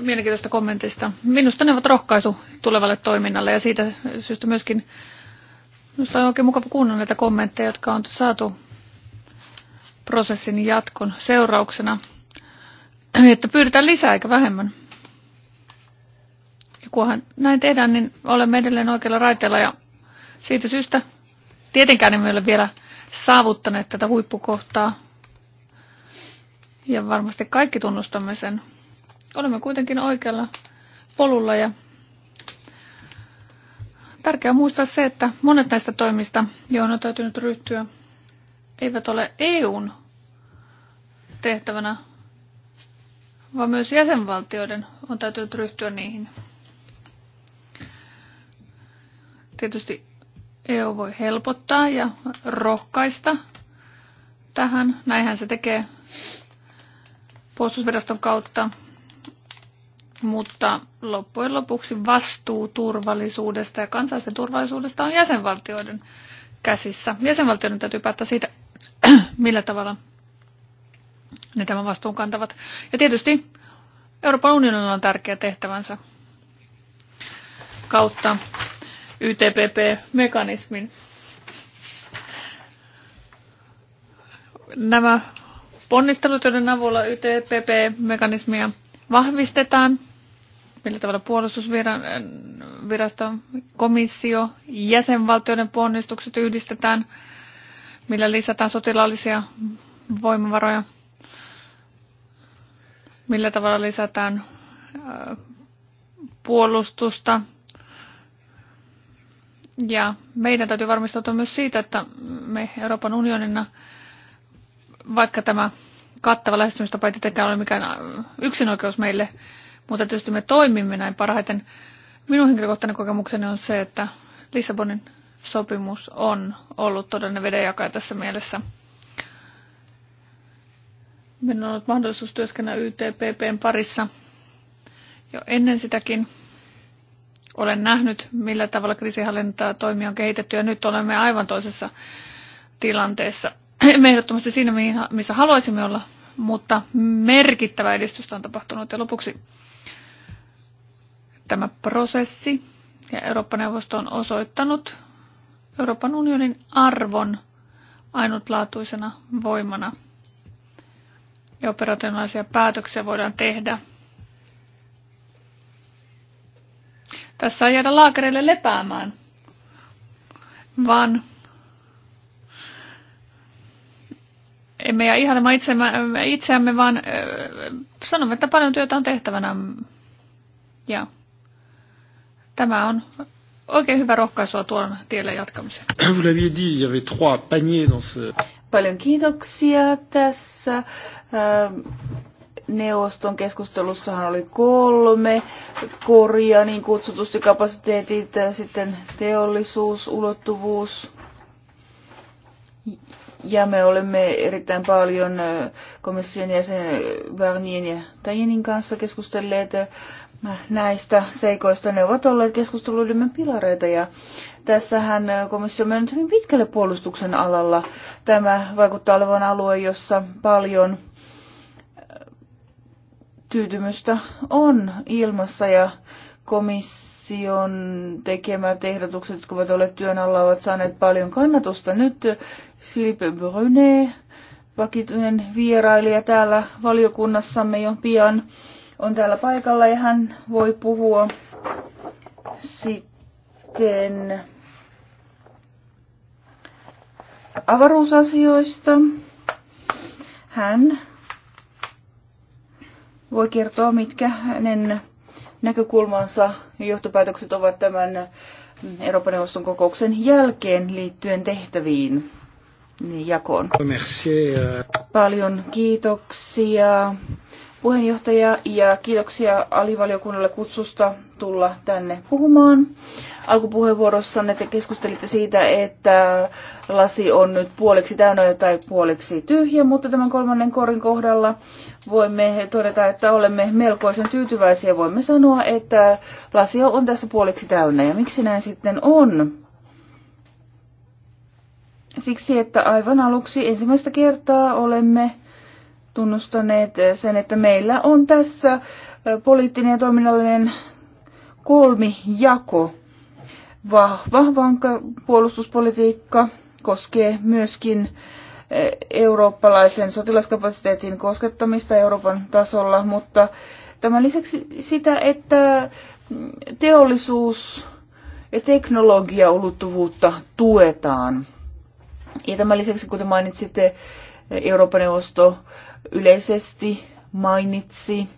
mielenkiintoista kommentista. Minusta ne ovat rohkaisu tulevalle toiminnalle ja siitä syystä myöskin minusta on oikein mukava kuunnella näitä kommentteja, jotka on saatu prosessin jatkon seurauksena, että pyydetään lisää eikä vähemmän. Ja kunhan näin tehdään, niin olemme edelleen oikealla raiteella ja siitä syystä tietenkään emme ole vielä saavuttaneet tätä huippukohtaa. Ja varmasti kaikki tunnustamme sen. Olemme kuitenkin oikealla polulla ja tärkeää muistaa se, että monet näistä toimista, joihin on täytynyt ryhtyä eivät ole EUn tehtävänä, vaan myös jäsenvaltioiden on täytynyt ryhtyä niihin. Tietysti EU voi helpottaa ja rohkaista tähän. Näinhän se tekee puolustusviraston kautta. Mutta loppujen lopuksi vastuu turvallisuudesta ja kansallisen turvallisuudesta on jäsenvaltioiden käsissä. Jäsenvaltioiden täytyy päättää siitä, millä tavalla ne tämän vastuun kantavat. Ja tietysti Euroopan unionilla on tärkeä tehtävänsä kautta YTPP-mekanismin. Nämä ponnistelut, joiden avulla YTPP-mekanismia vahvistetaan, millä tavalla puolustusviraston, komissio, jäsenvaltioiden ponnistukset yhdistetään – millä lisätään sotilaallisia voimavaroja, millä tavalla lisätään puolustusta. Ja meidän täytyy varmistautua myös siitä, että me Euroopan unionina, vaikka tämä kattava lähestymistapa ei tietenkään ole mikään yksinoikeus meille, mutta tietysti me toimimme näin parhaiten. Minun henkilökohtainen kokemukseni on se, että Lissabonin sopimus on ollut todellinen vedenjakaja tässä mielessä. Minulla on ollut mahdollisuus työskennellä YTPPn parissa jo ennen sitäkin. Olen nähnyt, millä tavalla kriisinhallinta toimia on kehitetty ja nyt olemme aivan toisessa tilanteessa. Emme ehdottomasti siinä, missä haluaisimme olla, mutta merkittävä edistystä on tapahtunut. Ja lopuksi tämä prosessi ja Eurooppa-neuvosto on osoittanut Euroopan unionin arvon ainutlaatuisena voimana. Ja operationaalisia päätöksiä voidaan tehdä. Tässä ei jäädä laakereille lepäämään, vaan emme jää ihailemaan itseämme, itseämme, vaan sanomme, että paljon työtä on tehtävänä. Ja tämä on oikein hyvä rohkaisua tuon tielle jatkamiseen. Vous l'aviez dit, il y avait trois paniers dans ce... Paljon kiitoksia tässä. Ähm, neuvoston keskustelussahan oli kolme korja, niin kutsutusti kapasiteetit, äh, sitten teollisuus, ulottuvuus ja me olemme erittäin paljon komission jäsen Varnien ja Tajinin kanssa keskustelleet näistä seikoista. Ne ovat olleet keskusteluidemme pilareita ja tässähän komissio on mennyt hyvin pitkälle puolustuksen alalla. Tämä vaikuttaa olevan alue, jossa paljon tyytymystä on ilmassa ja komission tekemät ehdotukset, jotka ovat olleet työn alla, ovat saaneet paljon kannatusta. Nyt Philippe Brunet, vakituinen vierailija täällä valiokunnassamme jo pian, on täällä paikalla ja hän voi puhua sitten avaruusasioista. Hän voi kertoa, mitkä hänen näkökulmansa ja johtopäätökset ovat tämän Euroopan neuvoston kokouksen jälkeen liittyen tehtäviin. Niin, jakoon. Merci. Äh. Paljon kiitoksia puheenjohtaja ja kiitoksia alivaliokunnalle kutsusta tulla tänne puhumaan. Alkupuheenvuorossanne te keskustelitte siitä, että lasi on nyt puoliksi täynnä tai puoliksi tyhjä, mutta tämän kolmannen korin kohdalla voimme todeta, että olemme melkoisen tyytyväisiä. Voimme sanoa, että lasi on tässä puoliksi täynnä ja miksi näin sitten on? Siksi, että aivan aluksi ensimmäistä kertaa olemme tunnustaneet sen, että meillä on tässä poliittinen ja toiminnallinen kolmijako. Vahva, vankka puolustuspolitiikka koskee myöskin eurooppalaisen sotilaskapasiteetin koskettamista Euroopan tasolla, mutta tämän lisäksi sitä, että mm, teollisuus ja teknologiaulottuvuutta tuetaan. Ja tämän lisäksi, kuten mainitsitte, Euroopan neuvosto yleisesti mainitsi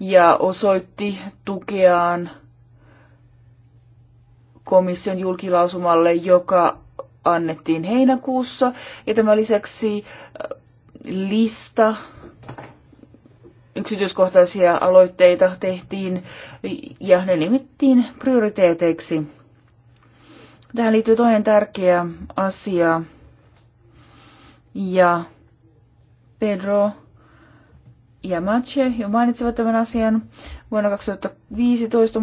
ja osoitti tukeaan komission julkilausumalle, joka annettiin heinäkuussa. Ja tämän lisäksi äh, lista yksityiskohtaisia aloitteita tehtiin ja ne nimittiin prioriteeteiksi Tähän liittyy toinen tärkeä asia. Ja Pedro ja Mace jo mainitsivat tämän asian. Vuonna 2015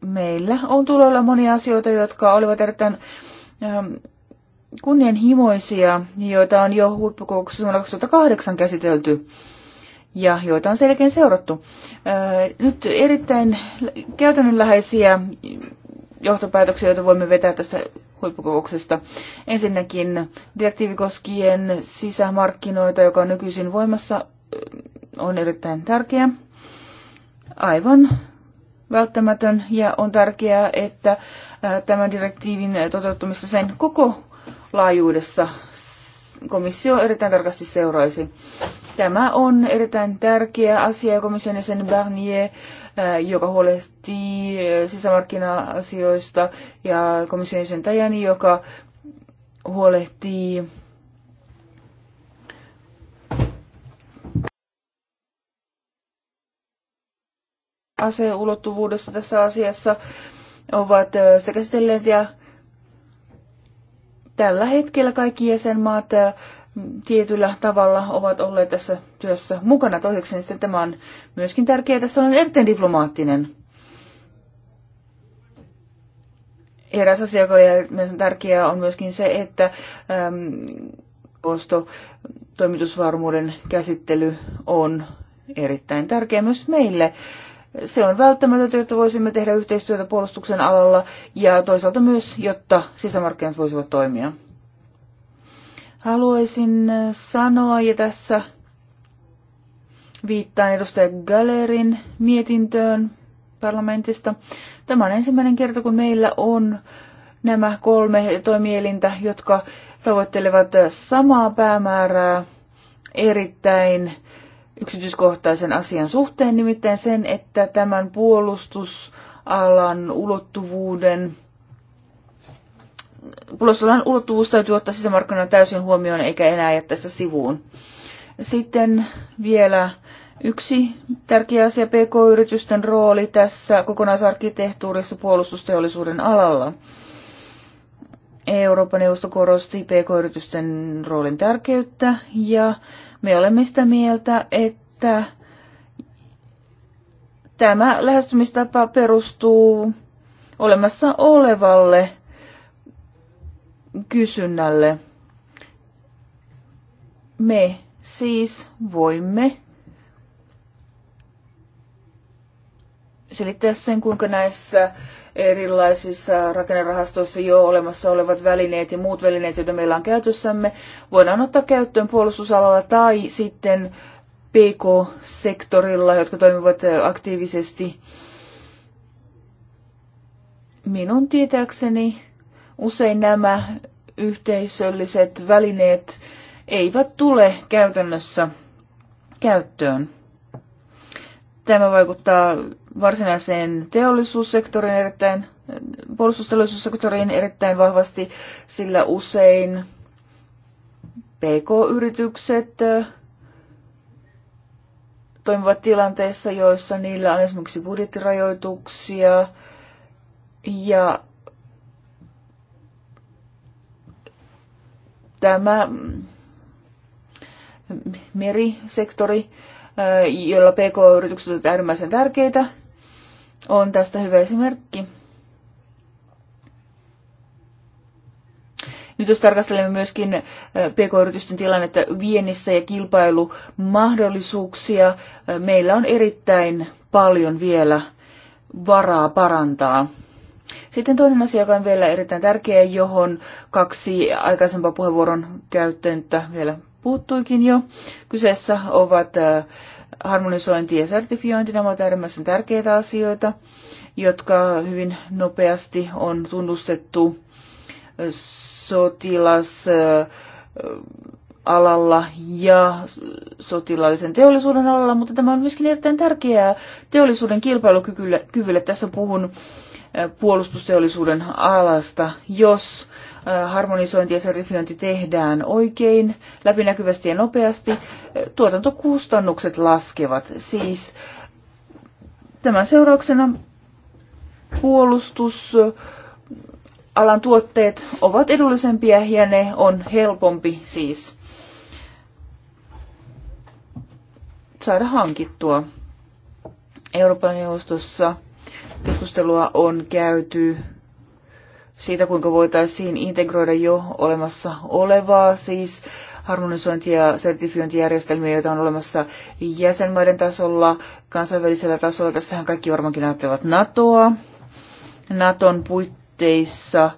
meillä on tuloilla monia asioita, jotka olivat erittäin ähm, kunnianhimoisia, joita on jo huippukouksessa vuonna 2008 käsitelty ja joita on selkeän seurattu. Nyt erittäin käytännönläheisiä johtopäätöksiä, joita voimme vetää tästä huippukokouksesta. Ensinnäkin direktiivi koskien sisämarkkinoita, joka on nykyisin voimassa, on erittäin tärkeä. Aivan välttämätön ja on tärkeää, että tämän direktiivin toteuttamista sen koko laajuudessa komissio erittäin tarkasti seuraisi. Tämä on erittäin tärkeä asia komission jäsen Barnier, äh, joka huolehtii äh, sisämarkkina-asioista ja komission jäsen Tajani, joka huolehtii aseulottuvuudesta tässä asiassa ovat äh, sitä käsitelleet ja tällä hetkellä kaikki jäsenmaat tietyllä tavalla ovat olleet tässä työssä mukana. Toiseksi niin sitten tämä on myöskin tärkeää, tässä on erittäin diplomaattinen. Eräs asia, joka on tärkeää, on myöskin se, että posto, toimitusvarmuuden käsittely on erittäin tärkeä myös meille. Se on välttämätöntä, jotta voisimme tehdä yhteistyötä puolustuksen alalla ja toisaalta myös, jotta sisämarkkinat voisivat toimia. Haluaisin sanoa, ja tässä viittaan edustaja Galerin mietintöön parlamentista. Tämä on ensimmäinen kerta, kun meillä on nämä kolme toimielintä, jotka tavoittelevat samaa päämäärää erittäin yksityiskohtaisen asian suhteen, nimittäin sen, että tämän puolustusalan ulottuvuuden puolustusalan ulottuvuus täytyy ottaa sisämarkkinoilla täysin huomioon eikä enää jättää sitä sivuun. Sitten vielä Yksi tärkeä asia PK-yritysten rooli tässä kokonaisarkkitehtuurissa puolustusteollisuuden alalla. Euroopan neuvosto korosti PK-yritysten roolin tärkeyttä ja me olemme sitä mieltä, että tämä lähestymistapa perustuu olemassa olevalle kysynnälle. Me siis voimme selittää sen, kuinka näissä erilaisissa rakennerahastoissa jo olemassa olevat välineet ja muut välineet, joita meillä on käytössämme, voidaan ottaa käyttöön puolustusalalla tai sitten PK-sektorilla, jotka toimivat aktiivisesti. Minun tietääkseni usein nämä yhteisölliset välineet eivät tule käytännössä käyttöön. Tämä vaikuttaa varsinaiseen teollisuussektoriin erittäin, puolustusteollisuussektoriin erittäin vahvasti, sillä usein PK-yritykset toimivat tilanteissa, joissa niillä on esimerkiksi budjettirajoituksia ja tämä mm, merisektori joilla PK-yritykset ovat äärimmäisen tärkeitä, on tästä hyvä esimerkki. Nyt jos tarkastelemme myöskin pk-yritysten tilannetta viennissä ja kilpailumahdollisuuksia, meillä on erittäin paljon vielä varaa parantaa. Sitten toinen asia, joka on vielä erittäin tärkeä, johon kaksi aikaisempaa puheenvuoron käyttäjyyttä vielä puuttuikin jo. Kyseessä ovat harmonisointi ja sertifiointi, nämä ovat äärimmäisen tärkeitä asioita, jotka hyvin nopeasti on tunnustettu sotilasalalla ja sotilaallisen teollisuuden alalla, mutta tämä on myöskin erittäin tärkeää teollisuuden kilpailukyvylle. Tässä puhun puolustusteollisuuden alasta, jos harmonisointi ja sertifiointi tehdään oikein, läpinäkyvästi ja nopeasti, tuotantokustannukset laskevat. Siis tämän seurauksena puolustus alan tuotteet ovat edullisempia ja ne on helpompi siis saada hankittua. Euroopan neuvostossa keskustelua on käyty siitä, kuinka voitaisiin integroida jo olemassa olevaa, siis harmonisointi- ja sertifiointijärjestelmiä, joita on olemassa jäsenmaiden tasolla, kansainvälisellä tasolla. Tässähän kaikki varmaankin ajattelevat NATOa. NATOn puitteissa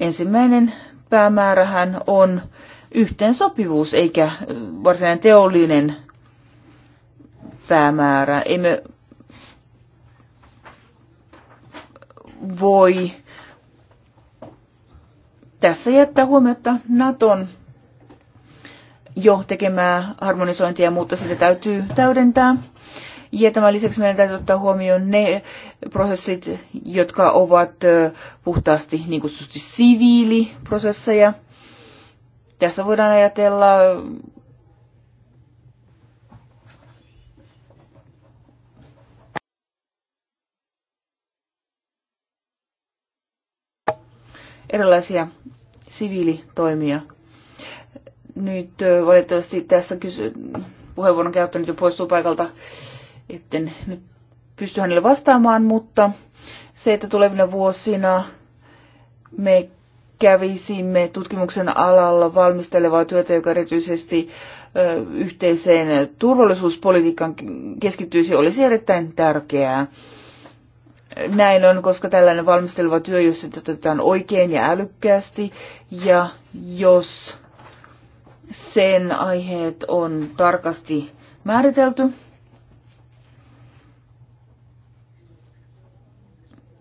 ensimmäinen päämäärähän on yhteensopivuus, eikä varsinainen teollinen päämäärä. Emme voi tässä jättää huomiota Naton jo tekemää harmonisointia, mutta sitä täytyy täydentää. Ja tämän lisäksi meidän täytyy ottaa huomioon ne prosessit, jotka ovat puhtaasti niin kutsutusti siviiliprosesseja. Tässä voidaan ajatella erilaisia siviilitoimija. Nyt valitettavasti tässä kysy- puheenvuoron käyttänyt jo poistuu paikalta, etten nyt pysty hänelle vastaamaan, mutta se, että tulevina vuosina me kävisimme tutkimuksen alalla valmistelevaa työtä, joka erityisesti yhteiseen turvallisuuspolitiikkaan keskittyisi, olisi erittäin tärkeää näin on, koska tällainen valmisteleva työ, jos se toteutetaan oikein ja älykkäästi, ja jos sen aiheet on tarkasti määritelty,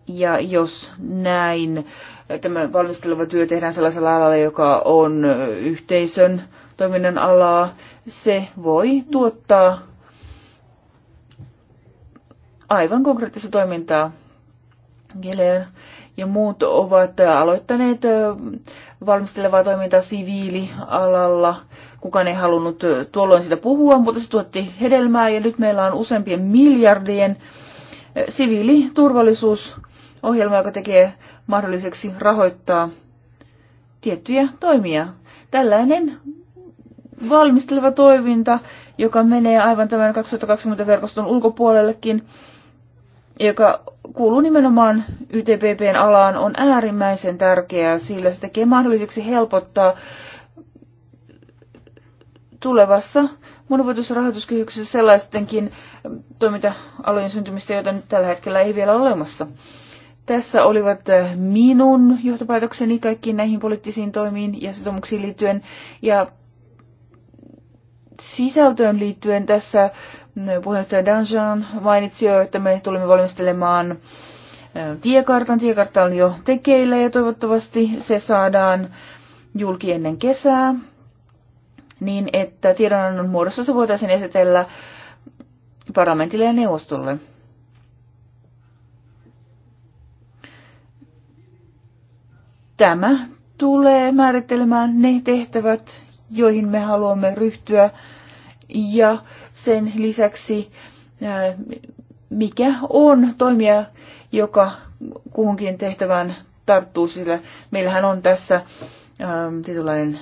ja jos näin äh, tämä valmisteleva työ tehdään sellaisella alalla, joka on äh, yhteisön toiminnan alaa, se voi tuottaa aivan konkreettista toimintaa Geller ja muut ovat aloittaneet valmistelevaa toimintaa siviilialalla. Kukaan ei halunnut tuolloin sitä puhua, mutta se tuotti hedelmää ja nyt meillä on useampien miljardien siviiliturvallisuusohjelma, joka tekee mahdolliseksi rahoittaa tiettyjä toimia. Tällainen valmisteleva toiminta, joka menee aivan tämän 2020 verkoston ulkopuolellekin, joka kuuluu nimenomaan YTPPn alaan, on äärimmäisen tärkeää, sillä se tekee mahdolliseksi helpottaa tulevassa monivuotisessa sellaistenkin toiminta-alojen syntymistä, joita nyt tällä hetkellä ei vielä ole olemassa. Tässä olivat eh, minun johtopäätökseni kaikkiin näihin poliittisiin toimiin ja sitoumuksiin liittyen. Ja sisältöön liittyen tässä No, puheenjohtaja Danjan mainitsi jo, että me tulemme valmistelemaan tiekartan. Tiekartta on jo tekeillä ja toivottavasti se saadaan julki ennen kesää, niin että tiedonannon muodossa se voitaisiin esitellä parlamentille ja neuvostolle. Tämä tulee määrittelemään ne tehtävät, joihin me haluamme ryhtyä ja sen lisäksi mikä on toimija, joka kuhunkin tehtävään tarttuu, sillä meillähän on tässä tietynlainen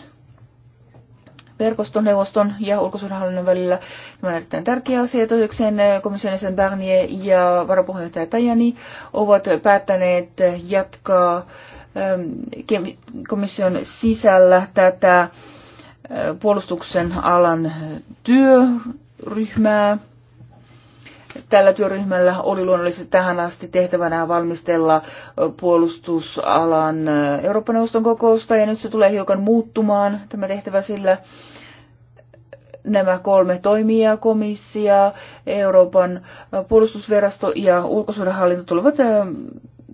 verkostoneuvoston ja ulkosuudenhallinnon välillä. Tämä on erittäin tärkeä asia. Toisekseen komission jäsen Barnier ja varapuheenjohtaja Tajani ovat päättäneet jatkaa komission sisällä tätä puolustuksen alan työryhmää. Tällä työryhmällä oli luonnollisesti tähän asti tehtävänä valmistella puolustusalan Euroopan neuvoston kokousta, ja nyt se tulee hiukan muuttumaan tämä tehtävä sillä nämä kolme toimijaa, komissia, Euroopan puolustusvirasto ja ulkosuudenhallinto tulevat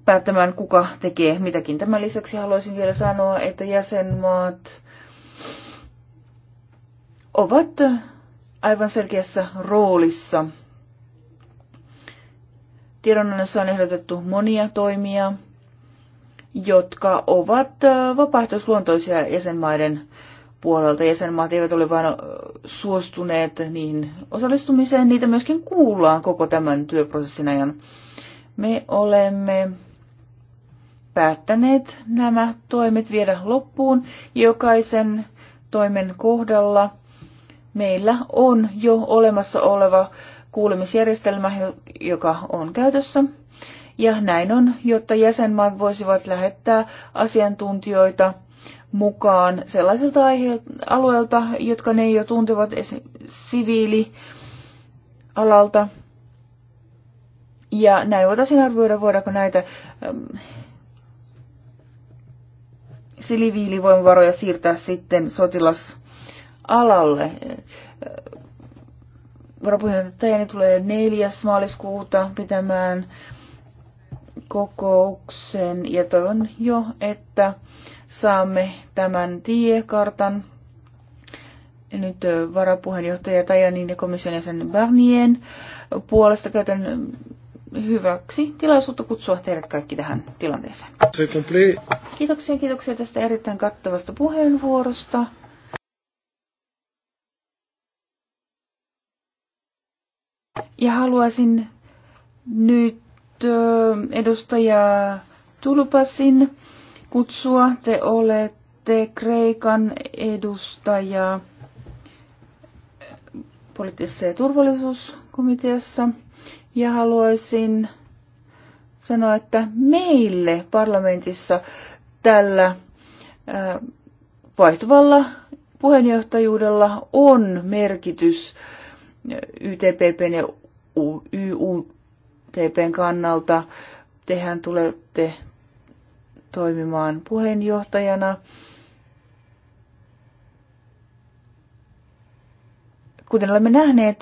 päättämään, kuka tekee mitäkin. Tämän lisäksi haluaisin vielä sanoa, että jäsenmaat ovat aivan selkeässä roolissa. Tiedonannossa on ehdotettu monia toimia, jotka ovat vapaaehtoisluontoisia jäsenmaiden puolelta. Jäsenmaat eivät ole vain suostuneet niihin osallistumiseen, niitä myöskin kuullaan koko tämän työprosessin ajan. Me olemme päättäneet nämä toimet viedä loppuun jokaisen toimen kohdalla – meillä on jo olemassa oleva kuulemisjärjestelmä, joka on käytössä. Ja näin on, jotta jäsenmaat voisivat lähettää asiantuntijoita mukaan sellaisilta alueelta, alueilta, jotka ne jo tuntevat siviilialalta. Ja näin voitaisiin arvioida, voidaanko näitä ähm, siviilivoimavaroja siirtää sitten sotilas- alalle. Varapuheenjohtajani tulee 4. maaliskuuta pitämään kokouksen ja toivon jo, että saamme tämän tiekartan nyt varapuheenjohtaja Tajanin ja komission jäsen Barnien puolesta käytän hyväksi tilaisuutta kutsua teidät kaikki tähän tilanteeseen. Kiitoksia, kiitoksia tästä erittäin kattavasta puheenvuorosta. Ja haluaisin nyt edustaja Tulupasin kutsua. Te olette Kreikan edustaja poliittisessa ja turvallisuuskomiteassa. Ja haluaisin sanoa, että meille parlamentissa tällä vaihtuvalla puheenjohtajuudella on merkitys YTPPn ja YUTPn kannalta. Tehän tulette toimimaan puheenjohtajana. Kuten olemme nähneet,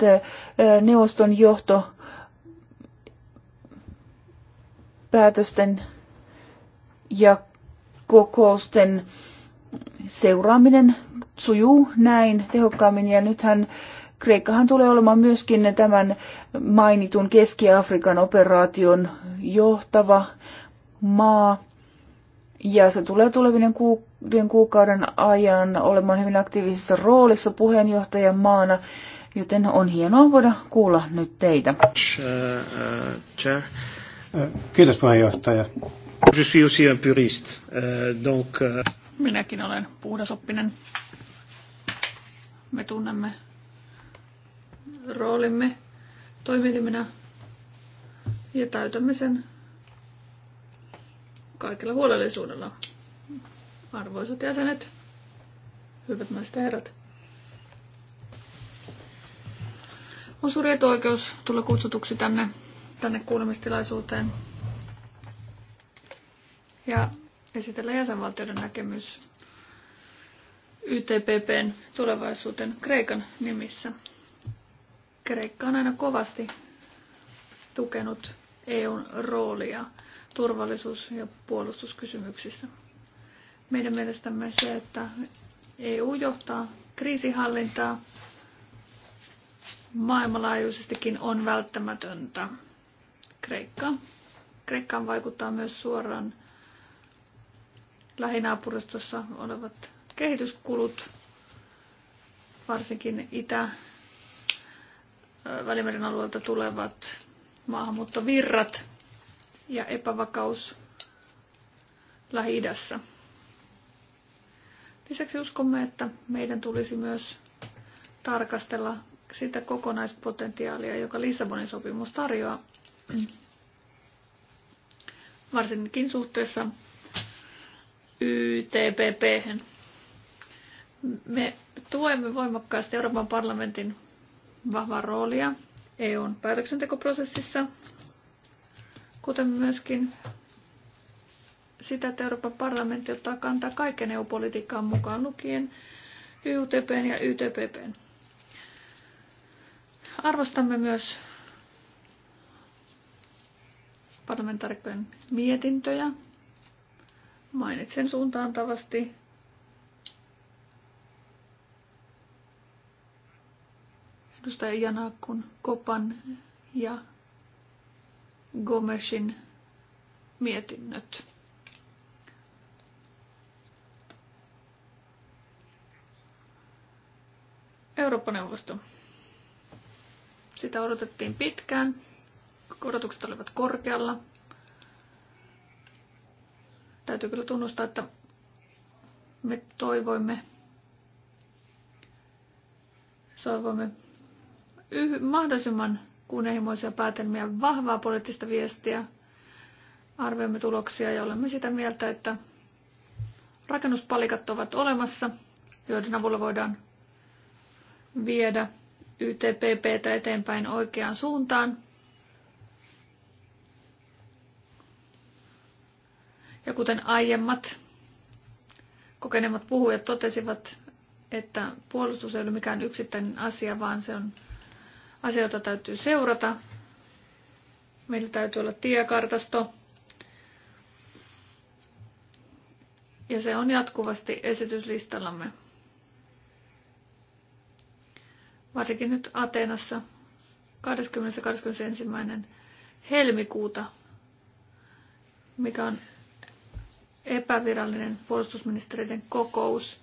neuvoston johto päätösten ja kokousten seuraaminen sujuu näin tehokkaammin ja nythän Kreikkahan tulee olemaan myöskin tämän mainitun Keski-Afrikan operaation johtava maa. Ja se tulee tulevinen kuuden kuukauden ajan olemaan hyvin aktiivisessa roolissa puheenjohtajan maana, joten on hienoa voida kuulla nyt teitä. Kiitos puheenjohtaja. Euh, euh, Minäkin olen puhdasoppinen. Me tunnemme roolimme toimielimenä ja täytämme sen kaikella huolellisuudella. Arvoisat jäsenet, hyvät naiset ja herrat. On suuri oikeus tulla kutsutuksi tänne, tänne kuulemistilaisuuteen ja esitellä jäsenvaltioiden näkemys YTPPn tulevaisuuteen Kreikan nimissä. Kreikka on aina kovasti tukenut EUn roolia turvallisuus- ja puolustuskysymyksissä. Meidän mielestämme se, että EU johtaa kriisihallintaa maailmanlaajuisestikin on välttämätöntä. Kreikka. Kreikkaan vaikuttaa myös suoraan lähinaapurustossa olevat kehityskulut, varsinkin Itä- Välimeren alueelta tulevat maahanmuuttovirrat ja epävakaus Lähi-idässä. Lisäksi uskomme, että meidän tulisi myös tarkastella sitä kokonaispotentiaalia, joka Lissabonin sopimus tarjoaa, varsinkin suhteessa YTPP. -hän. Me tuemme voimakkaasti Euroopan parlamentin vahvaa roolia EUn päätöksentekoprosessissa, kuten myöskin sitä, että Euroopan parlamentti ottaa kantaa kaiken EU-politiikkaan mukaan lukien YUTP ja YTPP. Arvostamme myös parlamentaarikkojen mietintöjä. Mainitsen suuntaantavasti edustaja Janakun, Kopan ja Gomesin mietinnöt. Eurooppa-neuvosto. Sitä odotettiin pitkään. Odotukset olivat korkealla. Täytyy kyllä tunnustaa, että me toivoimme, toivoimme yh- mahdollisimman kunnianhimoisia päätelmiä, vahvaa poliittista viestiä, arvioimme tuloksia ja olemme sitä mieltä, että rakennuspalikat ovat olemassa, joiden avulla voidaan viedä YTPPtä eteenpäin oikeaan suuntaan. Ja kuten aiemmat kokeneemmat puhujat totesivat, että puolustus ei ole mikään yksittäinen asia, vaan se on Asioita täytyy seurata. Meillä täytyy olla tiekartasto. Ja se on jatkuvasti esityslistallamme. Varsinkin nyt Ateenassa 20. 21. helmikuuta, mikä on epävirallinen puolustusministeriöiden kokous.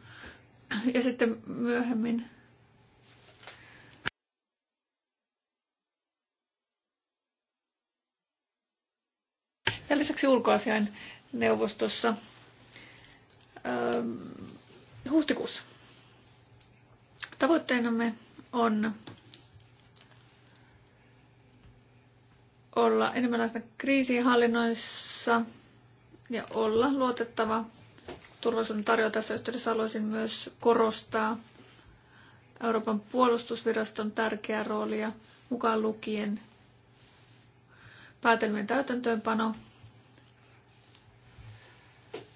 Ja sitten myöhemmin lisäksi ulkoasian neuvostossa öö, huhtikuussa. Tavoitteenamme on olla enemmän läsnä kriisihallinnoissa ja olla luotettava turvallisuuden tarjoa tässä yhteydessä haluaisin myös korostaa Euroopan puolustusviraston tärkeää roolia mukaan lukien päätelmien täytäntöönpano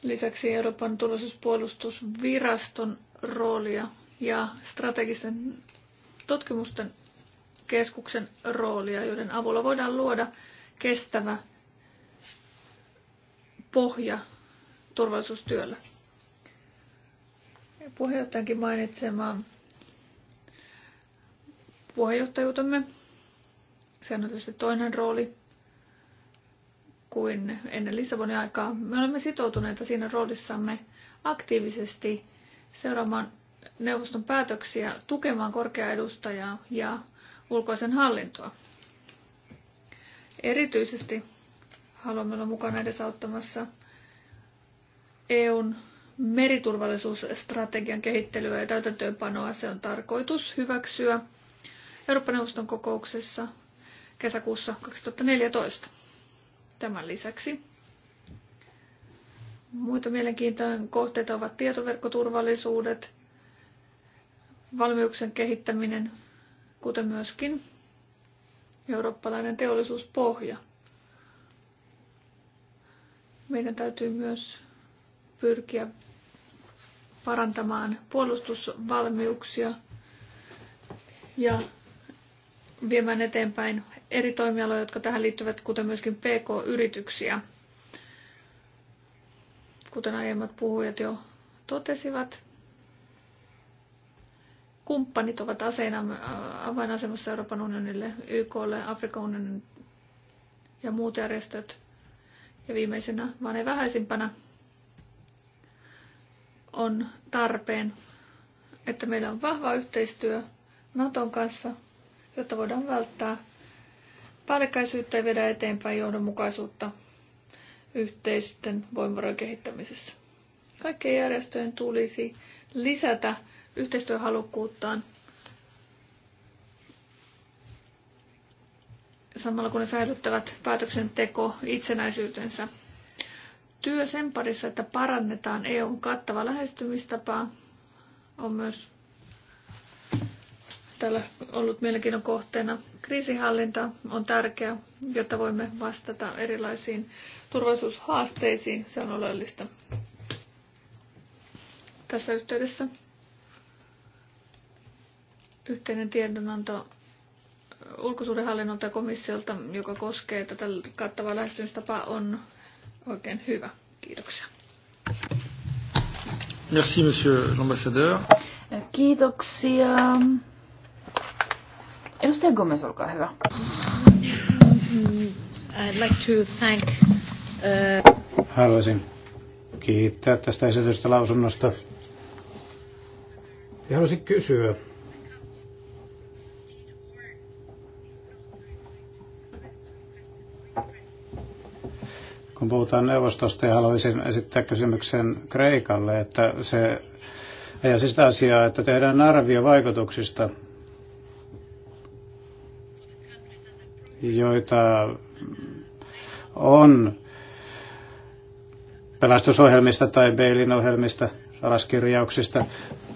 lisäksi Euroopan turvallisuuspuolustusviraston roolia ja strategisten tutkimusten keskuksen roolia, joiden avulla voidaan luoda kestävä pohja turvallisuustyölle. Puheenjohtajankin mainitsemaan puheenjohtajuutemme, se on tietysti toinen rooli, kuin ennen Lissabonin aikaa. Me olemme sitoutuneita siinä roolissamme aktiivisesti seuraamaan neuvoston päätöksiä, tukemaan korkea edustajaa ja ulkoisen hallintoa. Erityisesti haluamme olla mukana edesauttamassa EUn meriturvallisuusstrategian kehittelyä ja täytäntöönpanoa. Se on tarkoitus hyväksyä Euroopan neuvoston kokouksessa kesäkuussa 2014. Tämän lisäksi muita mielenkiintoinen kohteita ovat tietoverkkoturvallisuudet, valmiuksen kehittäminen, kuten myöskin eurooppalainen teollisuuspohja. Meidän täytyy myös pyrkiä parantamaan puolustusvalmiuksia ja viemään eteenpäin eri toimialoja, jotka tähän liittyvät, kuten myöskin PK-yrityksiä, kuten aiemmat puhujat jo totesivat. Kumppanit ovat aseina, äh, avainasemassa Euroopan unionille, YKlle, Afrikan unionin ja muut järjestöt. Ja viimeisenä, vaan ei vähäisimpänä, on tarpeen, että meillä on vahva yhteistyö Naton kanssa – jotta voidaan välttää päällekkäisyyttä ja viedä eteenpäin johdonmukaisuutta yhteisten voimavarojen kehittämisessä. Kaikkien järjestöjen tulisi lisätä yhteistyöhalukkuuttaan samalla kun ne säilyttävät päätöksenteko itsenäisyytensä. Työ sen parissa, että parannetaan EUn kattava lähestymistapa, on myös täällä ollut mielenkiinnon kohteena. Kriisinhallinta on tärkeä, jotta voimme vastata erilaisiin turvallisuushaasteisiin. Se on oleellista tässä yhteydessä. Yhteinen tiedonanto ulkosuudenhallinnolta ja komissiolta, joka koskee tätä kattavaa lähestymistapaa, on oikein hyvä. Kiitoksia. Merci, monsieur l'ambassadeur. Kiitoksia. Edustaja Gomez, olkaa hyvä. I'd like to thank, uh... Haluaisin kiittää tästä esitystä lausunnosta. Ja haluaisin kysyä, kun puhutaan neuvostosta ja haluaisin esittää kysymyksen Kreikalle, että se ajaisi siis sitä asiaa, että tehdään arvio vaikutuksista joita on pelastusohjelmista tai Beilin ohjelmista, alaskirjauksista,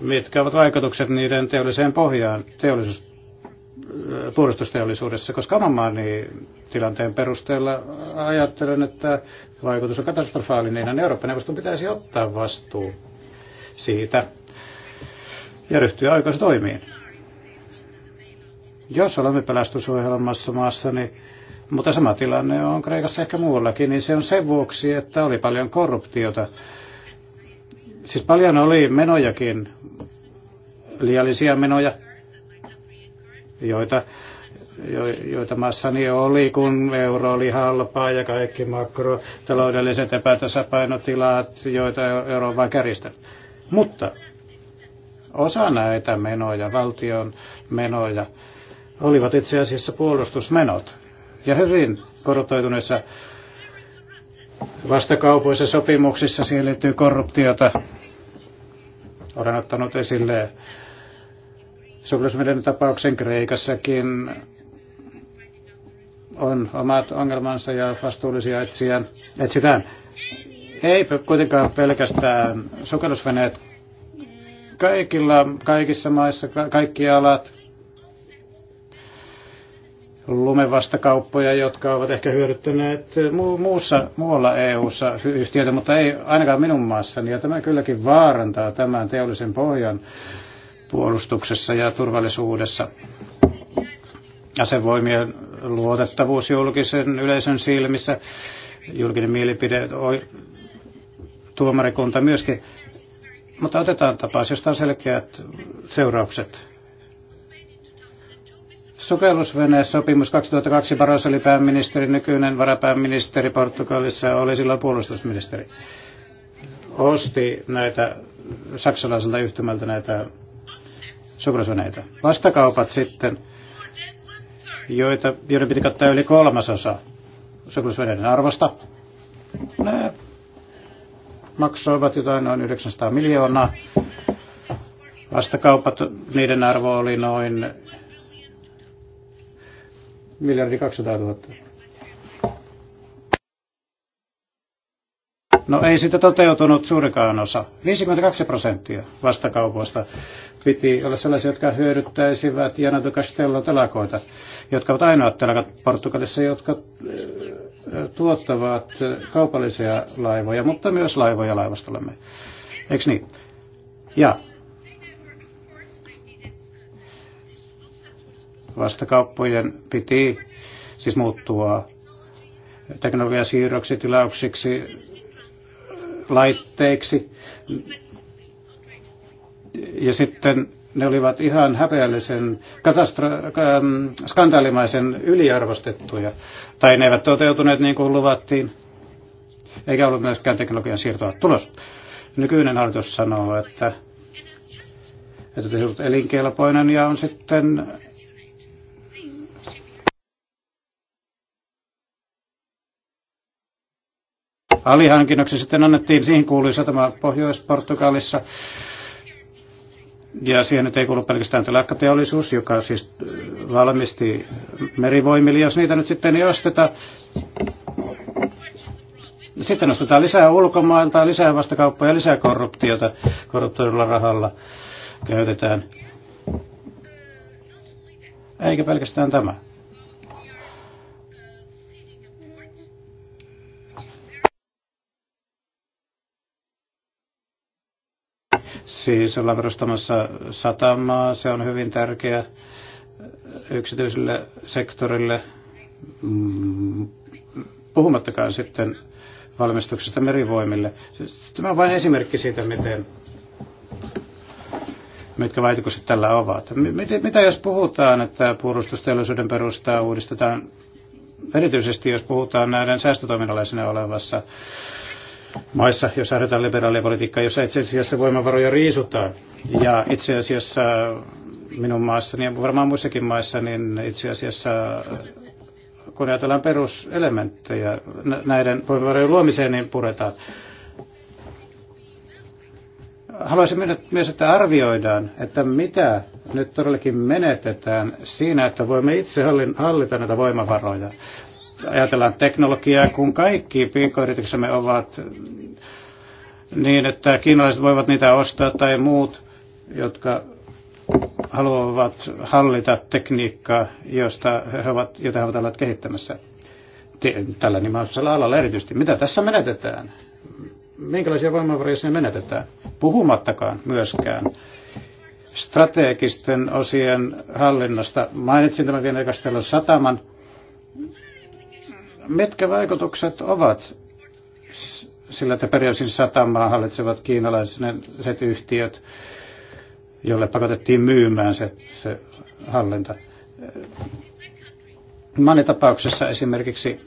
mitkä ovat vaikutukset niiden teolliseen pohjaan teollisuus, puolustusteollisuudessa, koska oman maani tilanteen perusteella ajattelen, että vaikutus on katastrofaalinen, niin Euroopan neuvoston pitäisi ottaa vastuu siitä ja ryhtyä aikaisemmin toimiin. Jos olemme pelastusohjelmassa maassa, niin, mutta sama tilanne on Kreikassa ehkä muuallakin, niin se on sen vuoksi, että oli paljon korruptiota. Siis paljon oli menojakin, liiallisia menoja, joita, jo, joita maassani oli, kun euro oli halpaa ja kaikki makrotaloudelliset epätasapainotilat, joita euro on vain käristänyt. Mutta osa näitä menoja, valtion menoja, olivat itse asiassa puolustusmenot. Ja hyvin korotoituneissa vastakaupoissa sopimuksissa siihen liittyy korruptiota. Olen ottanut esille sopimusmielen tapauksen Kreikassakin on omat ongelmansa ja vastuullisia etsiä, etsitään. Ei kuitenkaan pelkästään sukellusveneet. Kaikilla, kaikissa maissa, kaikki alat, lumevastakauppoja, jotka ovat ehkä hyödyttäneet muussa, muualla EU-ssa yhtiöitä, mutta ei ainakaan minun maassani. Ja tämä kylläkin vaarantaa tämän teollisen pohjan puolustuksessa ja turvallisuudessa. Asevoimien luotettavuus julkisen yleisön silmissä, julkinen mielipide, tuomarikunta myöskin. Mutta otetaan tapaus, josta on selkeät seuraukset Sukellusvenesopimus 2002 Barros oli pääministeri, nykyinen varapääministeri Portugalissa oli silloin puolustusministeri. Osti näitä saksalaiselta yhtymältä näitä sukellusveneitä. Vastakaupat sitten, joita, joiden piti kattaa yli kolmasosa sukellusveneiden arvosta, ne maksoivat jotain noin 900 miljoonaa. Vastakaupat, niiden arvo oli noin miljardi 200 000. No ei sitä toteutunut suurikaan osa. 52 prosenttia vastakaupoista piti olla sellaisia, jotka hyödyttäisivät ja Castellon telakoita, jotka ovat ainoat telakat Portugalissa, jotka eh, tuottavat kaupallisia laivoja, mutta myös laivoja laivastolemme. Eikö niin? Ja vastakauppojen piti siis muuttua teknologiasiirroksi, tilauksiksi, laitteiksi. Ja sitten ne olivat ihan häpeällisen, katastro- skandaalimaisen yliarvostettuja. Tai ne eivät toteutuneet niin kuin luvattiin, eikä ollut myöskään teknologian siirtoa tulos. Nykyinen hallitus sanoo, että, että on elinkelpoinen ja on sitten alihankinnoksi. Sitten annettiin siihen kuuluisa tämä Pohjois-Portugalissa. Ja siihen nyt ei kuulu pelkästään telakkateollisuus, joka siis äh, valmisti merivoimille. Jos niitä nyt sitten ei osteta, sitten ostetaan lisää ulkomailta, lisää vastakauppaa, ja lisää korruptiota korruptoidulla rahalla käytetään. Eikä pelkästään tämä. Siis ollaan perustamassa satamaa, se on hyvin tärkeä yksityiselle sektorille, mm, puhumattakaan sitten valmistuksesta merivoimille. tämä on vain esimerkki siitä, miten mitkä vaikutukset tällä ovat. Mitä jos puhutaan, että puolustusteollisuuden perustaa uudistetaan, erityisesti jos puhutaan näiden säästötoiminnallisena olevassa maissa, jos harjoitetaan liberaalia politiikkaa, jossa itse asiassa voimavaroja riisutaan. Ja itse asiassa minun maassani ja varmaan muissakin maissa, niin itse asiassa kun ajatellaan peruselementtejä näiden voimavarojen luomiseen, niin puretaan. Haluaisin myös, että arvioidaan, että mitä nyt todellakin menetetään siinä, että voimme itse hallita näitä voimavaroja ajatellaan teknologiaa, kun kaikki pk-yrityksemme ovat niin, että kiinalaiset voivat niitä ostaa tai muut, jotka haluavat hallita tekniikkaa, josta he ovat, jota he ovat olleet kehittämässä tällä nimenomaisella alalla erityisesti. Mitä tässä menetetään? Minkälaisia voimavaroja sinne menetetään? Puhumattakaan myöskään strategisten osien hallinnasta. Mainitsin tämän vielä sataman Mitkä vaikutukset ovat sillä, että peräisin satamaa hallitsevat kiinalaiset yhtiöt, jolle pakotettiin myymään se, se hallinta? Manitapauksessa esimerkiksi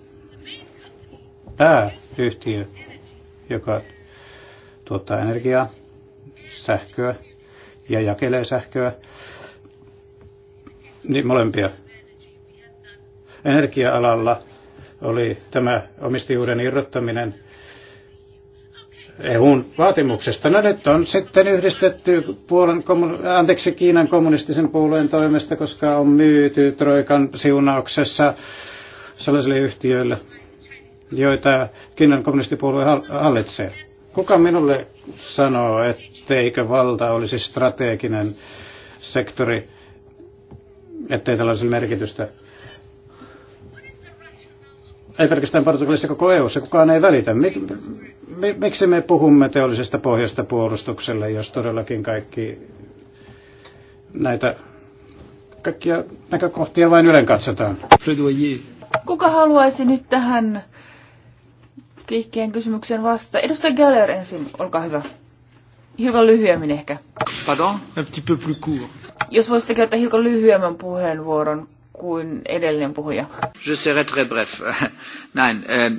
pääyhtiö, joka tuottaa energiaa, sähköä ja jakelee sähköä, niin molempia. Energia-alalla oli tämä omistajuuden irrottaminen EUn vaatimuksesta. No nyt on sitten yhdistetty Puolan, anteeksi, Kiinan kommunistisen puolueen toimesta, koska on myyty Troikan siunauksessa sellaisille yhtiöille, joita Kiinan kommunistipuolue hallitsee. Kuka minulle sanoo, etteikö valta olisi strateginen sektori, ettei tällaisella merkitystä? ei pelkästään Portugalissa, koko EU:ssa kukaan ei välitä. Mik, mi, miksi me puhumme teollisesta pohjasta puolustukselle, jos todellakin kaikki näitä kaikkia näkökohtia vain ylen katsotaan? Kuka haluaisi nyt tähän kiihkeen kysymykseen vastata? Edustaja Geller ensin, olkaa hyvä. Hiukan lyhyemmin ehkä. Pardon? Un petit peu plus court. Jos voisitte käyttää hiukan lyhyemmän puheenvuoron, kuin edellinen puhuja. Je serai très bref. Nein, ähm,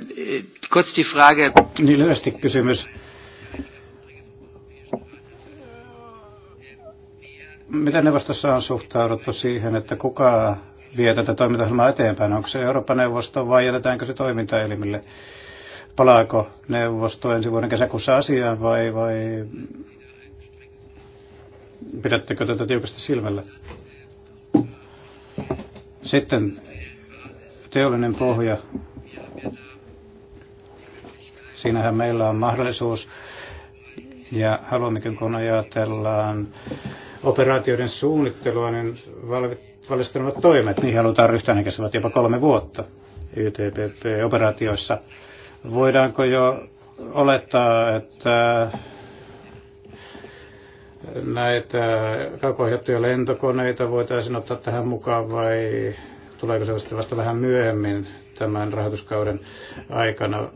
kurz die Frage. Niin lyhyesti kysymys. Miten neuvostossa on suhtauduttu siihen, että kuka vie tätä toimintaohjelmaa eteenpäin? Onko se Euroopan neuvosto vai jätetäänkö se toimintaelimille? Palaako neuvosto ensi vuoden kesäkuussa asiaan vai, vai pidättekö tätä tiukasti silmällä? Sitten teollinen pohja. Siinähän meillä on mahdollisuus ja haluammekin kun ajatellaan operaatioiden suunnittelua, niin valmistelevat toimet, niihin halutaan ryhtyä, ne jopa kolme vuotta YTPP-operaatioissa. Voidaanko jo olettaa, että näitä kaukoihdottuja lentokoneita voitaisiin ottaa tähän mukaan vai tuleeko se vasta vähän myöhemmin tämän rahoituskauden aikana?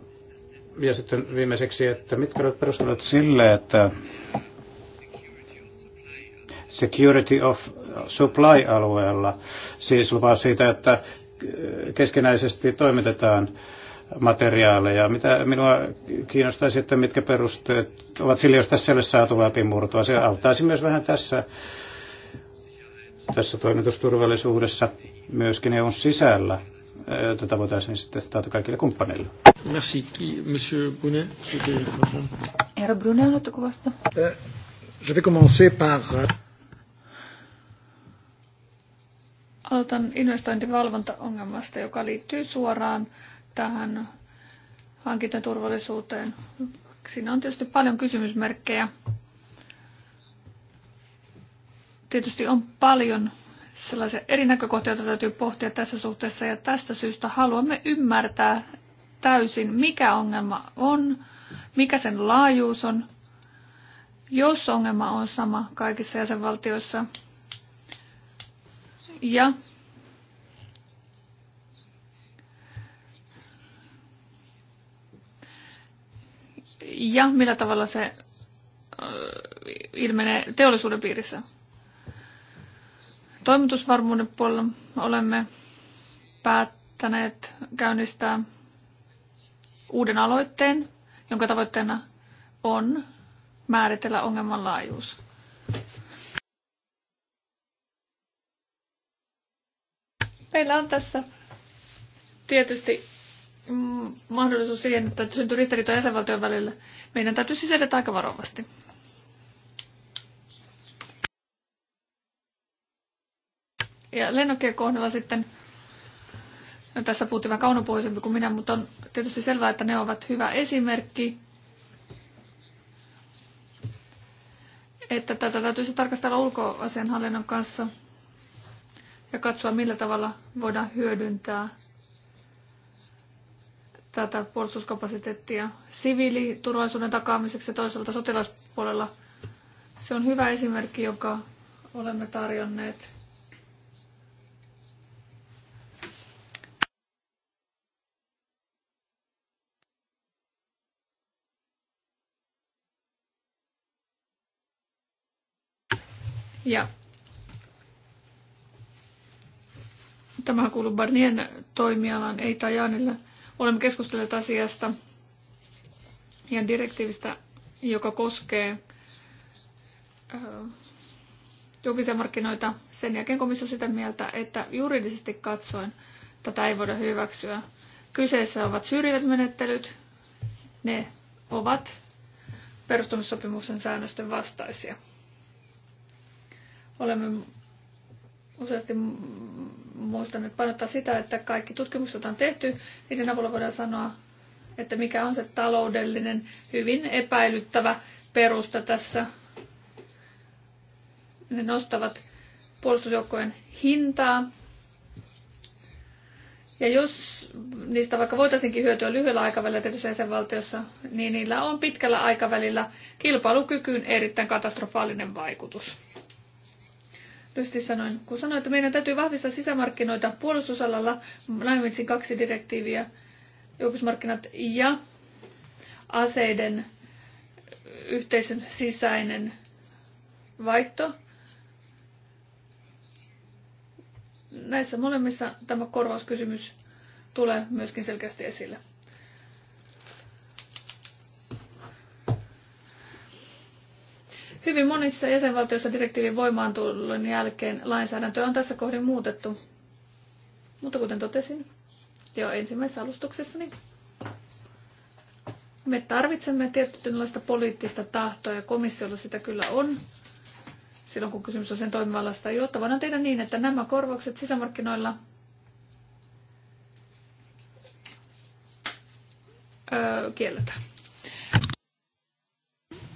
Ja sitten viimeiseksi, että mitkä ovat perustelut sille, että security of supply-alueella, siis lupaa siitä, että keskinäisesti toimitetaan materiaaleja. Mitä minua kiinnostaisi, että mitkä perusteet ovat sille, jos tässä ei ole saatu läpimurtoa. Se auttaisi myös vähän tässä, tässä toimitusturvallisuudessa myöskin EUn sisällä. Tätä voitaisiin sitten taata kaikille kumppaneille. Merci. Monsieur Brunet, Herra Brunet, haluatteko vastata? Euh, je vais commencer par... Euh, Aloitan investointivalvontaongelmasta, joka liittyy suoraan tähän hankintaturvallisuuteen. Siinä on tietysti paljon kysymysmerkkejä. Tietysti on paljon sellaisia eri näkökohtia, joita täytyy pohtia tässä suhteessa, ja tästä syystä haluamme ymmärtää täysin, mikä ongelma on, mikä sen laajuus on, jos ongelma on sama kaikissa jäsenvaltioissa, ja ja millä tavalla se ilmenee teollisuuden piirissä. Toimitusvarmuuden puolella olemme päättäneet käynnistää uuden aloitteen, jonka tavoitteena on määritellä ongelman laajuus. Meillä on tässä tietysti Mm, mahdollisuus siihen, että syntyy ristiriitoja jäsenvaltion välillä. Meidän täytyy siis edetä aika varovasti. Ja lennokkien kohdalla sitten, no tässä puhuttiin vähän kaunopuolisempi kuin minä, mutta on tietysti selvää, että ne ovat hyvä esimerkki, että tätä täytyisi tarkastella ulkoasianhallinnon kanssa ja katsoa, millä tavalla voidaan hyödyntää tätä puolustuskapasiteettia siviiliturvallisuuden takaamiseksi ja toisaalta sotilaspuolella. Se on hyvä esimerkki, joka olemme tarjonneet. Ja tämä kuuluu Barnien toimialan, ei Tajanille. Olemme keskustelleet asiasta ja direktiivistä, joka koskee äh, julkisia markkinoita. Sen jälkeen komissio sitä mieltä, että juridisesti katsoen tätä ei voida hyväksyä. Kyseessä ovat syrjivät menettelyt. Ne ovat perustumissopimuksen säännösten vastaisia. Olemme useasti muistan nyt painottaa sitä, että kaikki tutkimukset, joita on tehty, niiden avulla voidaan sanoa, että mikä on se taloudellinen, hyvin epäilyttävä perusta tässä. Ne nostavat puolustusjoukkojen hintaa. Ja jos niistä vaikka voitaisinkin hyötyä lyhyellä aikavälillä tietyissä jäsenvaltiossa, niin niillä on pitkällä aikavälillä kilpailukykyyn erittäin katastrofaalinen vaikutus lyhyesti sanoen, kun sanoin, että meidän täytyy vahvistaa sisämarkkinoita puolustusalalla, mainitsin kaksi direktiiviä, julkismarkkinat ja aseiden yhteisen sisäinen vaihto. Näissä molemmissa tämä korvauskysymys tulee myöskin selkeästi esille. Hyvin monissa jäsenvaltioissa direktiivin voimaantulon jälkeen lainsäädäntöä on tässä kohdin muutettu. Mutta kuten totesin jo ensimmäisessä alustuksessani, me tarvitsemme tietynlaista poliittista tahtoa ja komissiolla sitä kyllä on silloin, kun kysymys on sen toimivallasta, jotta voidaan tehdä niin, että nämä korvaukset sisämarkkinoilla öö, kielletään.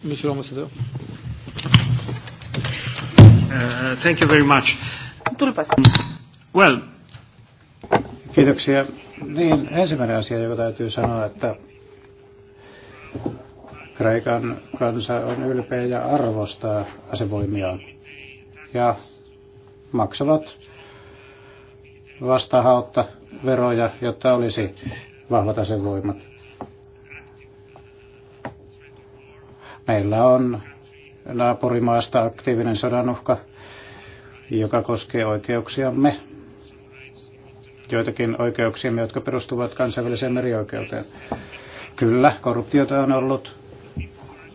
Monsieur Uh, thank you very much. Tulipas. Well. Kiitoksia. Niin, ensimmäinen asia, joka täytyy sanoa, että Kreikan kansa on ylpeä ja arvostaa asevoimiaan ja maksavat vastahautta veroja, jotta olisi vahvat asevoimat. Meillä on naapurimaasta aktiivinen uhka, joka koskee oikeuksiamme, joitakin oikeuksiamme, jotka perustuvat kansainväliseen merioikeuteen. Kyllä, korruptiota on ollut,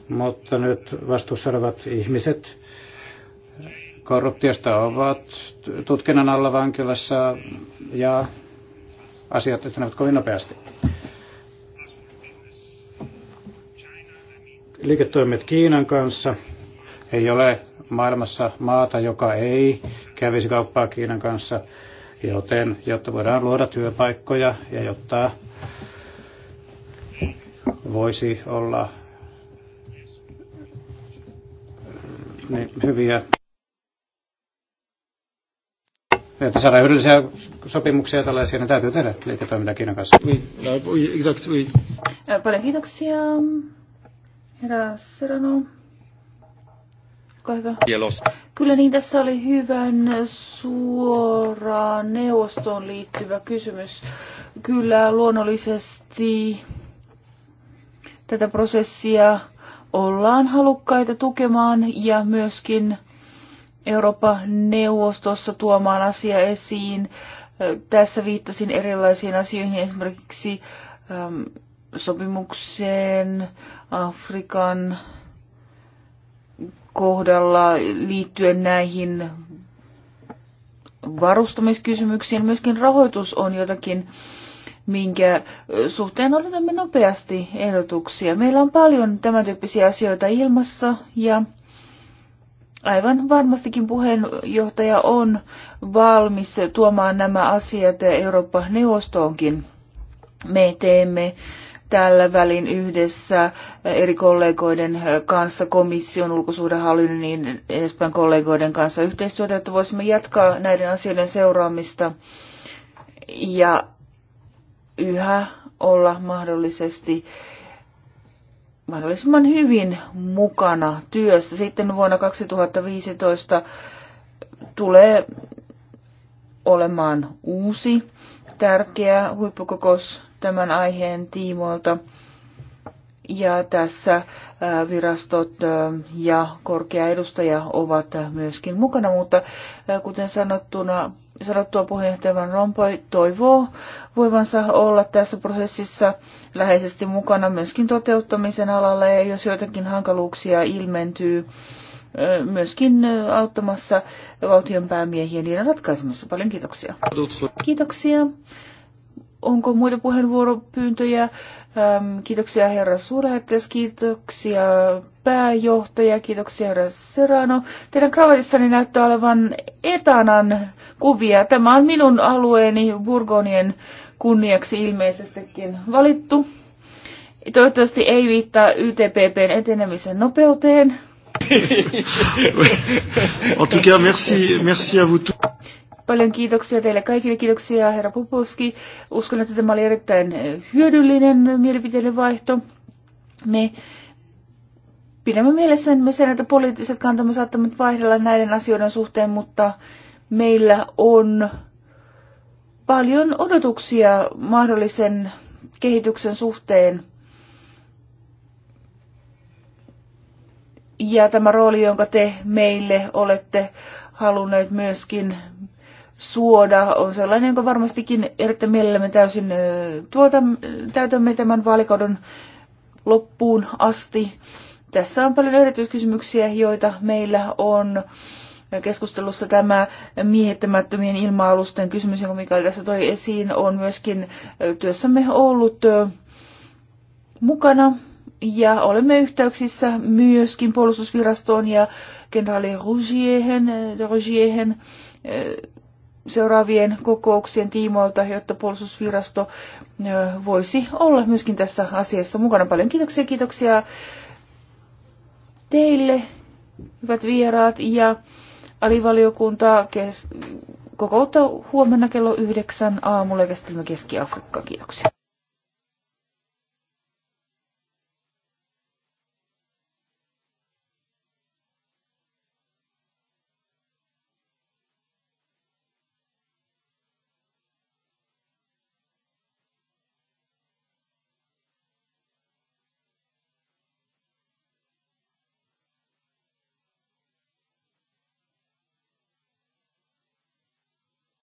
mutta nyt vastuussa olevat ihmiset korruptiosta ovat tutkinnan alla vankilassa ja asiat etenevät kovin nopeasti. Liiketoimet Kiinan kanssa ei ole maailmassa maata, joka ei kävisi kauppaa Kiinan kanssa, joten jotta voidaan luoda työpaikkoja ja jotta voisi olla mm, niin hyviä että saadaan hyödyllisiä sopimuksia tällaisia, niin täytyy tehdä liiketoimintaa Kiinan kanssa. Oui, no, exact, oui. Paljon kiitoksia, herra olkaa hyvä. Kielos. Kyllä niin, tässä oli hyvän suoraan neuvostoon liittyvä kysymys. Kyllä luonnollisesti tätä prosessia ollaan halukkaita tukemaan ja myöskin Euroopan neuvostossa tuomaan asia esiin. Tässä viittasin erilaisiin asioihin, esimerkiksi sopimukseen Afrikan kohdalla liittyen näihin varustamiskysymyksiin. Myöskin rahoitus on jotakin, minkä suhteen odotamme nopeasti ehdotuksia. Meillä on paljon tämän tyyppisiä asioita ilmassa ja aivan varmastikin puheenjohtaja on valmis tuomaan nämä asiat Eurooppa-neuvostoonkin. Me teemme äh, tällä välin yhdessä eri kollegoiden kanssa, komission, ulkosuhdehallinnon niin edespäin kollegoiden kanssa yhteistyötä, että voisimme jatkaa näiden asioiden seuraamista ja yhä olla mahdollisesti mahdollisimman hyvin mukana työssä. Sitten vuonna 2015 tulee olemaan uusi tärkeä huippukokous tämän aiheen tiimoilta. Ja tässä äh, virastot äh, ja korkea edustaja ovat myöskin mukana, mutta äh, kuten sanottuna, sanottua puheenjohtaja Van Rompuy toivoo voivansa olla tässä prosessissa läheisesti mukana myöskin toteuttamisen alalla ja jos joitakin hankaluuksia ilmentyy, myöskin auttamassa valtionpäämiehiä niiden ratkaisemassa. Paljon kiitoksia. Kiitoksia. Onko muita puheenvuoropyyntöjä? Kiitoksia herra suurlähettäjäs, kiitoksia pääjohtaja, kiitoksia herra Serano. Teidän kravatissani näyttää olevan etanan kuvia. Tämä on minun alueeni Burgonien kunniaksi ilmeisestikin valittu. Toivottavasti ei viittaa YTPPn etenemisen nopeuteen. en tout cas, merci, merci à vous tous. Paljon kiitoksia teille kaikille. Kiitoksia herra Popovski. Uskon, että tämä oli erittäin eh, hyödyllinen mielipiteiden vaihto. Me pidämme mielessä me sen, että poliittiset kantamme saattavat vaihdella näiden asioiden suhteen, mutta meillä on paljon odotuksia mahdollisen kehityksen suhteen. Ja tämä rooli, jonka te meille olette halunneet myöskin suoda on sellainen, jonka varmastikin erittäin mielellämme täysin tuotamme, täytämme tämän vaalikauden loppuun asti. Tässä on paljon erityiskysymyksiä, joita meillä on keskustelussa tämä miehittämättömien ilma-alusten kysymys, jonka Mikael tässä toi esiin, on myöskin työssämme ollut mukana. Ja olemme yhteyksissä myöskin puolustusvirastoon ja kenraali Rougiehen, de seuraavien kokouksien tiimoilta, jotta puolustusvirasto voisi olla myöskin tässä asiassa mukana. Paljon kiitoksia, kiitoksia teille, hyvät vieraat, ja alivaliokunta kokoutta huomenna kello yhdeksän aamulla ja Keski-Afrikkaa. Kiitoksia.